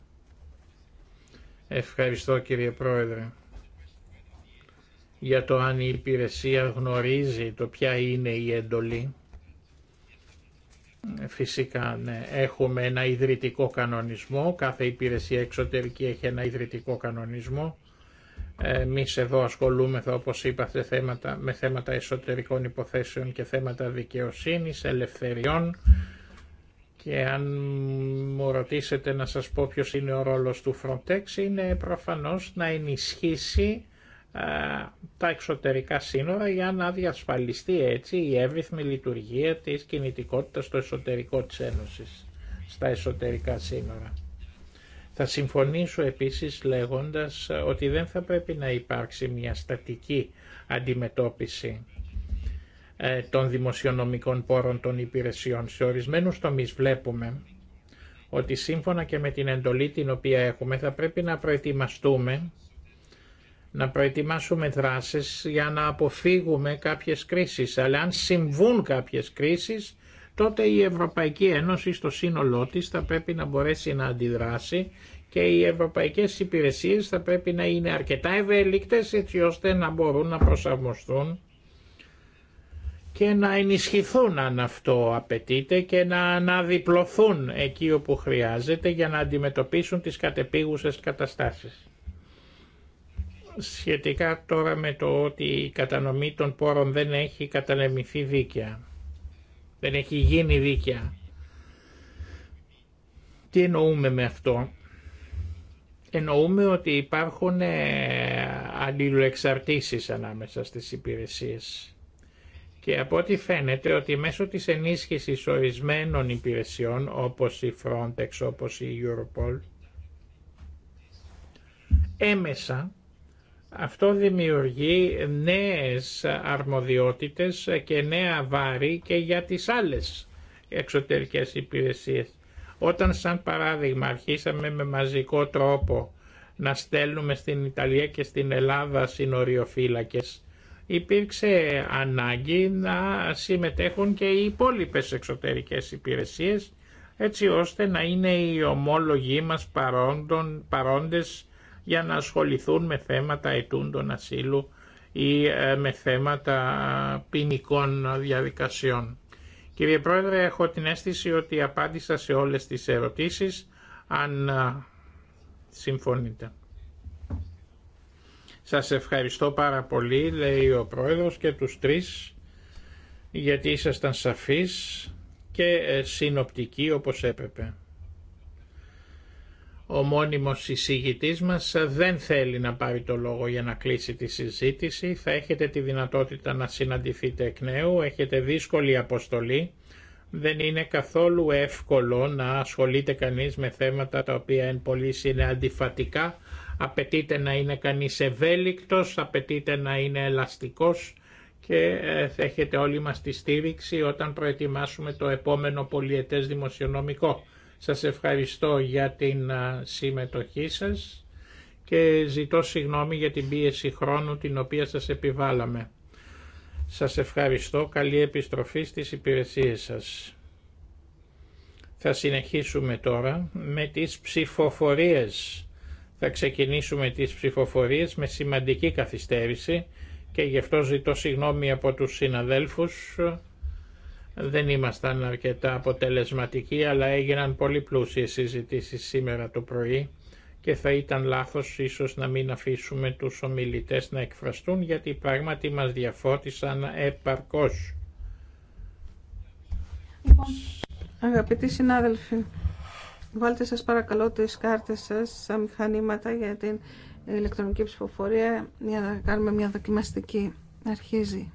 Ευχαριστώ κύριε Πρόεδρε για το αν η υπηρεσία γνωρίζει το ποια είναι η εντολή. Φυσικά ναι, έχουμε ένα ιδρυτικό κανονισμό, κάθε υπηρεσία εξωτερική έχει ένα ιδρυτικό κανονισμό Εμεί εδώ ασχολούμεθα, όπως είπα, με θέματα, με θέματα εσωτερικών υποθέσεων και θέματα δικαιοσύνης, ελευθεριών και αν μου ρωτήσετε να σας πω ποιος είναι ο ρόλος του Frontex είναι προφανώς να ενισχύσει τα εξωτερικά σύνορα για να διασφαλιστεί έτσι η εύρυθμη λειτουργία της κινητικότητας στο εσωτερικό της Ένωσης, στα εσωτερικά σύνορα. Θα συμφωνήσω επίσης λέγοντας ε, ότι δεν θα πρέπει να υπάρξει μια στατική αντιμετώπιση ε, των δημοσιονομικών πόρων των υπηρεσιών. Σε ορισμένους τομείς βλέπουμε ότι σύμφωνα και με την εντολή την οποία έχουμε θα πρέπει να προετοιμαστούμε να προετοιμάσουμε δράσεις για να αποφύγουμε κάποιες κρίσεις. Αλλά αν συμβούν κάποιες κρίσεις τότε η Ευρωπαϊκή Ένωση στο σύνολό της θα πρέπει να μπορέσει να αντιδράσει και οι ευρωπαϊκές υπηρεσίες θα πρέπει να είναι αρκετά ευελικτές έτσι ώστε να μπορούν να προσαρμοστούν και να ενισχυθούν αν αυτό απαιτείται και να αναδιπλωθούν εκεί όπου χρειάζεται για να αντιμετωπίσουν τις κατεπίγουσες καταστάσεις. Σχετικά τώρα με το ότι η κατανομή των πόρων δεν έχει κατανεμηθεί δίκαια. Δεν έχει γίνει δίκαια. Τι εννοούμε με αυτό. Εννοούμε ότι υπάρχουν ε, αλληλοεξαρτήσεις ανάμεσα στις υπηρεσίες. Και από ό,τι φαίνεται ότι μέσω της ενίσχυσης ορισμένων υπηρεσιών όπως η Frontex, όπως η Europol, έμεσα αυτό δημιουργεί νέες αρμοδιότητες και νέα βάρη και για τις άλλες εξωτερικές υπηρεσίες. Όταν σαν παράδειγμα αρχίσαμε με μαζικό τρόπο να στέλνουμε στην Ιταλία και στην Ελλάδα συνοριοφύλακες, υπήρξε ανάγκη να συμμετέχουν και οι υπόλοιπες εξωτερικές υπηρεσίες έτσι ώστε να είναι οι ομόλογοι μας παρόντων, παρόντες για να ασχοληθούν με θέματα ετούντων ασύλου ή ε, με θέματα ποινικών διαδικασιών. Κύριε Πρόεδρε, έχω την αίσθηση ότι απάντησα σε όλες τις ερωτήσεις, αν ε, συμφωνείτε. Σας ευχαριστώ πάρα πολύ, λέει ο Πρόεδρος και τους τρεις, γιατί ήσασταν σαφείς και ε, συνοπτικοί όπως έπρεπε ο μόνιμος εισηγητής μας δεν θέλει να πάρει το λόγο για να κλείσει τη συζήτηση. Θα έχετε τη δυνατότητα να συναντηθείτε εκ νέου, έχετε δύσκολη αποστολή. Δεν είναι καθόλου εύκολο να ασχολείται κανείς με θέματα τα οποία εν πολύ είναι αντιφατικά. Απαιτείται να είναι κανείς ευέλικτος, απαιτείται να είναι ελαστικός και ε, θα έχετε όλοι μας τη στήριξη όταν προετοιμάσουμε το επόμενο πολιετές δημοσιονομικό σας ευχαριστώ για την συμμετοχή σας και ζητώ συγγνώμη για την πίεση χρόνου την οποία σας επιβάλαμε. Σας ευχαριστώ. Καλή επιστροφή στις υπηρεσίες σας. Θα συνεχίσουμε τώρα με τις ψηφοφορίες. Θα ξεκινήσουμε τις ψηφοφορίες με σημαντική καθυστέρηση και γι' αυτό ζητώ συγγνώμη από τους συναδέλφους δεν ήμασταν αρκετά αποτελεσματικοί, αλλά έγιναν πολύ πλούσιες συζητήσεις σήμερα το πρωί και θα ήταν λάθος ίσως να μην αφήσουμε τους ομιλητές να εκφραστούν γιατί πράγματι μας διαφώτισαν επαρκώς. Λοιπόν, αγαπητοί συνάδελφοι, βάλτε σας παρακαλώ τις κάρτες σας στα μηχανήματα για την ηλεκτρονική ψηφοφορία για να κάνουμε μια δοκιμαστική. Αρχίζει.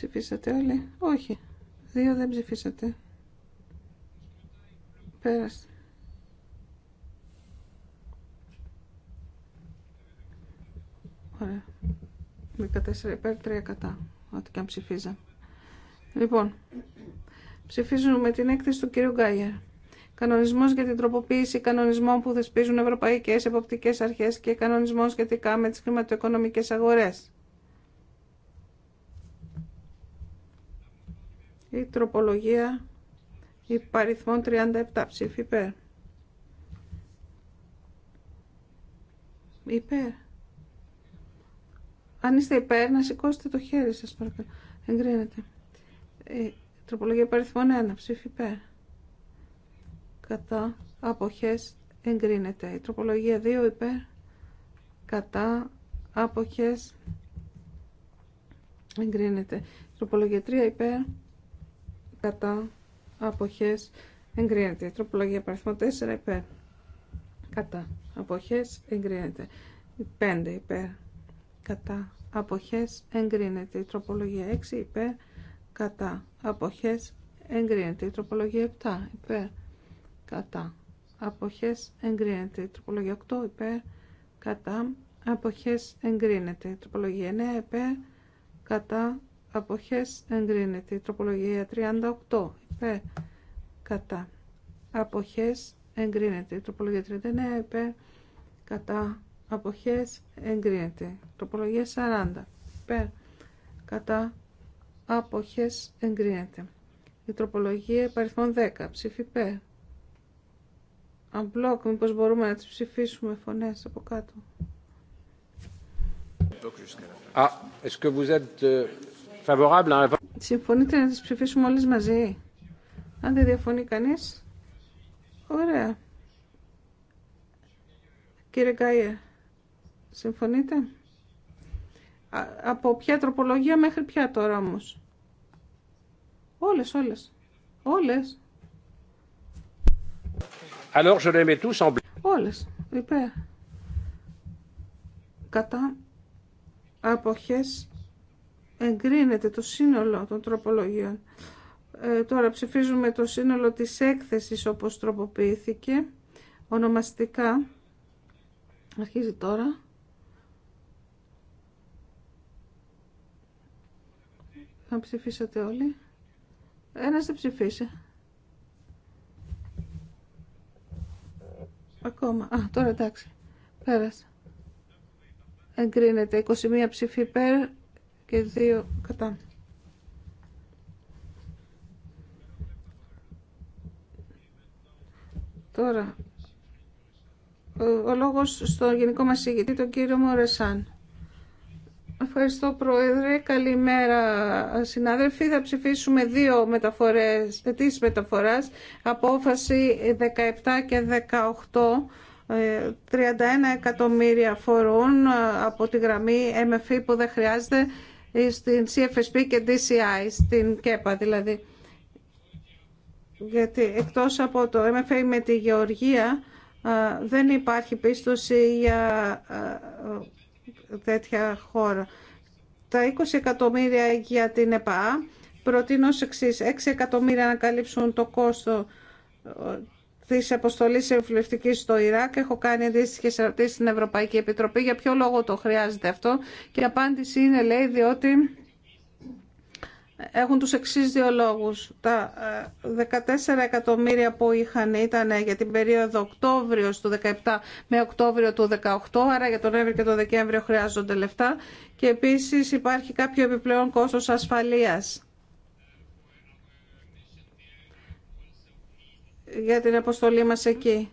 Ψηφίσατε όλοι. Όχι. Δύο δεν ψηφίσατε. Πέρασε. Ωραία. 14 υπέρ, τρία κατά. Ό,τι και αν ψηφίζα. Λοιπόν, ψηφίζουμε την έκθεση του κύριου Γκάιερ. Κανονισμό για την τροποποίηση κανονισμών που θεσπίζουν ευρωπαϊκές εποπτικές αρχές και κανονισμό σχετικά με τι χρηματοοικονομικέ αγορέ. Η τροπολογία υπαριθμών 37 ψήφι υπέρ. Υπέρ. Αν είστε υπέρ, να σηκώσετε το χέρι σας παρακαλώ. Εγκρίνεται. Η ε, τροπολογία υπαριθμών 1 ψήφι υπέρ κατά αποχές εγκρίνεται. Η τροπολογία 2 υπέρ κατά αποχές εγκρίνεται. Η τροπολογία 3 υπέρ κατά αποχές εγκρίνεται. Η τροπολογία παριθμό 4 υπέρ κατά αποχές εγκρίνεται. Η 5 υπέρ κατά αποχές εγκρίνεται. Η τροπολογία 6 υπέρ κατά αποχές εγκρίνεται. Η τροπολογία 7 υπέρ κατά αποχές εγκρίνεται. Τροπολογία 8 υπέρ κατά αποχές εγκρίνεται. Τροπολογία 9 υπέρ κατά αποχές εγκρίνεται. Τροπολογία 38 υπέρ κατά αποχές εγκρίνεται. Τροπολογία 39 υπέρ κατά αποχές εγκρίνεται. Τροπολογία 40 υπέρ κατά αποχές εγκρίνεται. Η τροπολογία παριθμών 10 ψήφι Αμπλοκ, μήπως μπορούμε να τις ψηφίσουμε φωνές από κάτω. Α, que vous êtes euh, Συμφωνείτε να τις ψηφίσουμε όλες μαζί. Αν δεν διαφωνεί κανείς. Ωραία. Κύριε Γκάιε, συμφωνείτε. από ποια τροπολογία μέχρι ποια τώρα όμως. Όλες, όλες. Όλες. Alors je les Κατά αποχές εγκρίνεται το σύνολο των τροπολογιών. Ε, τώρα ψηφίζουμε το σύνολο της έκθεσης όπως τροποποιήθηκε ονομαστικά. Αρχίζει τώρα. Θα ψηφίσατε όλοι. Ένας δεν ψηφίσε. Ακόμα. Α, τώρα εντάξει. Πέρασε. Εγκρίνεται. 21 ψήφοι υπέρ και 2 κατά. Τώρα, ο λόγος στο γενικό μας ηγητή, τον κύριο Μορεσάν. Ευχαριστώ Πρόεδρε. Καλημέρα συνάδελφοι. Θα ψηφίσουμε δύο μεταφορές, αιτήσεις μεταφοράς, απόφαση 17 και 18. 31 ε, εκατομμύρια φορούν ε, από τη γραμμή MFE που δεν χρειάζεται ε, στην CFSP και DCI, στην ΚΕΠΑ δηλαδή. Γιατί εκτός από το MFA e με τη Γεωργία δεν υπάρχει πίστοση για τέτοια χώρα. Τα 20 εκατομμύρια για την ΕΠΑ προτείνω ως εξής. 6 εκατομμύρια να καλύψουν το κόστο ε, τη αποστολή εμφυλευτική στο Ιράκ. Έχω κάνει αντίστοιχε ερωτήσει στην Ευρωπαϊκή Επιτροπή για ποιο λόγο το χρειάζεται αυτό. Και η απάντηση είναι, λέει, διότι έχουν τους εξή δύο λόγους. Τα 14 ε, εκατομμύρια που είχαν ήταν για την περίοδο Οκτώβριο του 17 με Οκτώβριο του 18, άρα για τον Νοέμβριο και τον Δεκέμβριο χρειάζονται λεφτά και επίσης υπάρχει κάποιο επιπλέον κόστος ασφαλείας. για την αποστολή μας εκεί.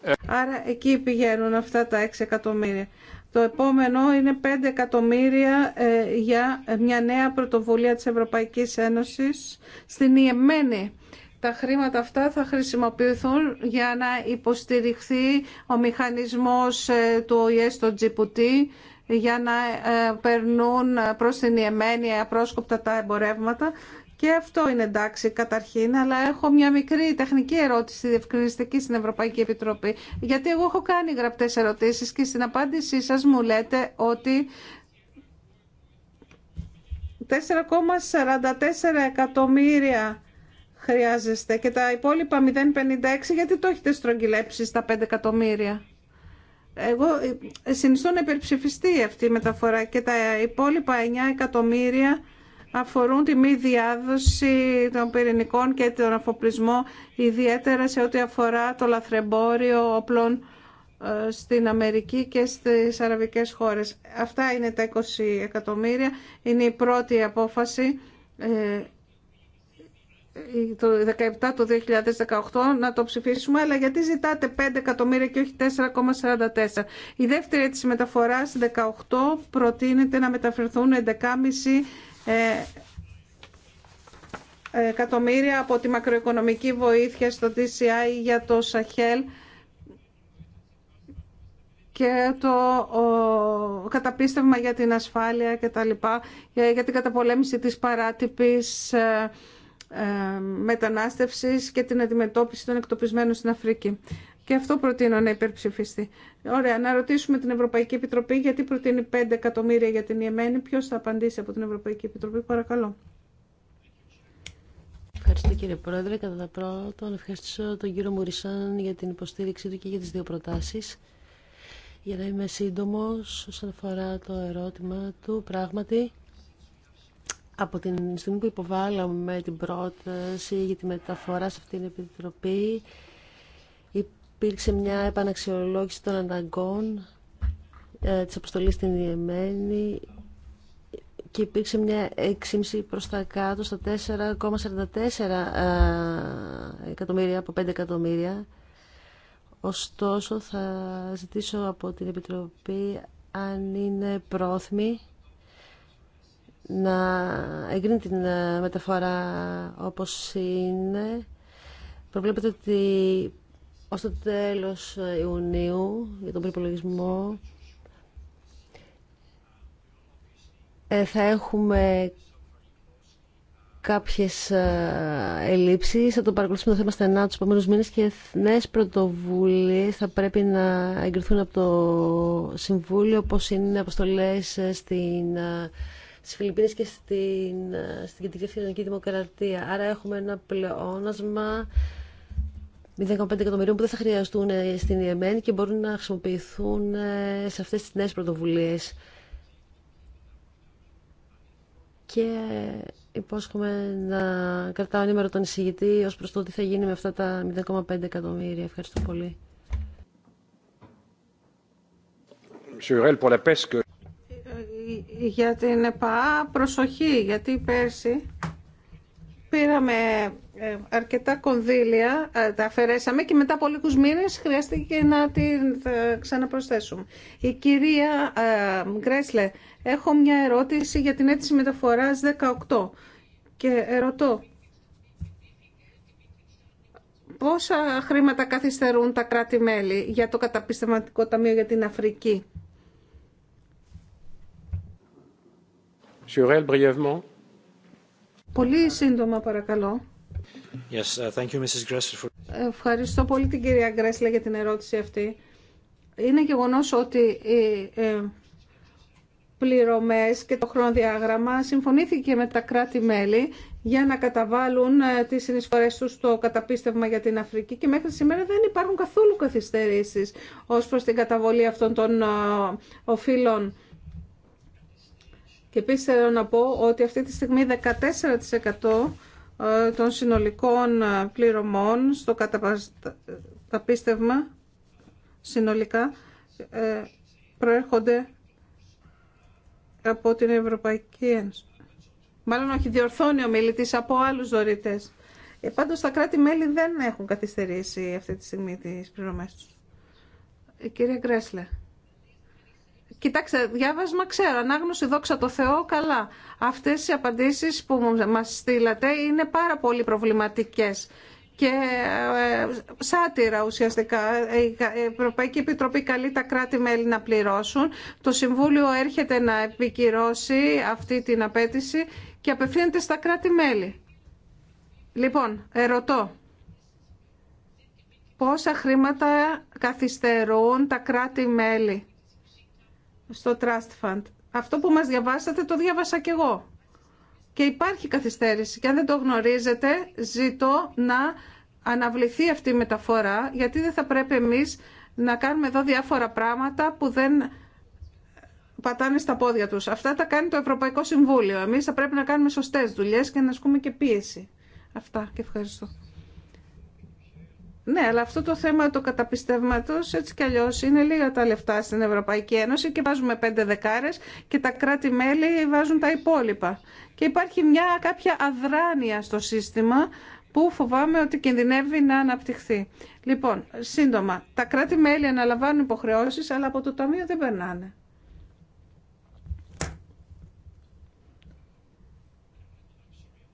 Ε, άρα εκεί πηγαίνουν αυτά τα 6 εκατομμύρια. Το επόμενο είναι 5 εκατομμύρια ε, για μια νέα πρωτοβουλία της Ευρωπαϊκής Ένωσης στην Ιεμένη. Τα χρήματα αυτά θα χρησιμοποιηθούν για να υποστηριχθεί ο μηχανισμός ε, του ΟΙΕ στο Τζιπουτί για να ε, περνούν προς την Ιεμένη απρόσκοπτα τα εμπορεύματα και αυτό είναι εντάξει καταρχήν, αλλά έχω μια μικρή τεχνική ερώτηση διευκρινιστική στην Ευρωπαϊκή Επιτροπή. Γιατί εγώ έχω κάνει γραπτέ ερωτήσει και στην απάντησή σα μου λέτε ότι 4,44 εκατομμύρια χρειάζεστε και τα υπόλοιπα 0,56 γιατί το έχετε στρογγυλέψει στα 5 εκατομμύρια. Εγώ ε, συνιστώ να υπερψηφιστεί αυτή η μεταφορά και τα υπόλοιπα 9 εκατομμύρια αφορούν τη μη διάδοση των πυρηνικών και τον αφοπλισμό, ιδιαίτερα σε ό,τι αφορά το λαθρεμπόριο όπλων ε, στην Αμερική και στις αραβικές χώρες. Αυτά είναι τα 20 εκατομμύρια. Είναι η πρώτη απόφαση ε, το 17 το 2018 να το ψηφίσουμε, αλλά γιατί ζητάτε 5 εκατομμύρια και όχι 4,44. Η δεύτερη της μεταφοράς 18 προτείνεται να μεταφερθούν 11,5 ε, εκατομμύρια από τη μακροοικονομική βοήθεια στο DCI για το Σαχέλ και το καταπίστευμα για την ασφάλεια και τα λοιπά, ε, για την καταπολέμηση της παράτυπης ε, μετανάστευσης και την αντιμετώπιση των εκτοπισμένων στην Αφρική. Και αυτό προτείνω να υπερψηφιστεί. Ωραία, να ρωτήσουμε την Ευρωπαϊκή Επιτροπή γιατί προτείνει 5 εκατομμύρια για την Ιεμένη. Ποιο θα απαντήσει από την Ευρωπαϊκή Επιτροπή, παρακαλώ. Ευχαριστώ κύριε Πρόεδρε. Κατά τα πρώτα, ευχαριστήσω τον κύριο Μουρισάν για την υποστήριξή του και για τι δύο προτάσει. Για να είμαι σύντομο όσον αφορά το ερώτημα του, πράγματι, από την στιγμή που υποβάλαμε την πρόταση για τη μεταφορά σε αυτήν την επιτροπή, υπήρξε μια επαναξιολόγηση των αναγκών ε, της αποστολής στην Ιεμένη και υπήρξε μια εξήμψη προς τα κάτω στα 4,44 ε, εκατομμύρια από 5 εκατομμύρια. Ωστόσο θα ζητήσω από την Επιτροπή αν είναι πρόθυμη να εγκρίνει την ε, μεταφορά όπως είναι. Προβλέπετε ότι ως το τέλος Ιουνίου για τον προπολογισμό ε, θα έχουμε κάποιες ε, ελλείψεις. Θα το παρακολουθήσουμε το θέμα στενά τους επόμενους μήνες και νέες πρωτοβουλίες θα πρέπει να εγκριθούν από το Συμβούλιο όπως είναι αποστολές ε, στην στις Φιλιππίνες και στην, στην Κεντρική Δημοκρατία. Άρα έχουμε ένα πλεόνασμα 0,5 εκατομμυρίων που δεν θα χρειαστούν ε, στην ΙΕΜΕΝ και μπορούν να χρησιμοποιηθούν ε, σε αυτές τις νέες πρωτοβουλίες. Και ε, υπόσχομαι να κρατάω ενήμερο τον εισηγητή ως προς το τι θα γίνει με αυτά τα 0,5 εκατομμύρια. Ευχαριστώ πολύ. Για την ΕΠΑ, προσοχή, γιατί πέρσι πήραμε ε, αρκετά κονδύλια ε, τα αφαιρέσαμε και μετά από λίγους μήνες χρειάστηκε να την ξαναπροσθέσουμε. Η κυρία ε, Γκρέσλε, έχω μια ερώτηση για την αίτηση μεταφοράς 18 και ερωτώ πόσα χρήματα καθυστερούν τα κράτη-μέλη για το καταπιστευματικό ταμείο για την Αφρική. Πολύ σύντομα παρακαλώ. Uh, Ευχαριστώ πολύ την κυρία Γκρέσλα για την ερώτηση αυτή. Είναι γεγονός ότι οι ε, πληρωμές και το χρονοδιάγραμμα συμφωνήθηκε με τα κράτη-μέλη για να καταβάλουν ε, τις συνεισφορές τους στο καταπίστευμα για την Αφρική και μέχρι σήμερα δεν υπάρχουν καθόλου καθυστερήσεις ως προς την καταβολή αυτών των ε, οφείλων. Και επίσης θέλω να πω ότι αυτή τη στιγμή 14% ε, των συνολικών ε, πληρωμών στο καταπίστευμα συνολικά ε, προέρχονται από την Ευρωπαϊκή Ένωση. Μάλλον όχι, διορθώνει ο μιλητής από άλλους δωρητές. Ε, πάντως τα κράτη-μέλη δεν έχουν καθυστερήσει αυτή τη στιγμή τις πληρωμές τους. Η κυρία Γκρέσλε. Κοιτάξτε, διάβασμα ξέρω, ανάγνωση δόξα το Θεώ καλά. Αυτές οι απαντήσεις που μας στείλατε είναι πάρα πολύ προβληματικές και ε, σάτυρα ουσιαστικά. Η Ευρωπαϊκή Επιτροπή καλεί τα κράτη-μέλη να πληρώσουν. Το Συμβούλιο έρχεται να επικυρώσει αυτή την απέτηση και απευθύνεται στα κράτη-μέλη. Λοιπόν, ερωτώ. Πόσα χρήματα καθυστερούν τα κράτη-μέλη στο Trust Fund. Αυτό που μας διαβάσατε το διάβασα και εγώ. Και υπάρχει καθυστέρηση και αν δεν το γνωρίζετε ζητώ να αναβληθεί αυτή η μεταφορά γιατί δεν θα πρέπει εμείς να κάνουμε εδώ διάφορα πράγματα που δεν πατάνε στα πόδια τους. Αυτά τα κάνει το Ευρωπαϊκό Συμβούλιο. Εμείς θα πρέπει να κάνουμε σωστές δουλειές και να ασκούμε και πίεση. Αυτά και ευχαριστώ. Ναι, αλλά αυτό το θέμα του καταπιστεύματος έτσι κι αλλιώ είναι λίγα τα λεφτά στην Ευρωπαϊκή Ένωση και βάζουμε πέντε δεκάρε και τα κράτη-μέλη βάζουν τα υπόλοιπα. Και υπάρχει μια κάποια αδράνεια στο σύστημα που φοβάμαι ότι κινδυνεύει να αναπτυχθεί. Λοιπόν, σύντομα, τα κράτη-μέλη αναλαμβάνουν υποχρεώσεις, αλλά από το Ταμείο δεν περνάνε.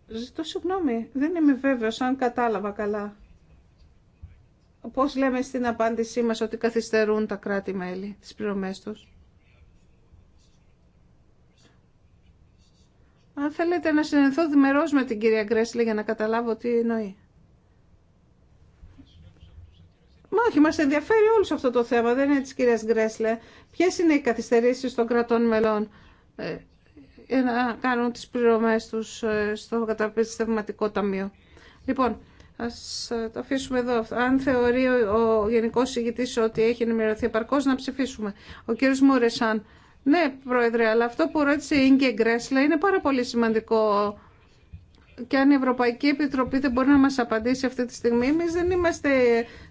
Ζητώ συγγνώμη, δεν είμαι βέβαιος αν κατάλαβα καλά. Πώς λέμε στην απάντησή μας ότι καθυστερούν τα κράτη-μέλη, τις πληρωμές τους. Αν θέλετε να συνενθώ διμερώς με την κυρία Γκρέσλε για να καταλάβω τι εννοεί. Μα όχι, μας ενδιαφέρει όλους αυτό το θέμα, δεν είναι της κυρίας Γκρέσλε. Ποιες είναι οι καθυστερήσεις των κρατών μελών ε, για να κάνουν τις πληρωμές τους ε, στο καταπιστευματικό ταμείο. Λοιπόν, Ας ε, το αφήσουμε εδώ. Αν θεωρεί ο Γενικός Συγητής ότι έχει ενημερωθεί επαρκώς, να ψηφίσουμε. Ο κύριος Μούρεσαν. Ναι, Πρόεδρε, αλλά αυτό που ρώτησε η Ίγκε Γκρέσλα είναι πάρα πολύ σημαντικό. Και αν η Ευρωπαϊκή Επιτροπή δεν μπορεί να μας απαντήσει αυτή τη στιγμή, εμεί δεν είμαστε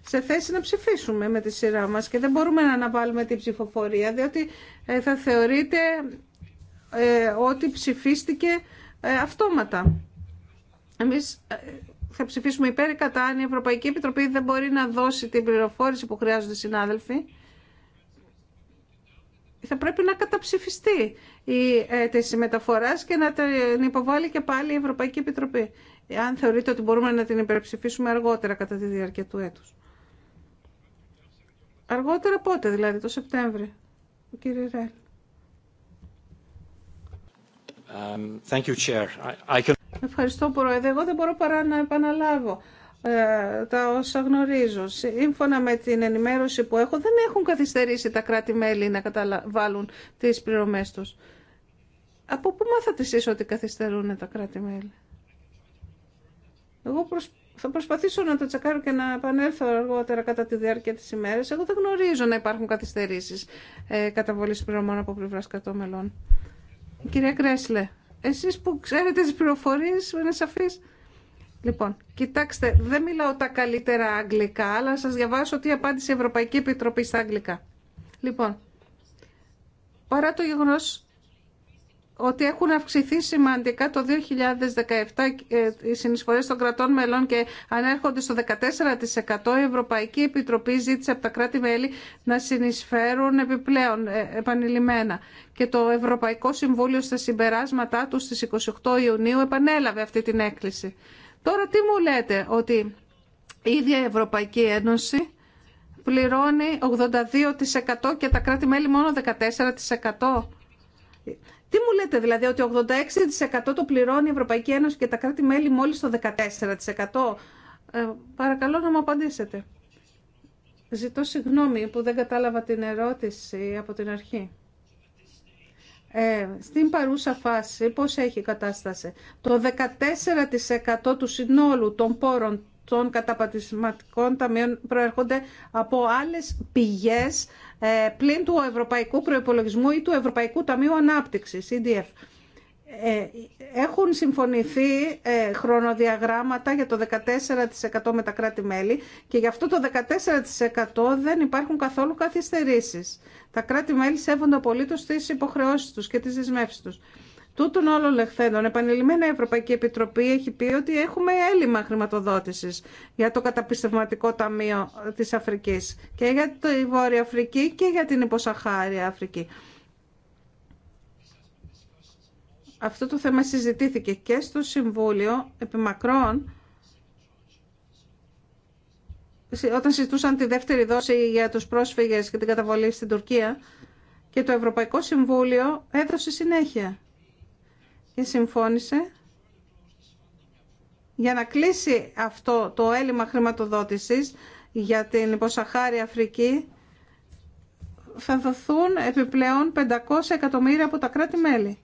σε θέση να ψηφίσουμε με τη σειρά μας και δεν μπορούμε να αναβάλουμε την ψηφοφορία, διότι ε, θα θεωρείται ε, ότι ψηφίστηκε αυτόματα. Εμείς θα ψηφίσουμε υπέρ ή κατά αν η Ευρωπαϊκή Επιτροπή δεν μπορεί να δώσει την πληροφόρηση που χρειάζονται οι συνάδελφοι. Θα πρέπει να καταψηφιστεί η αίτηση μεταφοράς και να την υποβάλει και πάλι η Ευρωπαϊκή Επιτροπή. Αν θεωρείτε ότι μπορούμε να την υπερψηφίσουμε αργότερα κατά τη διάρκεια του έτους. Αργότερα πότε δηλαδή, το Σεπτέμβριο, κύριε Ρέλ. Um, thank you, Chair. I, I Ευχαριστώ, Πρόεδρε. Εγώ δεν μπορώ παρά να επαναλάβω ε, τα όσα γνωρίζω. Σύμφωνα με την ενημέρωση που έχω, δεν έχουν καθυστερήσει τα κράτη-μέλη να καταβάλουν τις πληρωμές τους. Από πού μάθατε εσείς ότι καθυστερούν τα κράτη-μέλη. Εγώ προσ... θα προσπαθήσω να το τσεκάρω και να επανέλθω αργότερα κατά τη διάρκεια της ημέρας. Εγώ δεν γνωρίζω να υπάρχουν καθυστερήσεις ε, καταβολής πληρωμών από πλευράς κρατών μελών. Κυρία Κρέσλε. Εσείς που ξέρετε τις πληροφορίες, είναι σαφής. Λοιπόν, κοιτάξτε, δεν μιλάω τα καλύτερα αγγλικά, αλλά σας διαβάσω τι απάντησε η Ευρωπαϊκή Επιτροπή στα αγγλικά. Λοιπόν, παρά το γεγονός ότι έχουν αυξηθεί σημαντικά το 2017 ε, οι συνεισφορές των κρατών μελών και ανέρχονται στο 14%. Η Ευρωπαϊκή Επιτροπή ζήτησε από τα κράτη-μέλη να συνεισφέρουν επιπλέον ε, επανειλημμένα. Και το Ευρωπαϊκό Συμβούλιο στα συμπεράσματά του στις 28 Ιουνίου επανέλαβε αυτή την έκκληση. Τώρα τι μου λέτε ότι η ίδια η Ευρωπαϊκή Ένωση πληρώνει 82% και τα κράτη-μέλη μόνο 14%. Τι μου λέτε δηλαδή ότι 86% το πληρώνει η Ευρωπαϊκή Ένωση και τα κράτη-μέλη μόλις το 14%. Ε, παρακαλώ να μου απαντήσετε. Ζητώ συγγνώμη που δεν κατάλαβα την ερώτηση από την αρχή. Ε, στην παρούσα φάση πώς έχει η κατάσταση. Το 14% του συνόλου των πόρων των καταπατησματικών ταμείων προέρχονται από άλλες πηγές ε, πλην του Ευρωπαϊκού Προϋπολογισμού ή του Ευρωπαϊκού Ταμείου Ανάπτυξης, EDF. Ε, έχουν συμφωνηθεί ε, χρονοδιαγράμματα για το 14% με τα κράτη-μέλη και γι' αυτό το 14% δεν υπάρχουν καθόλου καθυστερήσεις. Τα κράτη-μέλη σέβονται απολύτως τις υποχρεώσεις τους και τις δεσμεύσεις τους. Τούτων όλων λεχθέντων, επανειλημμένα η Ευρωπαϊκή Επιτροπή έχει πει ότι έχουμε έλλειμμα χρηματοδότησης για το καταπιστευματικό ταμείο της Αφρικής και για τη Βόρεια Αφρική και για την υποσαχάρια Αφρική. Αυτό το θέμα συζητήθηκε και στο Συμβούλιο επί Μακρόν, όταν συζητούσαν τη δεύτερη δόση για τους πρόσφυγες και την καταβολή στην Τουρκία και το Ευρωπαϊκό Συμβούλιο έδωσε συνέχεια και συμφώνησε για να κλείσει αυτό το έλλειμμα χρηματοδότησης για την υποσαχάρη Αφρική θα δοθούν επιπλέον 500 εκατομμύρια από τα κράτη-μέλη.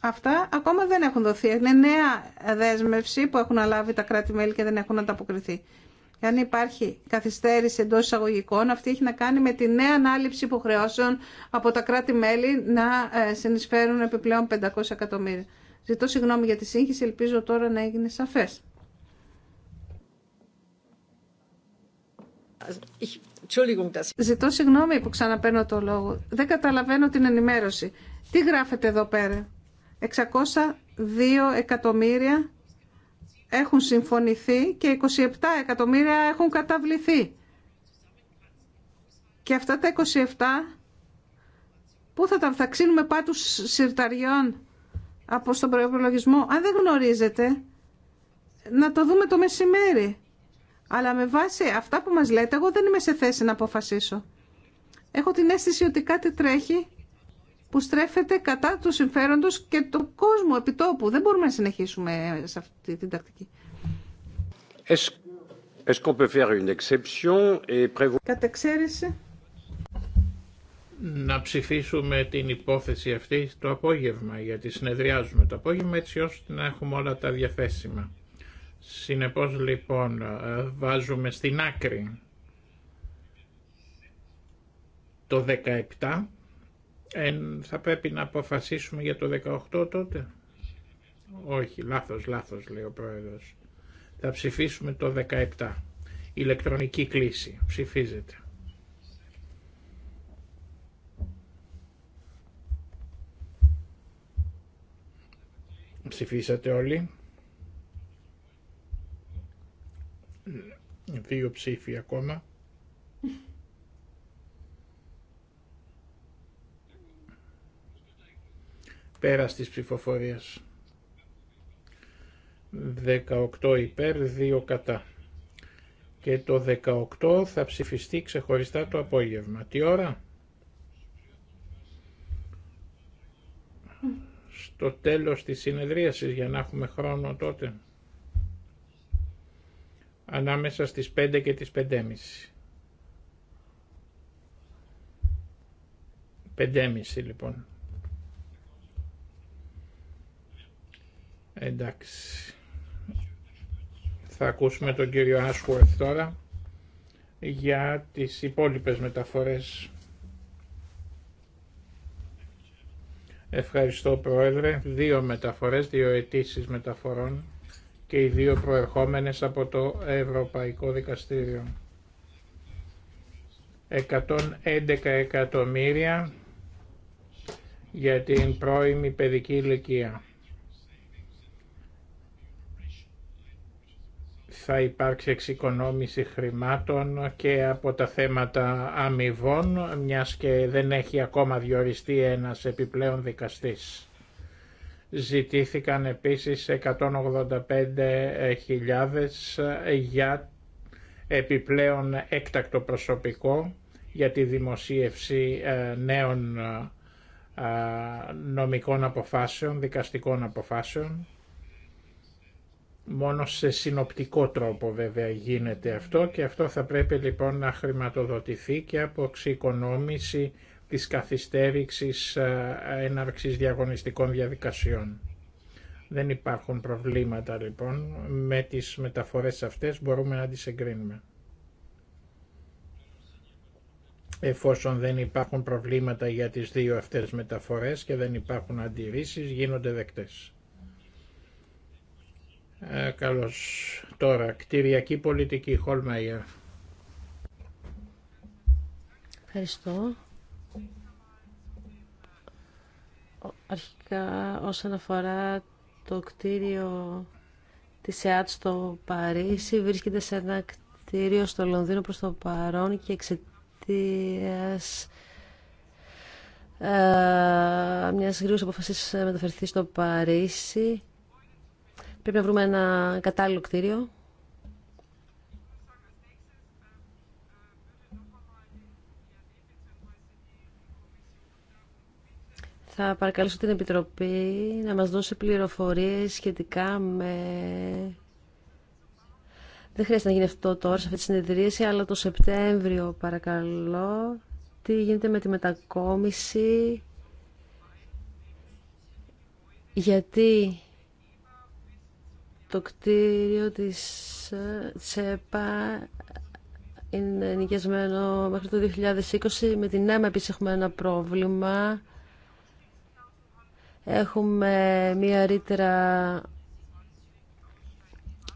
Αυτά ακόμα δεν έχουν δοθεί. Είναι νέα δέσμευση που έχουν αλάβει τα κράτη-μέλη και δεν έχουν ανταποκριθεί αν υπάρχει καθυστέρηση εντό εισαγωγικών, αυτή έχει να κάνει με τη νέα ανάληψη υποχρεώσεων από τα κράτη-μέλη να ε, συνεισφέρουν επιπλέον 500 εκατομμύρια. Ζητώ συγγνώμη για τη σύγχυση, ελπίζω τώρα να έγινε σαφέ. Ζητώ συγγνώμη που ξαναπαίρνω το λόγο. Δεν καταλαβαίνω την ενημέρωση. Τι γράφεται εδώ πέρα. 602 εκατομμύρια έχουν συμφωνηθεί και 27 εκατομμύρια έχουν καταβληθεί. Και αυτά τα 27, πού θα τα θα ξύνουμε πάτους συρταριών από στον προϋπολογισμό. Αν δεν γνωρίζετε, να το δούμε το μεσημέρι. Αλλά με βάση αυτά που μας λέτε, εγώ δεν είμαι σε θέση να αποφασίσω. Έχω την αίσθηση ότι κάτι τρέχει που στρέφεται κατά του συμφέροντο και του κόσμου επιτόπου. Δεν μπορούμε να συνεχίσουμε σε αυτή την τακτική. Κατ' εξαίρεση. Να ψηφίσουμε την υπόθεση αυτή το απόγευμα, γιατί συνεδριάζουμε το απόγευμα έτσι ώστε να έχουμε όλα τα διαθέσιμα. Συνεπώς λοιπόν βάζουμε στην άκρη το 17 θα πρέπει να αποφασίσουμε για το 18 τότε. Όχι, λάθος, λάθος λέει ο πρόεδρος. Θα ψηφίσουμε το 17. Ηλεκτρονική κλίση. Ψηφίζεται. Ψηφίσατε όλοι. Δύο ψήφοι ακόμα. Πέρα της ψηφοφορίας. 18 υπέρ, 2 κατά. Και το 18 θα ψηφιστεί ξεχωριστά το απόγευμα. Τι ώρα? Στο τέλος της συνεδρίασης για να έχουμε χρόνο τότε. Ανάμεσα στις 5 και τις 5.30. 5.30 λοιπόν. Εντάξει. Θα ακούσουμε τον κύριο Ashworth τώρα για τις υπόλοιπες μεταφορές. Ευχαριστώ Πρόεδρε. Δύο μεταφορές, δύο αιτήσει μεταφορών και οι δύο προερχόμενες από το Ευρωπαϊκό Δικαστήριο. 111 εκατομμύρια για την πρώιμη παιδική ηλικία. θα υπάρξει εξοικονόμηση χρημάτων και από τα θέματα αμοιβών, μιας και δεν έχει ακόμα διοριστεί ένας επιπλέον δικαστής. Ζητήθηκαν επίσης 185.000 για επιπλέον έκτακτο προσωπικό για τη δημοσίευση ε, νέων ε, νομικών αποφάσεων, δικαστικών αποφάσεων Μόνο σε συνοπτικό τρόπο βέβαια γίνεται αυτό και αυτό θα πρέπει λοιπόν να χρηματοδοτηθεί και από εξοικονόμηση της καθυστέρησης ε, έναρξης διαγωνιστικών διαδικασιών. Δεν υπάρχουν προβλήματα λοιπόν με τις μεταφορές αυτές, μπορούμε να τις εγκρίνουμε. Εφόσον δεν υπάρχουν προβλήματα για τις δύο αυτές μεταφορές και δεν υπάρχουν αντιρρήσεις, γίνονται δεκτές. Ε, καλώς. Τώρα, κτηριακή πολιτική, Χολμαϊερ. Ευχαριστώ. Αρχικά, όσον αφορά το κτίριο της ΕΑΤ στο Παρίσι, βρίσκεται σε ένα κτίριο στο Λονδίνο προς το παρόν και εξαιτία ε, μιας γρήγορης αποφασής μεταφερθεί στο Παρίσι Πρέπει να βρούμε ένα κατάλληλο κτίριο. Θα παρακαλέσω την Επιτροπή να μας δώσει πληροφορίες σχετικά με... Δεν χρειάζεται να γίνει αυτό τώρα σε αυτή τη συνεδρίαση, αλλά το Σεπτέμβριο παρακαλώ. Τι γίνεται με τη μετακόμιση. Γιατί το κτίριο της ε, ΣΕΠΑ είναι νοικιασμένο μέχρι το 2020. Με την ΕΜΑ επίσης έχουμε ένα πρόβλημα. Έχουμε μία ρήτρα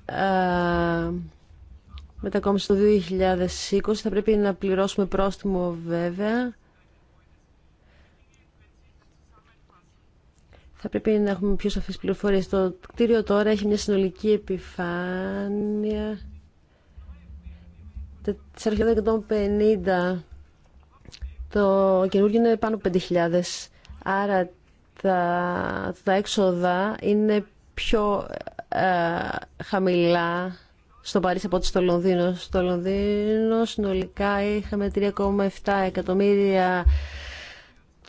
ε, μετακόμιση το 2020. Θα πρέπει να πληρώσουμε πρόστιμο βέβαια. Θα πρέπει να έχουμε πιο σαφείς πληροφορίες. Το κτίριο τώρα έχει μια συνολική επιφάνεια 4.150. Το καινούργιο είναι πάνω 5.000. Άρα τα, τα έξοδα είναι πιο ε, χαμηλά στο Παρίσι από ό,τι στο Λονδίνο. Στο Λονδίνο συνολικά είχαμε 3,7 εκατομμύρια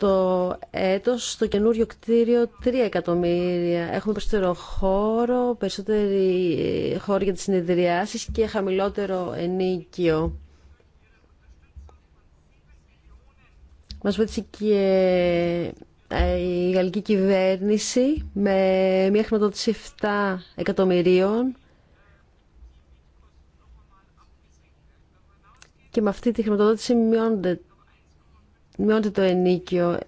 το έτος στο καινούριο κτίριο 3 εκατομμύρια. Έχουμε περισσότερο χώρο, περισσότερη χώρο για τις συνεδριάσεις και χαμηλότερο ενίκιο. Μας βοήθησε και ε, η γαλλική κυβέρνηση με μια χρηματοδότηση 7 εκατομμυρίων και με αυτή τη χρηματοδότηση μειώνονται μειώνεται το ενίκιο.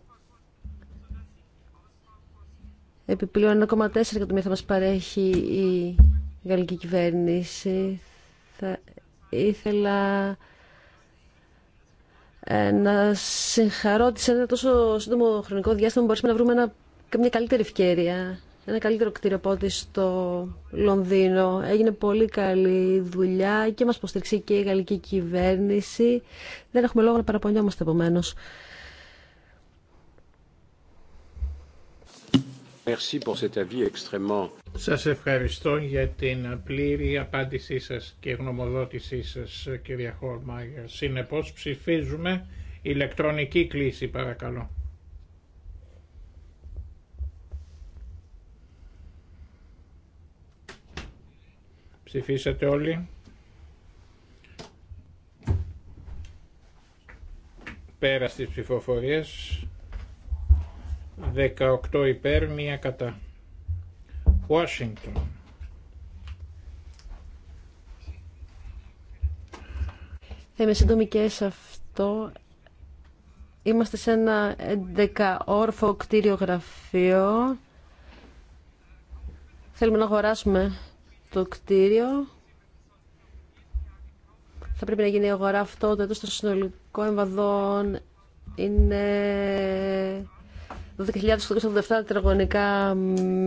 Επιπλέον 1,4 εκατομμύρια θα μας παρέχει η γαλλική κυβέρνηση. Θα ήθελα ε, να συγχαρώ ότι σε ένα τόσο σύντομο χρονικό διάστημα μπορούμε να βρούμε ένα, μια καλύτερη ευκαιρία ένα καλύτερο κτίριο από στο Λονδίνο. Έγινε πολύ καλή δουλειά και μας υποστηρίξει και η γαλλική κυβέρνηση. Δεν έχουμε λόγο να παραπονιόμαστε επομένω. Σας ευχαριστώ για την πλήρη απάντησή σας και γνωμοδότησή σας, κυρία Χόλμαγερ. Συνεπώς ψηφίζουμε ηλεκτρονική κλίση, παρακαλώ. Ψηφίσατε όλοι. Πέρα στις ψηφοφορίες. 18 υπέρ, μία κατά. Washington. Θα είμαι σύντομη και σε αυτό. Είμαστε σε ένα 11 όρφο κτίριο γραφείο. Θέλουμε να αγοράσουμε το κτίριο. Θα πρέπει να γίνει η αγορά αυτό το έτος των συνολικών εμβαδών είναι 12.887 τετραγωνικά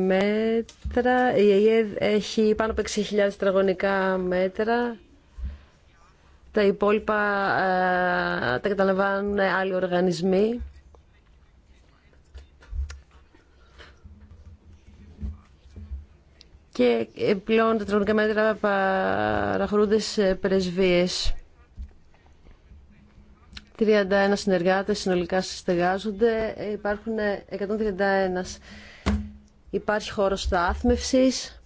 μέτρα. Η ΑΕΔ έχει πάνω από 6.000 τετραγωνικά μέτρα. Τα υπόλοιπα ε, τα καταλαμβάνουν άλλοι οργανισμοί. και ε, πλέον τα τρονικά μέτρα παραχωρούνται σε πρεσβείες. 31 συνεργάτες συνολικά συστεγάζονται, ε, υπάρχουν 131. Ε, Υπάρχει χώρος στάθμευσης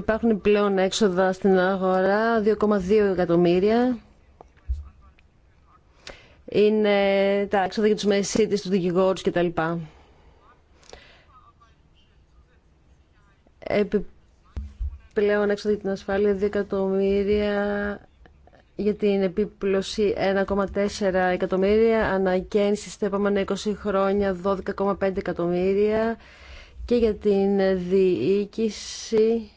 Υπάρχουν πλέον έξοδα στην αγορά, 2,2 εκατομμύρια. Είναι τα έξοδα για τους μεσίτες, τους δικηγόρους κτλ. Επιπλέον έξοδα για την ασφάλεια, 2 εκατομμύρια για την επίπλωση 1,4 εκατομμύρια, ανακαίνιση στα επόμενα 20 χρόνια 12,5 εκατομμύρια και για την διοίκηση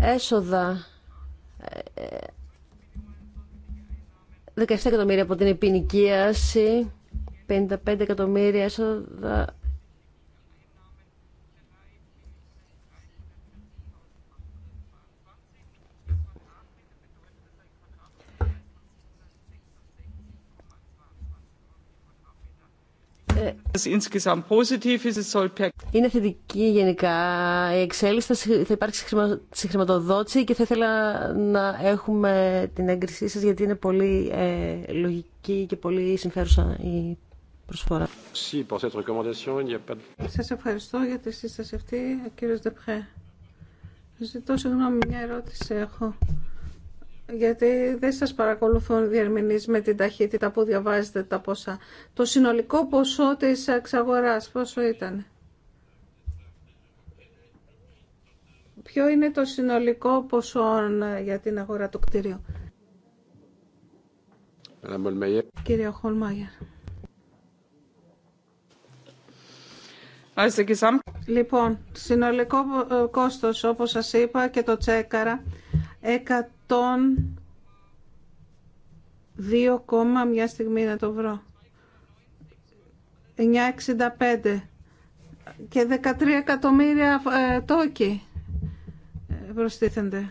έσοδα 17 ε, ε, εκατομμύρια από την επινοικίαση, 55 εκατομμύρια έσοδα Είναι θετική γενικά η εξέλιξη, θα υπάρξει συγχρηματοδότηση και θα ήθελα να έχουμε την έγκρισή σας γιατί είναι πολύ ε, λογική και πολύ συμφέρουσα η προσφορά. Σας ευχαριστώ για τη σύσταση αυτή, κύριος Δεπχέ. Ζητώ συγγνώμη, μια ερώτηση έχω γιατί δεν σας παρακολουθούν διερμηνείς με την ταχύτητα που διαβάζετε τα ποσά. Το συνολικό ποσό της εξαγοράς πόσο ήταν. Ποιο είναι το συνολικό ποσό ε, για την αγορά του κτίριου. Κύριε Χολμάγερ. Λοιπόν, συνολικό ε, κόστος όπως σας είπα και το τσέκαρα 102, μια στιγμή να το βρω. 9,65 και 13 εκατομμύρια ε, τόκοι ε, προστίθενται.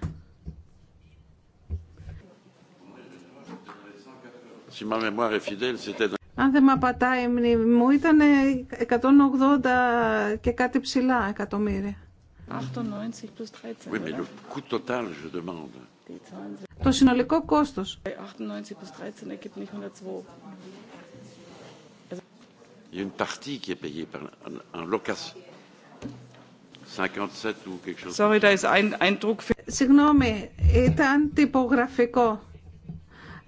Αν δεν με απατάει η μνήμη μου, ήταν 180 και κάτι ψηλά εκατομμύρια. 98 plus 13. Oui, mais le coût total, je demande. Το συνολικό κόστος. 98 plus 13 ergibt nicht 102. Il y a une partie qui est payée par un location. 57 ou quelque chose. Sorry, da ist ein Eindruck. Συγγνώμη, ήταν τυπογραφικό. 98,4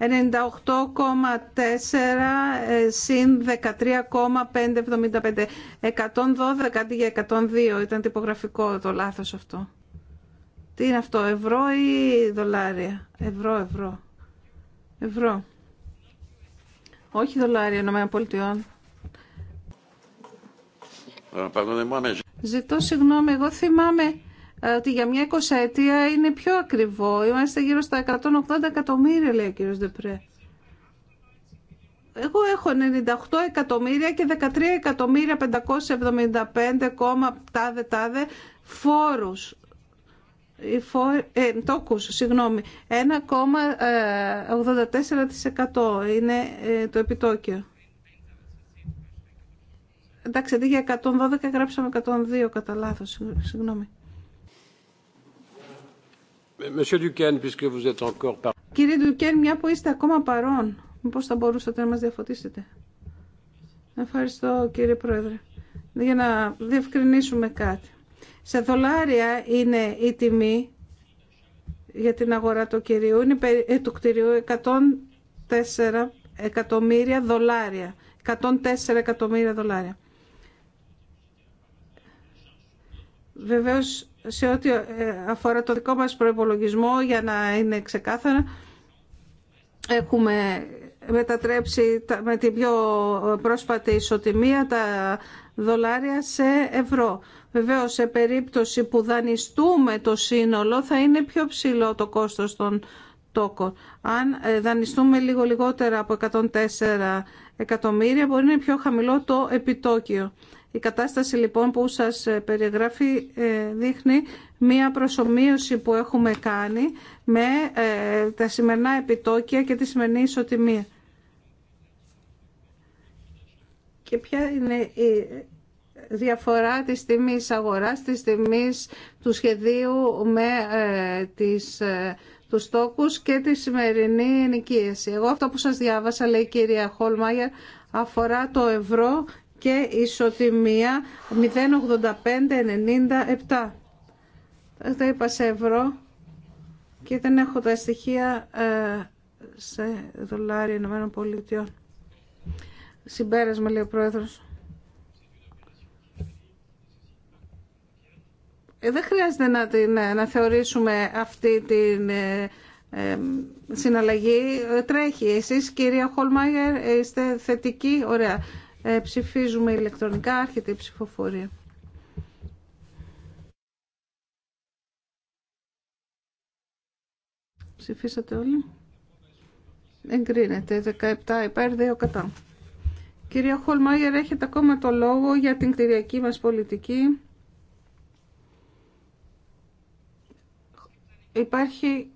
ε, συν 13,575. 112 αντί για 102. Ήταν τυπογραφικό το λάθος αυτό. Τι είναι αυτό, ευρώ ή δολάρια. Ευρώ, ευρώ. Ευρώ. Όχι δολάρια Ηνωμένων Πολιτειών. Ε, Ζητώ συγγνώμη, εγώ θυμάμαι ε, ότι για μια εικοσαετία είναι πιο ακριβό. Είμαστε γύρω στα 180 εκατομμύρια, λέει ο κύριος Δεπρέ. Εγώ έχω 98 εκατομμύρια και 13 εκατομμύρια 575, τάδε τάδε φόρους. Ε, τόκους, συγγνώμη. 1,84% ε, είναι το επιτόκιο. Εντάξει, για 112 γράψαμε 102 κατά λάθο. Συγγνώμη. Κύριε Ντουκέν, μια που είστε ακόμα παρόν, πώς θα μπορούσατε να μας διαφωτίσετε. Ευχαριστώ κύριε Πρόεδρε. Για να διευκρινίσουμε κάτι. Σε δολάρια είναι η τιμή για την αγορά του, κυρίου, είναι, ε, του κτηρίου 104 εκατομμύρια δολάρια. 104 εκατομμύρια δολάρια. Βεβαίως σε ό,τι ε, αφορά το δικό μας προϋπολογισμό για να είναι ξεκάθαρα έχουμε μετατρέψει με την πιο πρόσφατη ισοτιμία τα δολάρια σε ευρώ. Βεβαίω, σε περίπτωση που δανειστούμε το σύνολο θα είναι πιο ψηλό το κόστος των τόκων. Αν ε, δανειστούμε λίγο λιγότερα από 104 εκατομμύρια μπορεί να είναι πιο χαμηλό το επιτόκιο. Η κατάσταση λοιπόν που σας ε, περιγράφει ε, δείχνει μία προσωμείωση που έχουμε κάνει με ε, τα σημερινά επιτόκια και τη σημερινή ισοτιμία. Και ποια είναι η διαφορά της τιμής αγοράς, της τιμής του σχεδίου με τις, τους τόκους και τη σημερινή ενοικίαση. Εγώ αυτό που σας διάβασα, λέει η κυρία Χόλμαγερ, αφορά το ευρώ και ισοτιμία 0,8597. Τα είπα σε ευρώ και δεν έχω τα στοιχεία ε, σε δολάρια Ηνωμένων Πολιτειών. Συμπέρασμα λέει ο Πρόεδρος. Ε, δεν χρειάζεται να, ε, να θεωρήσουμε αυτή την ε, συναλλαγή. Τρέχει. Εσείς κυρία Χολμάγερ είστε θετική. Ωραία. Ε, ψηφίζουμε ηλεκτρονικά, άρχεται η ψηφοφορία. Ψηφίσατε όλοι. Εγκρίνεται 17 υπέρ 2 κατά. Κυρία Χολμάγερ, έχετε ακόμα το λόγο για την κτηριακή μας πολιτική. Υπάρχει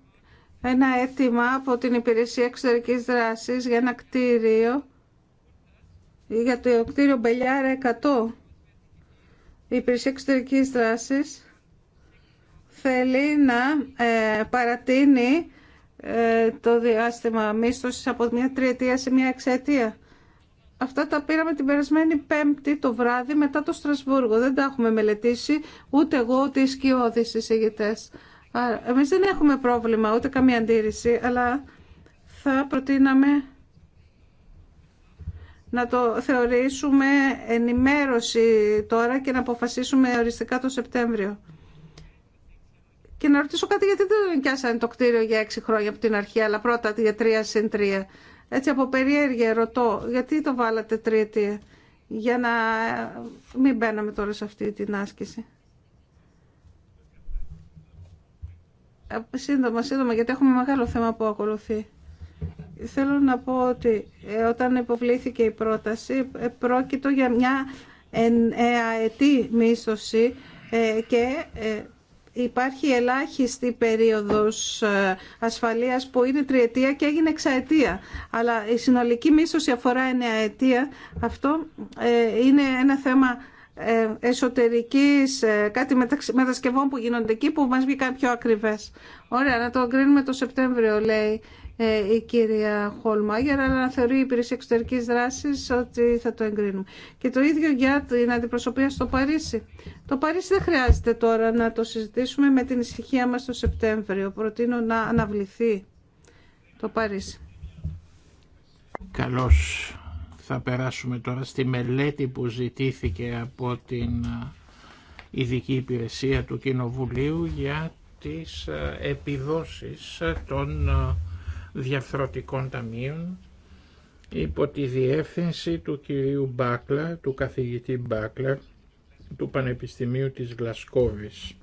ένα αίτημα από την Υπηρεσία Εξωτερικής Δράσης για ένα κτίριο για το κτίριο Μπελιάρα 100 η υπηρεσία εξωτερική δράση θέλει να ε, παρατείνει ε, το διάστημα μίσθωση από μια τριετία σε μια εξαετία. Αυτά τα πήραμε την περασμένη Πέμπτη το βράδυ μετά το Στρασβούργο. Δεν τα έχουμε μελετήσει ούτε εγώ ούτε οι σκιώδει εισηγητέ. Εμεί δεν έχουμε πρόβλημα ούτε καμία αντίρρηση, αλλά θα προτείναμε να το θεωρήσουμε ενημέρωση τώρα και να αποφασίσουμε οριστικά το Σεπτέμβριο. Και να ρωτήσω κάτι γιατί δεν νοικιάσανε το κτίριο για έξι χρόνια από την αρχή, αλλά πρώτα για τρία συν τρία. Έτσι από περιέργεια ρωτώ, γιατί το βάλατε τρίτη, για να μην μπαίναμε τώρα σε αυτή την άσκηση. Ε, σύντομα, σύντομα, γιατί έχουμε μεγάλο θέμα που ακολουθεί. Θέλω να πω ότι ε, όταν υποβλήθηκε η πρόταση ε, πρόκειτο για μια αετή μίσθωση ε, και υπάρχει ελάχιστη περίοδος ασφαλείας που είναι τριετία και έγινε εξαετία. Αλλά η συνολική μίσθωση αφορά εννέα Αυτό είναι ένα θέμα εσωτερικής, κάτι μετασκευών που γίνονται εκεί που μας βγήκαν πιο ακριβές. Ωραία, να το κρίνουμε το Σεπτέμβριο, λέει ε, η κυρία Χολμάγερ, αλλά θεωρεί η υπηρεσία εξωτερική δράση ότι θα το εγκρίνουμε. Και το ίδιο για την αντιπροσωπεία στο Παρίσι. Το Παρίσι δεν χρειάζεται τώρα να το συζητήσουμε με την ησυχία μα το Σεπτέμβριο. Προτείνω να αναβληθεί το Παρίσι. Καλώς θα περάσουμε τώρα στη μελέτη που ζητήθηκε από την ε, ειδική υπηρεσία του Κοινοβουλίου για τις ε, επιδόσεις των διαφθρωτικών ταμείων υπό τη διεύθυνση του κυρίου Μπάκλα, του καθηγητή Μπάκλα του Πανεπιστημίου της Γλασκόβης.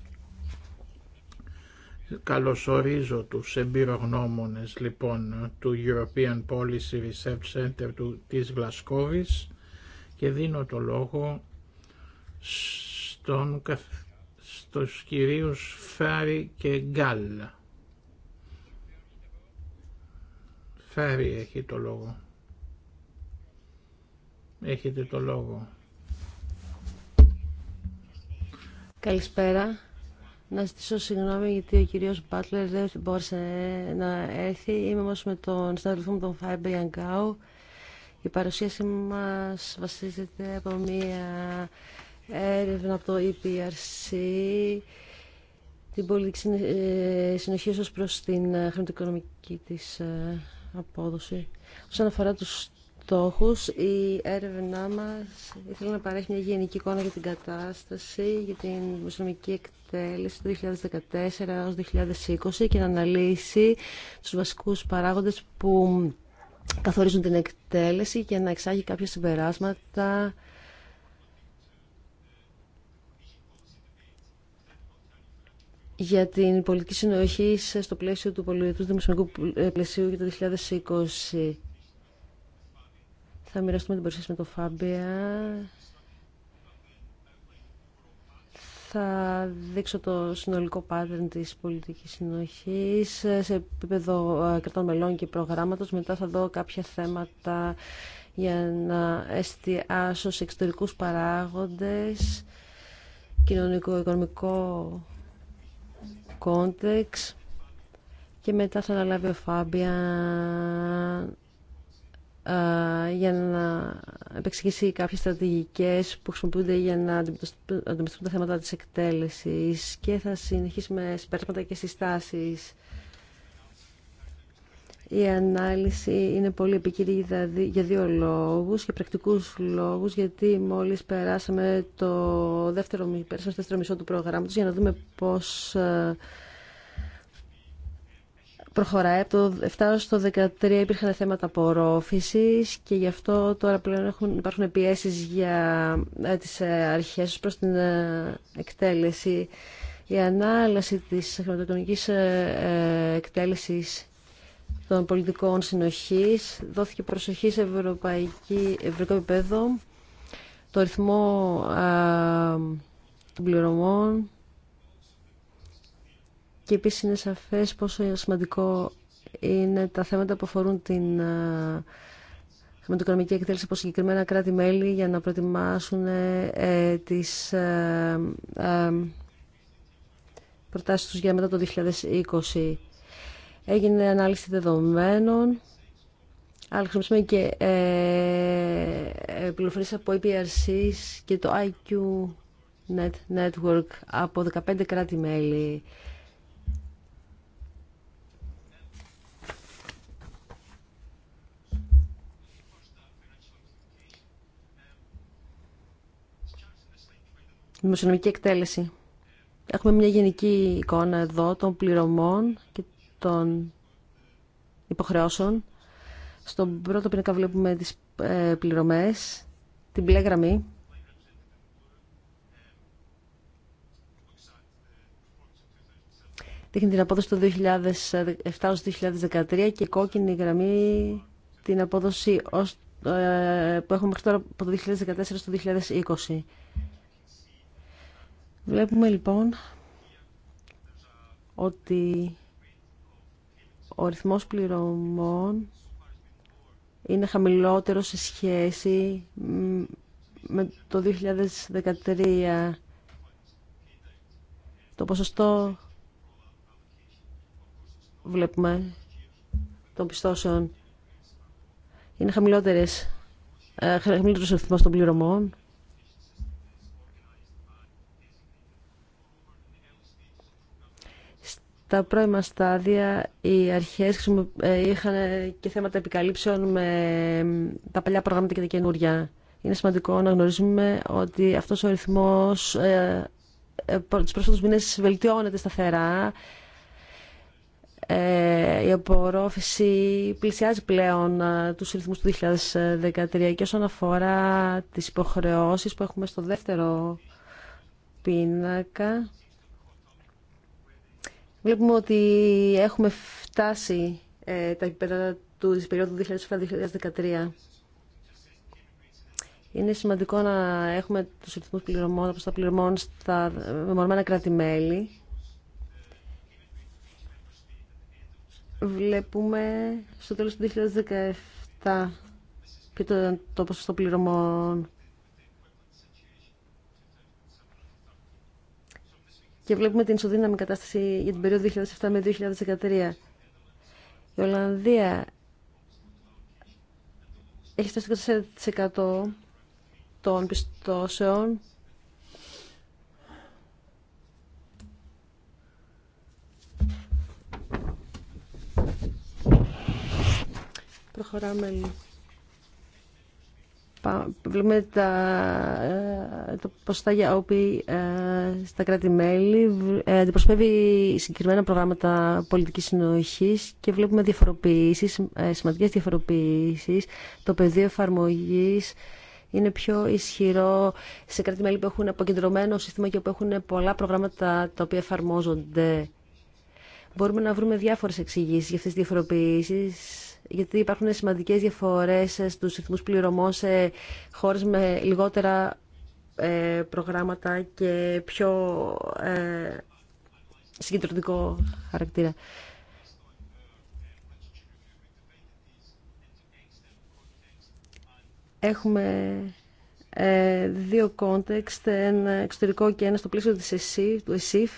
Καλωσορίζω τους εμπειρογνώμονες λοιπόν του European Policy Research Center του, της Γλασκόβης και δίνω το λόγο στον, στους κυρίους Φάρι και Γκάλλα. Φάρη έχει το λόγο. Έχετε το λόγο. Καλησπέρα. Να ζητήσω συγγνώμη γιατί ο κύριος Μπάτλερ δεν μπόρεσε να έρθει. Είμαι όμως με τον συναδελφό μου τον Φάιμπε Ιαγκάου. Η παρουσίαση μας βασίζεται από μία έρευνα από το EPRC την πολιτική ε, συνοχή ως προς την ε, χρηματοοικονομική της ε, απόδοση. Όσον αφορά τους στόχους, η έρευνά μας ήθελε να παρέχει μια γενική εικόνα για την κατάσταση, για την δημοσιονομική εκτέλεση του 2014 έως 2020 και να αναλύσει τους βασικούς παράγοντες που καθορίζουν την εκτέλεση και να εξάγει κάποια συμπεράσματα για την πολιτική συνοχή στο πλαίσιο του πολιτικού δημοσιονομικού ε, πλαισίου για το 2020. Θα μοιραστούμε την παρουσίαση με τον Φάμπια. Θα δείξω το συνολικό pattern της πολιτικής συνοχής σε επίπεδο ε, κρατών μελών και προγράμματος. Μετά θα δω κάποια θέματα για να εστιάσω σε εξωτερικούς παράγοντες, κοινωνικό-οικονομικό Κόντεξ και μετά θα αναλάβει ο Φάμπια για να επεξηγήσει κάποιες στρατηγικές που χρησιμοποιούνται για να αντιμετωπιστούν τα θέματα της εκτέλεσης και θα συνεχίσει με συμπέρασματα και συστάσεις. Η ανάλυση είναι πολύ επικίνδυνη για δύο λόγους, για πρακτικούς λόγους, γιατί μόλις περάσαμε το δεύτερο, περάσαμε στο δεύτερο μισό του προγράμματος για να δούμε πώς ε, προχωράει. Από το 7 στο 13 υπήρχαν θέματα απορρόφησης και γι' αυτό τώρα πλέον έχουν, υπάρχουν πιέσεις για ε, τις ε, αρχές προς την εκτέλεση. Η ανάλυση της χρηματοοικονομικής εκτέλεσης των πολιτικών συνοχής. Δόθηκε προσοχή σε ευρωπαϊκή, ευρωπαϊκό επίπεδο, το ρυθμό α, των πληρωμών και επίσης είναι σαφές πόσο σημαντικό είναι τα θέματα που αφορούν την χρηματοοικονομική εκτέλεση από συγκεκριμένα κράτη-μέλη για να προετοιμάσουν ε, τις ε, ε, προτάσεις τους για μετά το 2020 έγινε ανάλυση δεδομένων, αλλά χρησιμοποιούμε και ε, ε, πληροφορίες από EPRC και το IQ Network από 15 κράτη-μέλη. Δημοσιονομική εκτέλεση. Έχουμε μια γενική εικόνα εδώ των πληρωμών και των υποχρεώσεων. Στον πρώτο πίνακα βλέπουμε τις ε, πληρωμές, την μπλε γραμμή. Δείχνει την απόδοση το 2007-2013 και η κόκκινη γραμμή την απόδοση ως, ε, που έχουμε μέχρι τώρα από το 2014 στο 2020. Βλέπουμε λοιπόν ότι ο ρυθμός πληρωμών είναι χαμηλότερο σε σχέση με το 2013. Το ποσοστό βλέπουμε των πιστώσεων είναι χαμηλότερες, ε, χαμηλότερος αριθμός των πληρωμών στα πρώιμα στάδια οι αρχές ε, είχαν ε, και θέματα επικαλύψεων με τα παλιά προγράμματα και τα καινούρια. Είναι σημαντικό να γνωρίζουμε ότι αυτός ο ρυθμός ε, ε, τους μήνες βελτιώνεται σταθερά. Ε, η απορρόφηση πλησιάζει πλέον ε, τους ρυθμούς του 2013 και όσον αφορά τις υποχρεώσεις που έχουμε στο δεύτερο πίνακα Βλέπουμε ότι έχουμε φτάσει ε, τα επίπεδα του περίοδου 2007-2013. Είναι σημαντικό να έχουμε τους ρυθμούς πληρωμών όπως τα πληρωμών στα μεμονωμένα κράτη-μέλη. Βλέπουμε στο τέλος του 2017 και το ποσοστό πληρωμών και βλέπουμε την ισοδύναμη κατάσταση για την περίοδο 2007 με 2013. Η Ολλανδία έχει φτάσει 24% των πιστώσεων Προχωράμε λοιπόν βλέπουμε τα, ε, το για όπου ε, στα κράτη-μέλη ε, αντιπροσπεύει συγκεκριμένα προγράμματα πολιτικής συνοχής και βλέπουμε διαφοροποιήσεις, σημαντικές διαφοροποιήσεις. Το πεδίο εφαρμογής είναι πιο ισχυρό σε κράτη-μέλη που έχουν αποκεντρωμένο σύστημα και που έχουν πολλά προγράμματα τα οποία εφαρμόζονται. Μπορούμε να βρούμε διάφορες εξηγήσεις για αυτές τις διαφοροποιήσεις γιατί υπάρχουν σημαντικές διαφορές ε, στους ρυθμούς πληρωμών σε χώρες με λιγότερα ε, προγράμματα και πιο ε, συγκεντρωτικό χαρακτήρα. Έχουμε δύο κόντεξτ, ένα εξωτερικό και ένα στο πλαίσιο της ΕΣΥΦ, του ΕΣΥΦ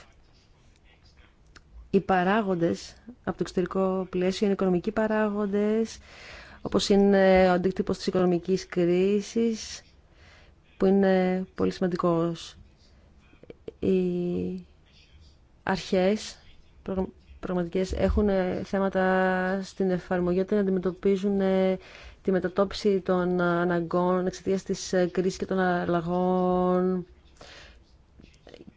οι παράγοντες από το εξωτερικό πλαίσιο είναι οικονομικοί παράγοντες, όπως είναι ο αντίκτυπος της οικονομικής κρίσης, που είναι πολύ σημαντικός. Οι αρχές πραγματικές έχουν ε, θέματα στην εφαρμογή όταν αντιμετωπίζουν ε, τη μετατόπιση των αναγκών εξαιτία της ε, κρίσης και των αλλαγών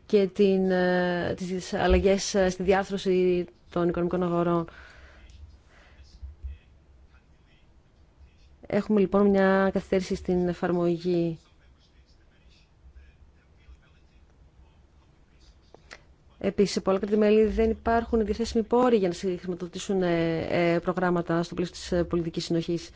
και την, ε, τις αλλαγές στη διάρθρωση των οικονομικών αγορών. Έχουμε λοιπόν μια καθυστέρηση στην εφαρμογή. Επίσης, σε πολλά κρατημέλη δεν υπάρχουν διαθέσιμοι πόροι για να χρηματοδοτήσουν ε, ε, προγράμματα στο πλαίσιο της πολιτικής συνοχής.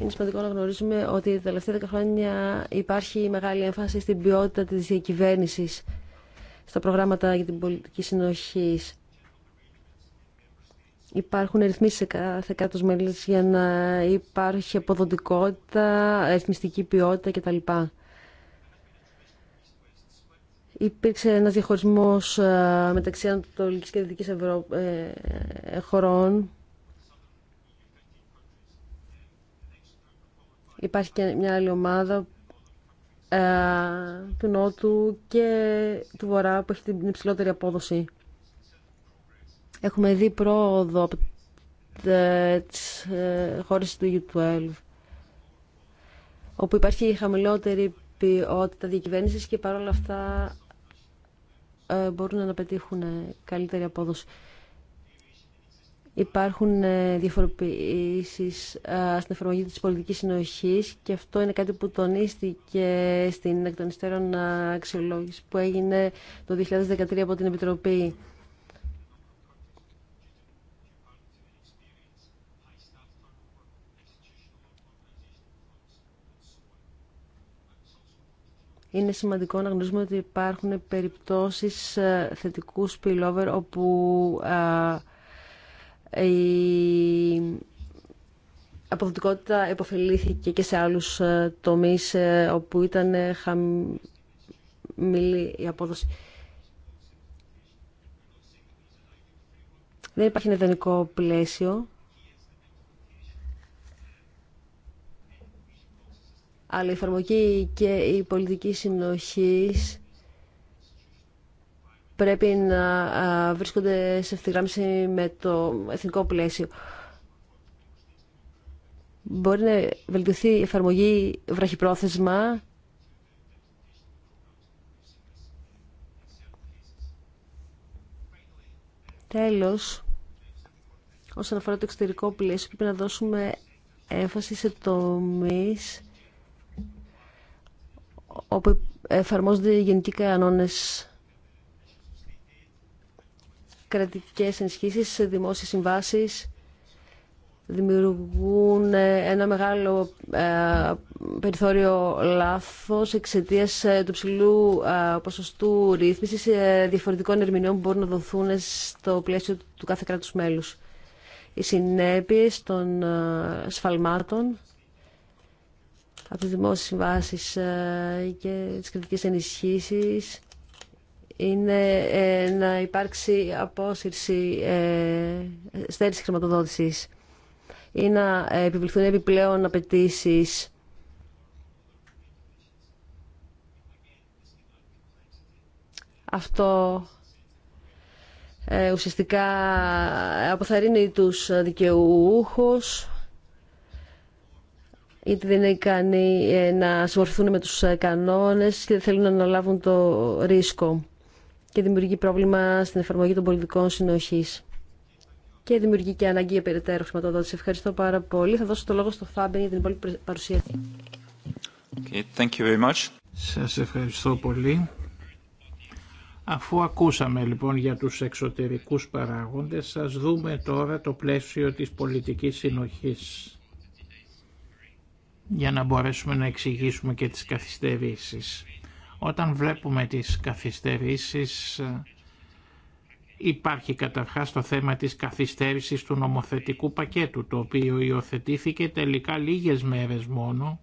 Είναι σημαντικό να γνωρίζουμε ότι τα τελευταία δέκα χρόνια υπάρχει μεγάλη έμφαση στην ποιότητα της διακυβέρνηση στα προγράμματα για την πολιτική συνοχή. Υπάρχουν ρυθμίσεις σε κάθε κράτος μέλη για να υπάρχει αποδοτικότητα, ρυθμιστική ποιότητα κτλ. Υπήρξε ένας διαχωρισμός ε, μεταξύ Ανατολικής και Δυτικής Ευρω... Ε, χωρών Υπάρχει και μια άλλη ομάδα ε, του Νότου και του Βορρά που έχει την υψηλότερη απόδοση. Έχουμε δει πρόοδο από τις ε, χώρες του U12 όπου υπάρχει η χαμηλότερη ποιότητα διακυβέρνησης και παρόλα αυτά ε, μπορούν να πετύχουν καλύτερη απόδοση υπάρχουν ε, διαφοροποιήσεις ε, στην εφαρμογή της πολιτικής συνοχής και αυτό είναι κάτι που τονίστηκε στην εκ ε, αξιολόγηση που έγινε το 2013 από την Επιτροπή. Είναι σημαντικό να γνωρίζουμε ότι υπάρχουν περιπτώσεις θετικού spillover όπου η αποδοτικότητα επωφελήθηκε και σε άλλους ε, τομείς ε, όπου ήταν ε, χαμηλή η απόδοση. Δεν υπάρχει ιδανικό πλαίσιο. Αλλά η εφαρμογή και η πολιτική συνοχής πρέπει να βρίσκονται σε ευθυγράμμιση με το εθνικό πλαίσιο. Μπορεί να βελτιωθεί η εφαρμογή βραχυπρόθεσμα Τέλος, όσον αφορά το εξωτερικό πλαίσιο, πρέπει να δώσουμε έμφαση σε τομείς όπου εφαρμόζονται οι γενικοί κανόνες κρατικές ενισχύσεις, δημόσιες συμβάσεις δημιουργούν ένα μεγάλο ε, περιθώριο λάθος εξαιτία ε, του ψηλού ε, ποσοστού ρύθμισης διαφορετικών ερμηνεών που μπορούν να δοθούν στο πλαίσιο του κάθε κράτους μέλους. Οι συνέπειες των σφαλμάτων από τις δημόσιες συμβάσεις και τις κρατικές ενισχύσεις είναι ε, να υπάρξει απόσυρση, ε, στέρηση χρηματοδότησης ή να ε, επιβληθούν επιπλέον απαιτήσει. Αυτό ουσιαστικά αποθαρρύνει τους δικαιούχους είτε δεν είναι ικανοί να συμμορφωθούν με τους κανόνες και δεν θέλουν να αναλάβουν το ρίσκο και δημιουργεί πρόβλημα στην εφαρμογή των πολιτικών συνοχή και δημιουργεί και αναγκή για περαιτέρω χρηματοδότηση. Ευχαριστώ πάρα πολύ. Θα δώσω το λόγο στο Φάμπεν για την υπόλοιπη παρουσία. Okay, ευχαριστώ πολύ. Αφού ακούσαμε λοιπόν για τους εξωτερικούς παράγοντες, σας δούμε τώρα το πλαίσιο της πολιτικής συνοχής για να μπορέσουμε να εξηγήσουμε και τις καθυστερήσεις. Όταν βλέπουμε τις καθυστερήσεις υπάρχει καταρχάς το θέμα της καθυστέρησης του νομοθετικού πακέτου το οποίο υιοθετήθηκε τελικά λίγες μέρες μόνο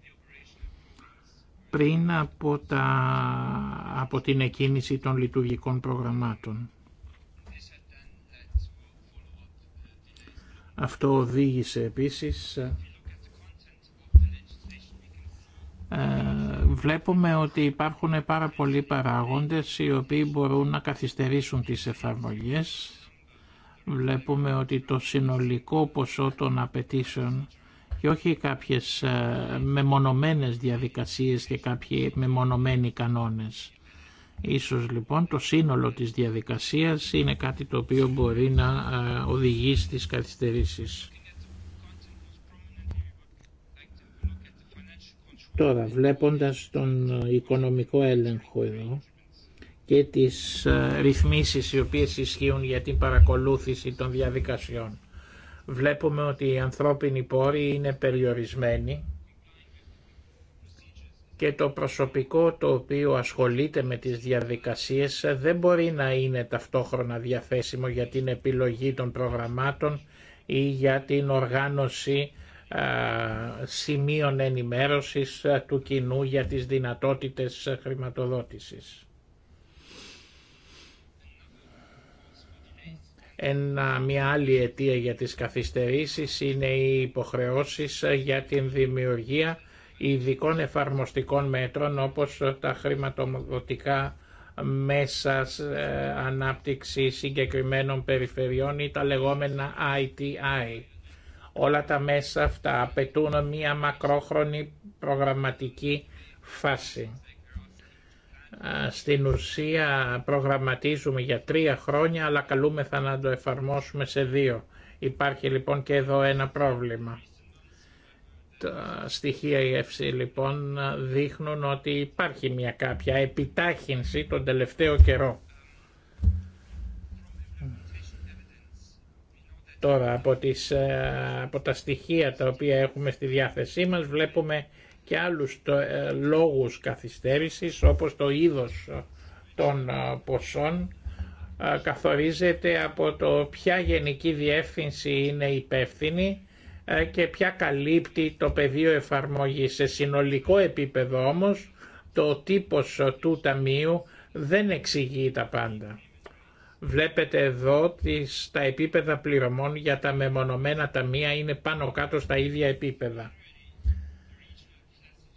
πριν από, τα, από την εκκίνηση των λειτουργικών προγραμμάτων. Αυτό οδήγησε επίσης ε, βλέπουμε ότι υπάρχουν πάρα πολλοί παράγοντες οι οποίοι μπορούν να καθυστερήσουν τις εφαρμογές. Βλέπουμε ότι το συνολικό ποσό των απαιτήσεων και όχι κάποιες ε, μεμονωμένες διαδικασίες και κάποιοι μεμονωμένοι κανόνες. Ίσως λοιπόν το σύνολο της διαδικασίας είναι κάτι το οποίο μπορεί να ε, οδηγεί στις καθυστερήσεις. Τώρα βλέποντας τον ε, οικονομικό έλεγχο εδώ και τις ε, ρυθμίσεις οι οποίες ισχύουν για την παρακολούθηση των διαδικασιών βλέπουμε ότι οι ανθρώπινοι πόροι είναι περιορισμένοι και το προσωπικό το οποίο ασχολείται με τις διαδικασίες ε, δεν μπορεί να είναι ταυτόχρονα διαθέσιμο για την επιλογή των προγραμμάτων ή για την οργάνωση ε, σημείων ενημέρωσης ε, του κοινού για τις δυνατότητες ε, χρηματοδότησης. Ένα, μια άλλη αιτία για τις καθυστερήσεις είναι οι υποχρεώσεις για την δημιουργία ειδικών εφαρμοστικών μέτρων όπως τα χρηματοδοτικά μέσα ανάπτυξη συγκεκριμένων περιφερειών ή τα λεγόμενα ITI. Όλα τα μέσα αυτά απαιτούν μία μακρόχρονη προγραμματική φάση. Στην ουσία προγραμματίζουμε για τρία χρόνια, αλλά καλούμεθα να το εφαρμόσουμε σε δύο. Υπάρχει λοιπόν και εδώ ένα πρόβλημα. Τα στοιχεία ΕΦΣΗ λοιπόν δείχνουν ότι υπάρχει μια κάποια επιτάχυνση τον τελευταίο καιρό. Τώρα από, τις, ε, από τα στοιχεία τα οποία έχουμε στη διάθεσή μας βλέπουμε και άλλους το, ε, λόγους καθυστέρησης όπως το είδος ε, των ποσών καθορίζεται από το ποια γενική διεύθυνση είναι υπεύθυνη και ποια καλύπτει το πεδίο εφαρμογής. Σε συνολικό επίπεδο όμως το τύπος του Ταμείου δεν εξηγεί τα πάντα. Βλέπετε εδώ ότι τα επίπεδα πληρωμών για τα μεμονωμένα ταμεία είναι πάνω κάτω στα ίδια επίπεδα.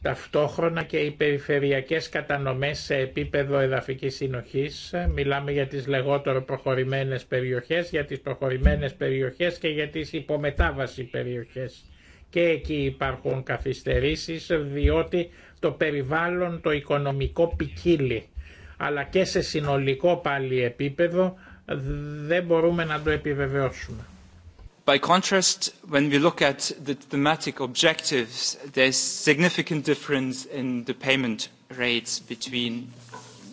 Ταυτόχρονα και οι περιφερειακές κατανομές σε επίπεδο εδαφικής συνοχής, μιλάμε για τις λεγότερο προχωρημένες περιοχές, για τις προχωρημένες περιοχές και για τις υπομετάβαση περιοχές. Και εκεί υπάρχουν καθυστερήσεις διότι το περιβάλλον το οικονομικό ποικίλει αλλά και σε συνολικό πάλι επίπεδο δεν μπορούμε να το επιβεβαιώσουμε. By contrast, when we look at the thematic objectives, there's significant difference in the payment rates between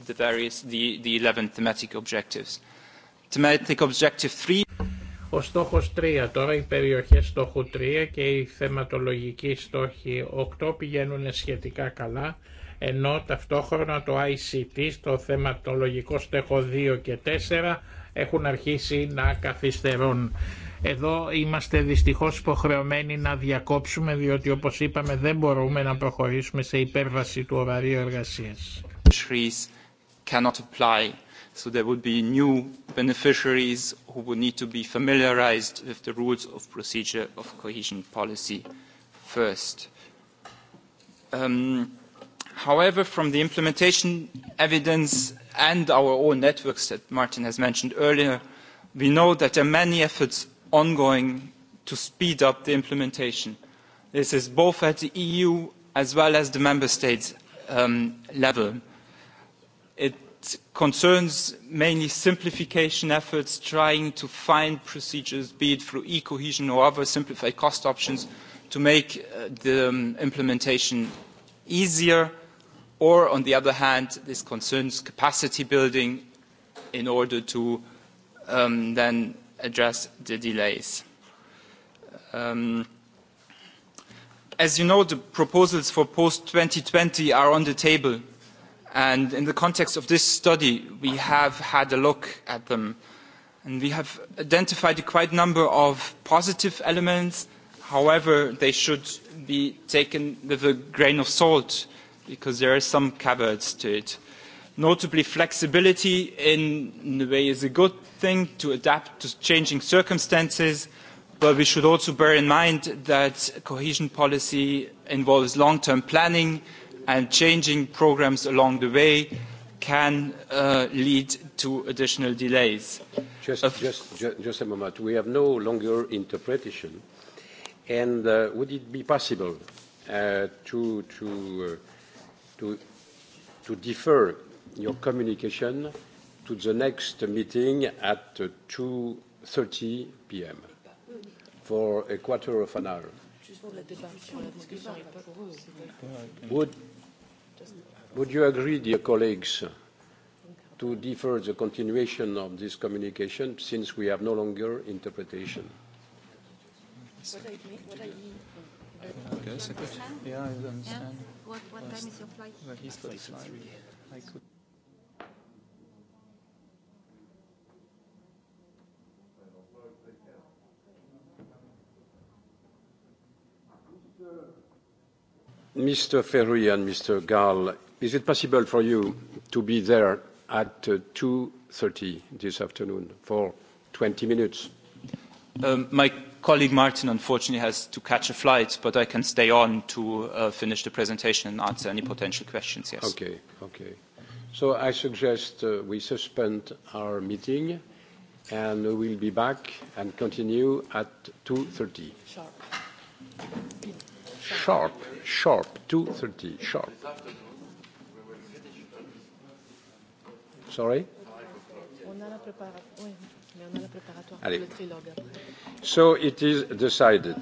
the various, the, the 11 thematic objectives. Thematic objective 3. Ο στόχος 3, τώρα οι περιοχές στόχου 3 και οι θεματολογικοί στόχοι 8 πηγαίνουν σχετικά καλά ενώ ταυτόχρονα το ICT στο θεματολογικό στέχο 2 και 4 έχουν αρχίσει να καθυστερούν. Εδώ είμαστε δυστυχώς υποχρεωμένοι να διακόψουμε διότι όπως είπαμε δεν μπορούμε να προχωρήσουμε σε υπέρβαση του ωραρίου εργασίας. So there would be new beneficiaries who would need to be familiarized with the rules of procedure of cohesion policy first. Um, However, from the implementation evidence and our own networks that Martin has mentioned earlier, we know that there are many efforts ongoing to speed up the implementation. This is both at the EU as well as the Member States level. It concerns mainly simplification efforts, trying to find procedures, be it through e-cohesion or other simplified cost options, to make the implementation easier or on the other hand this concerns capacity building in order to then address the delays. As you know, the proposals for post-2020 are on the table and in the context of this study we have had a look at them and we have identified quite a number of positive elements. However, they should be taken with a grain of salt because there are some caveats to it. Notably, flexibility in a way is a good thing to adapt to changing circumstances, but we should also bear in mind that cohesion policy involves long-term planning and changing programs along the way can lead to additional delays. Just a moment. We have no longer interpretation. And would it be possible to to defer your communication to the next meeting at 2.30 p.m. for a quarter of an hour. Would, you agree, dear colleagues, to defer the continuation of this communication since we have no longer interpretation? What, what time is your Mr. Ferri and Mr. Gall, is it possible for you to be there at 2.30 this afternoon for 20 minutes? Um, my colleague Martin, unfortunately, has to catch a flight, but I can stay on to finish the presentation and answer any potential questions, yes. Okay, okay. So I suggest we suspend our meeting and we will be back and continue at 2.30. Sharp. Sharp, sharp, 2.30, sharp. Sorry? Allez. So it is decided.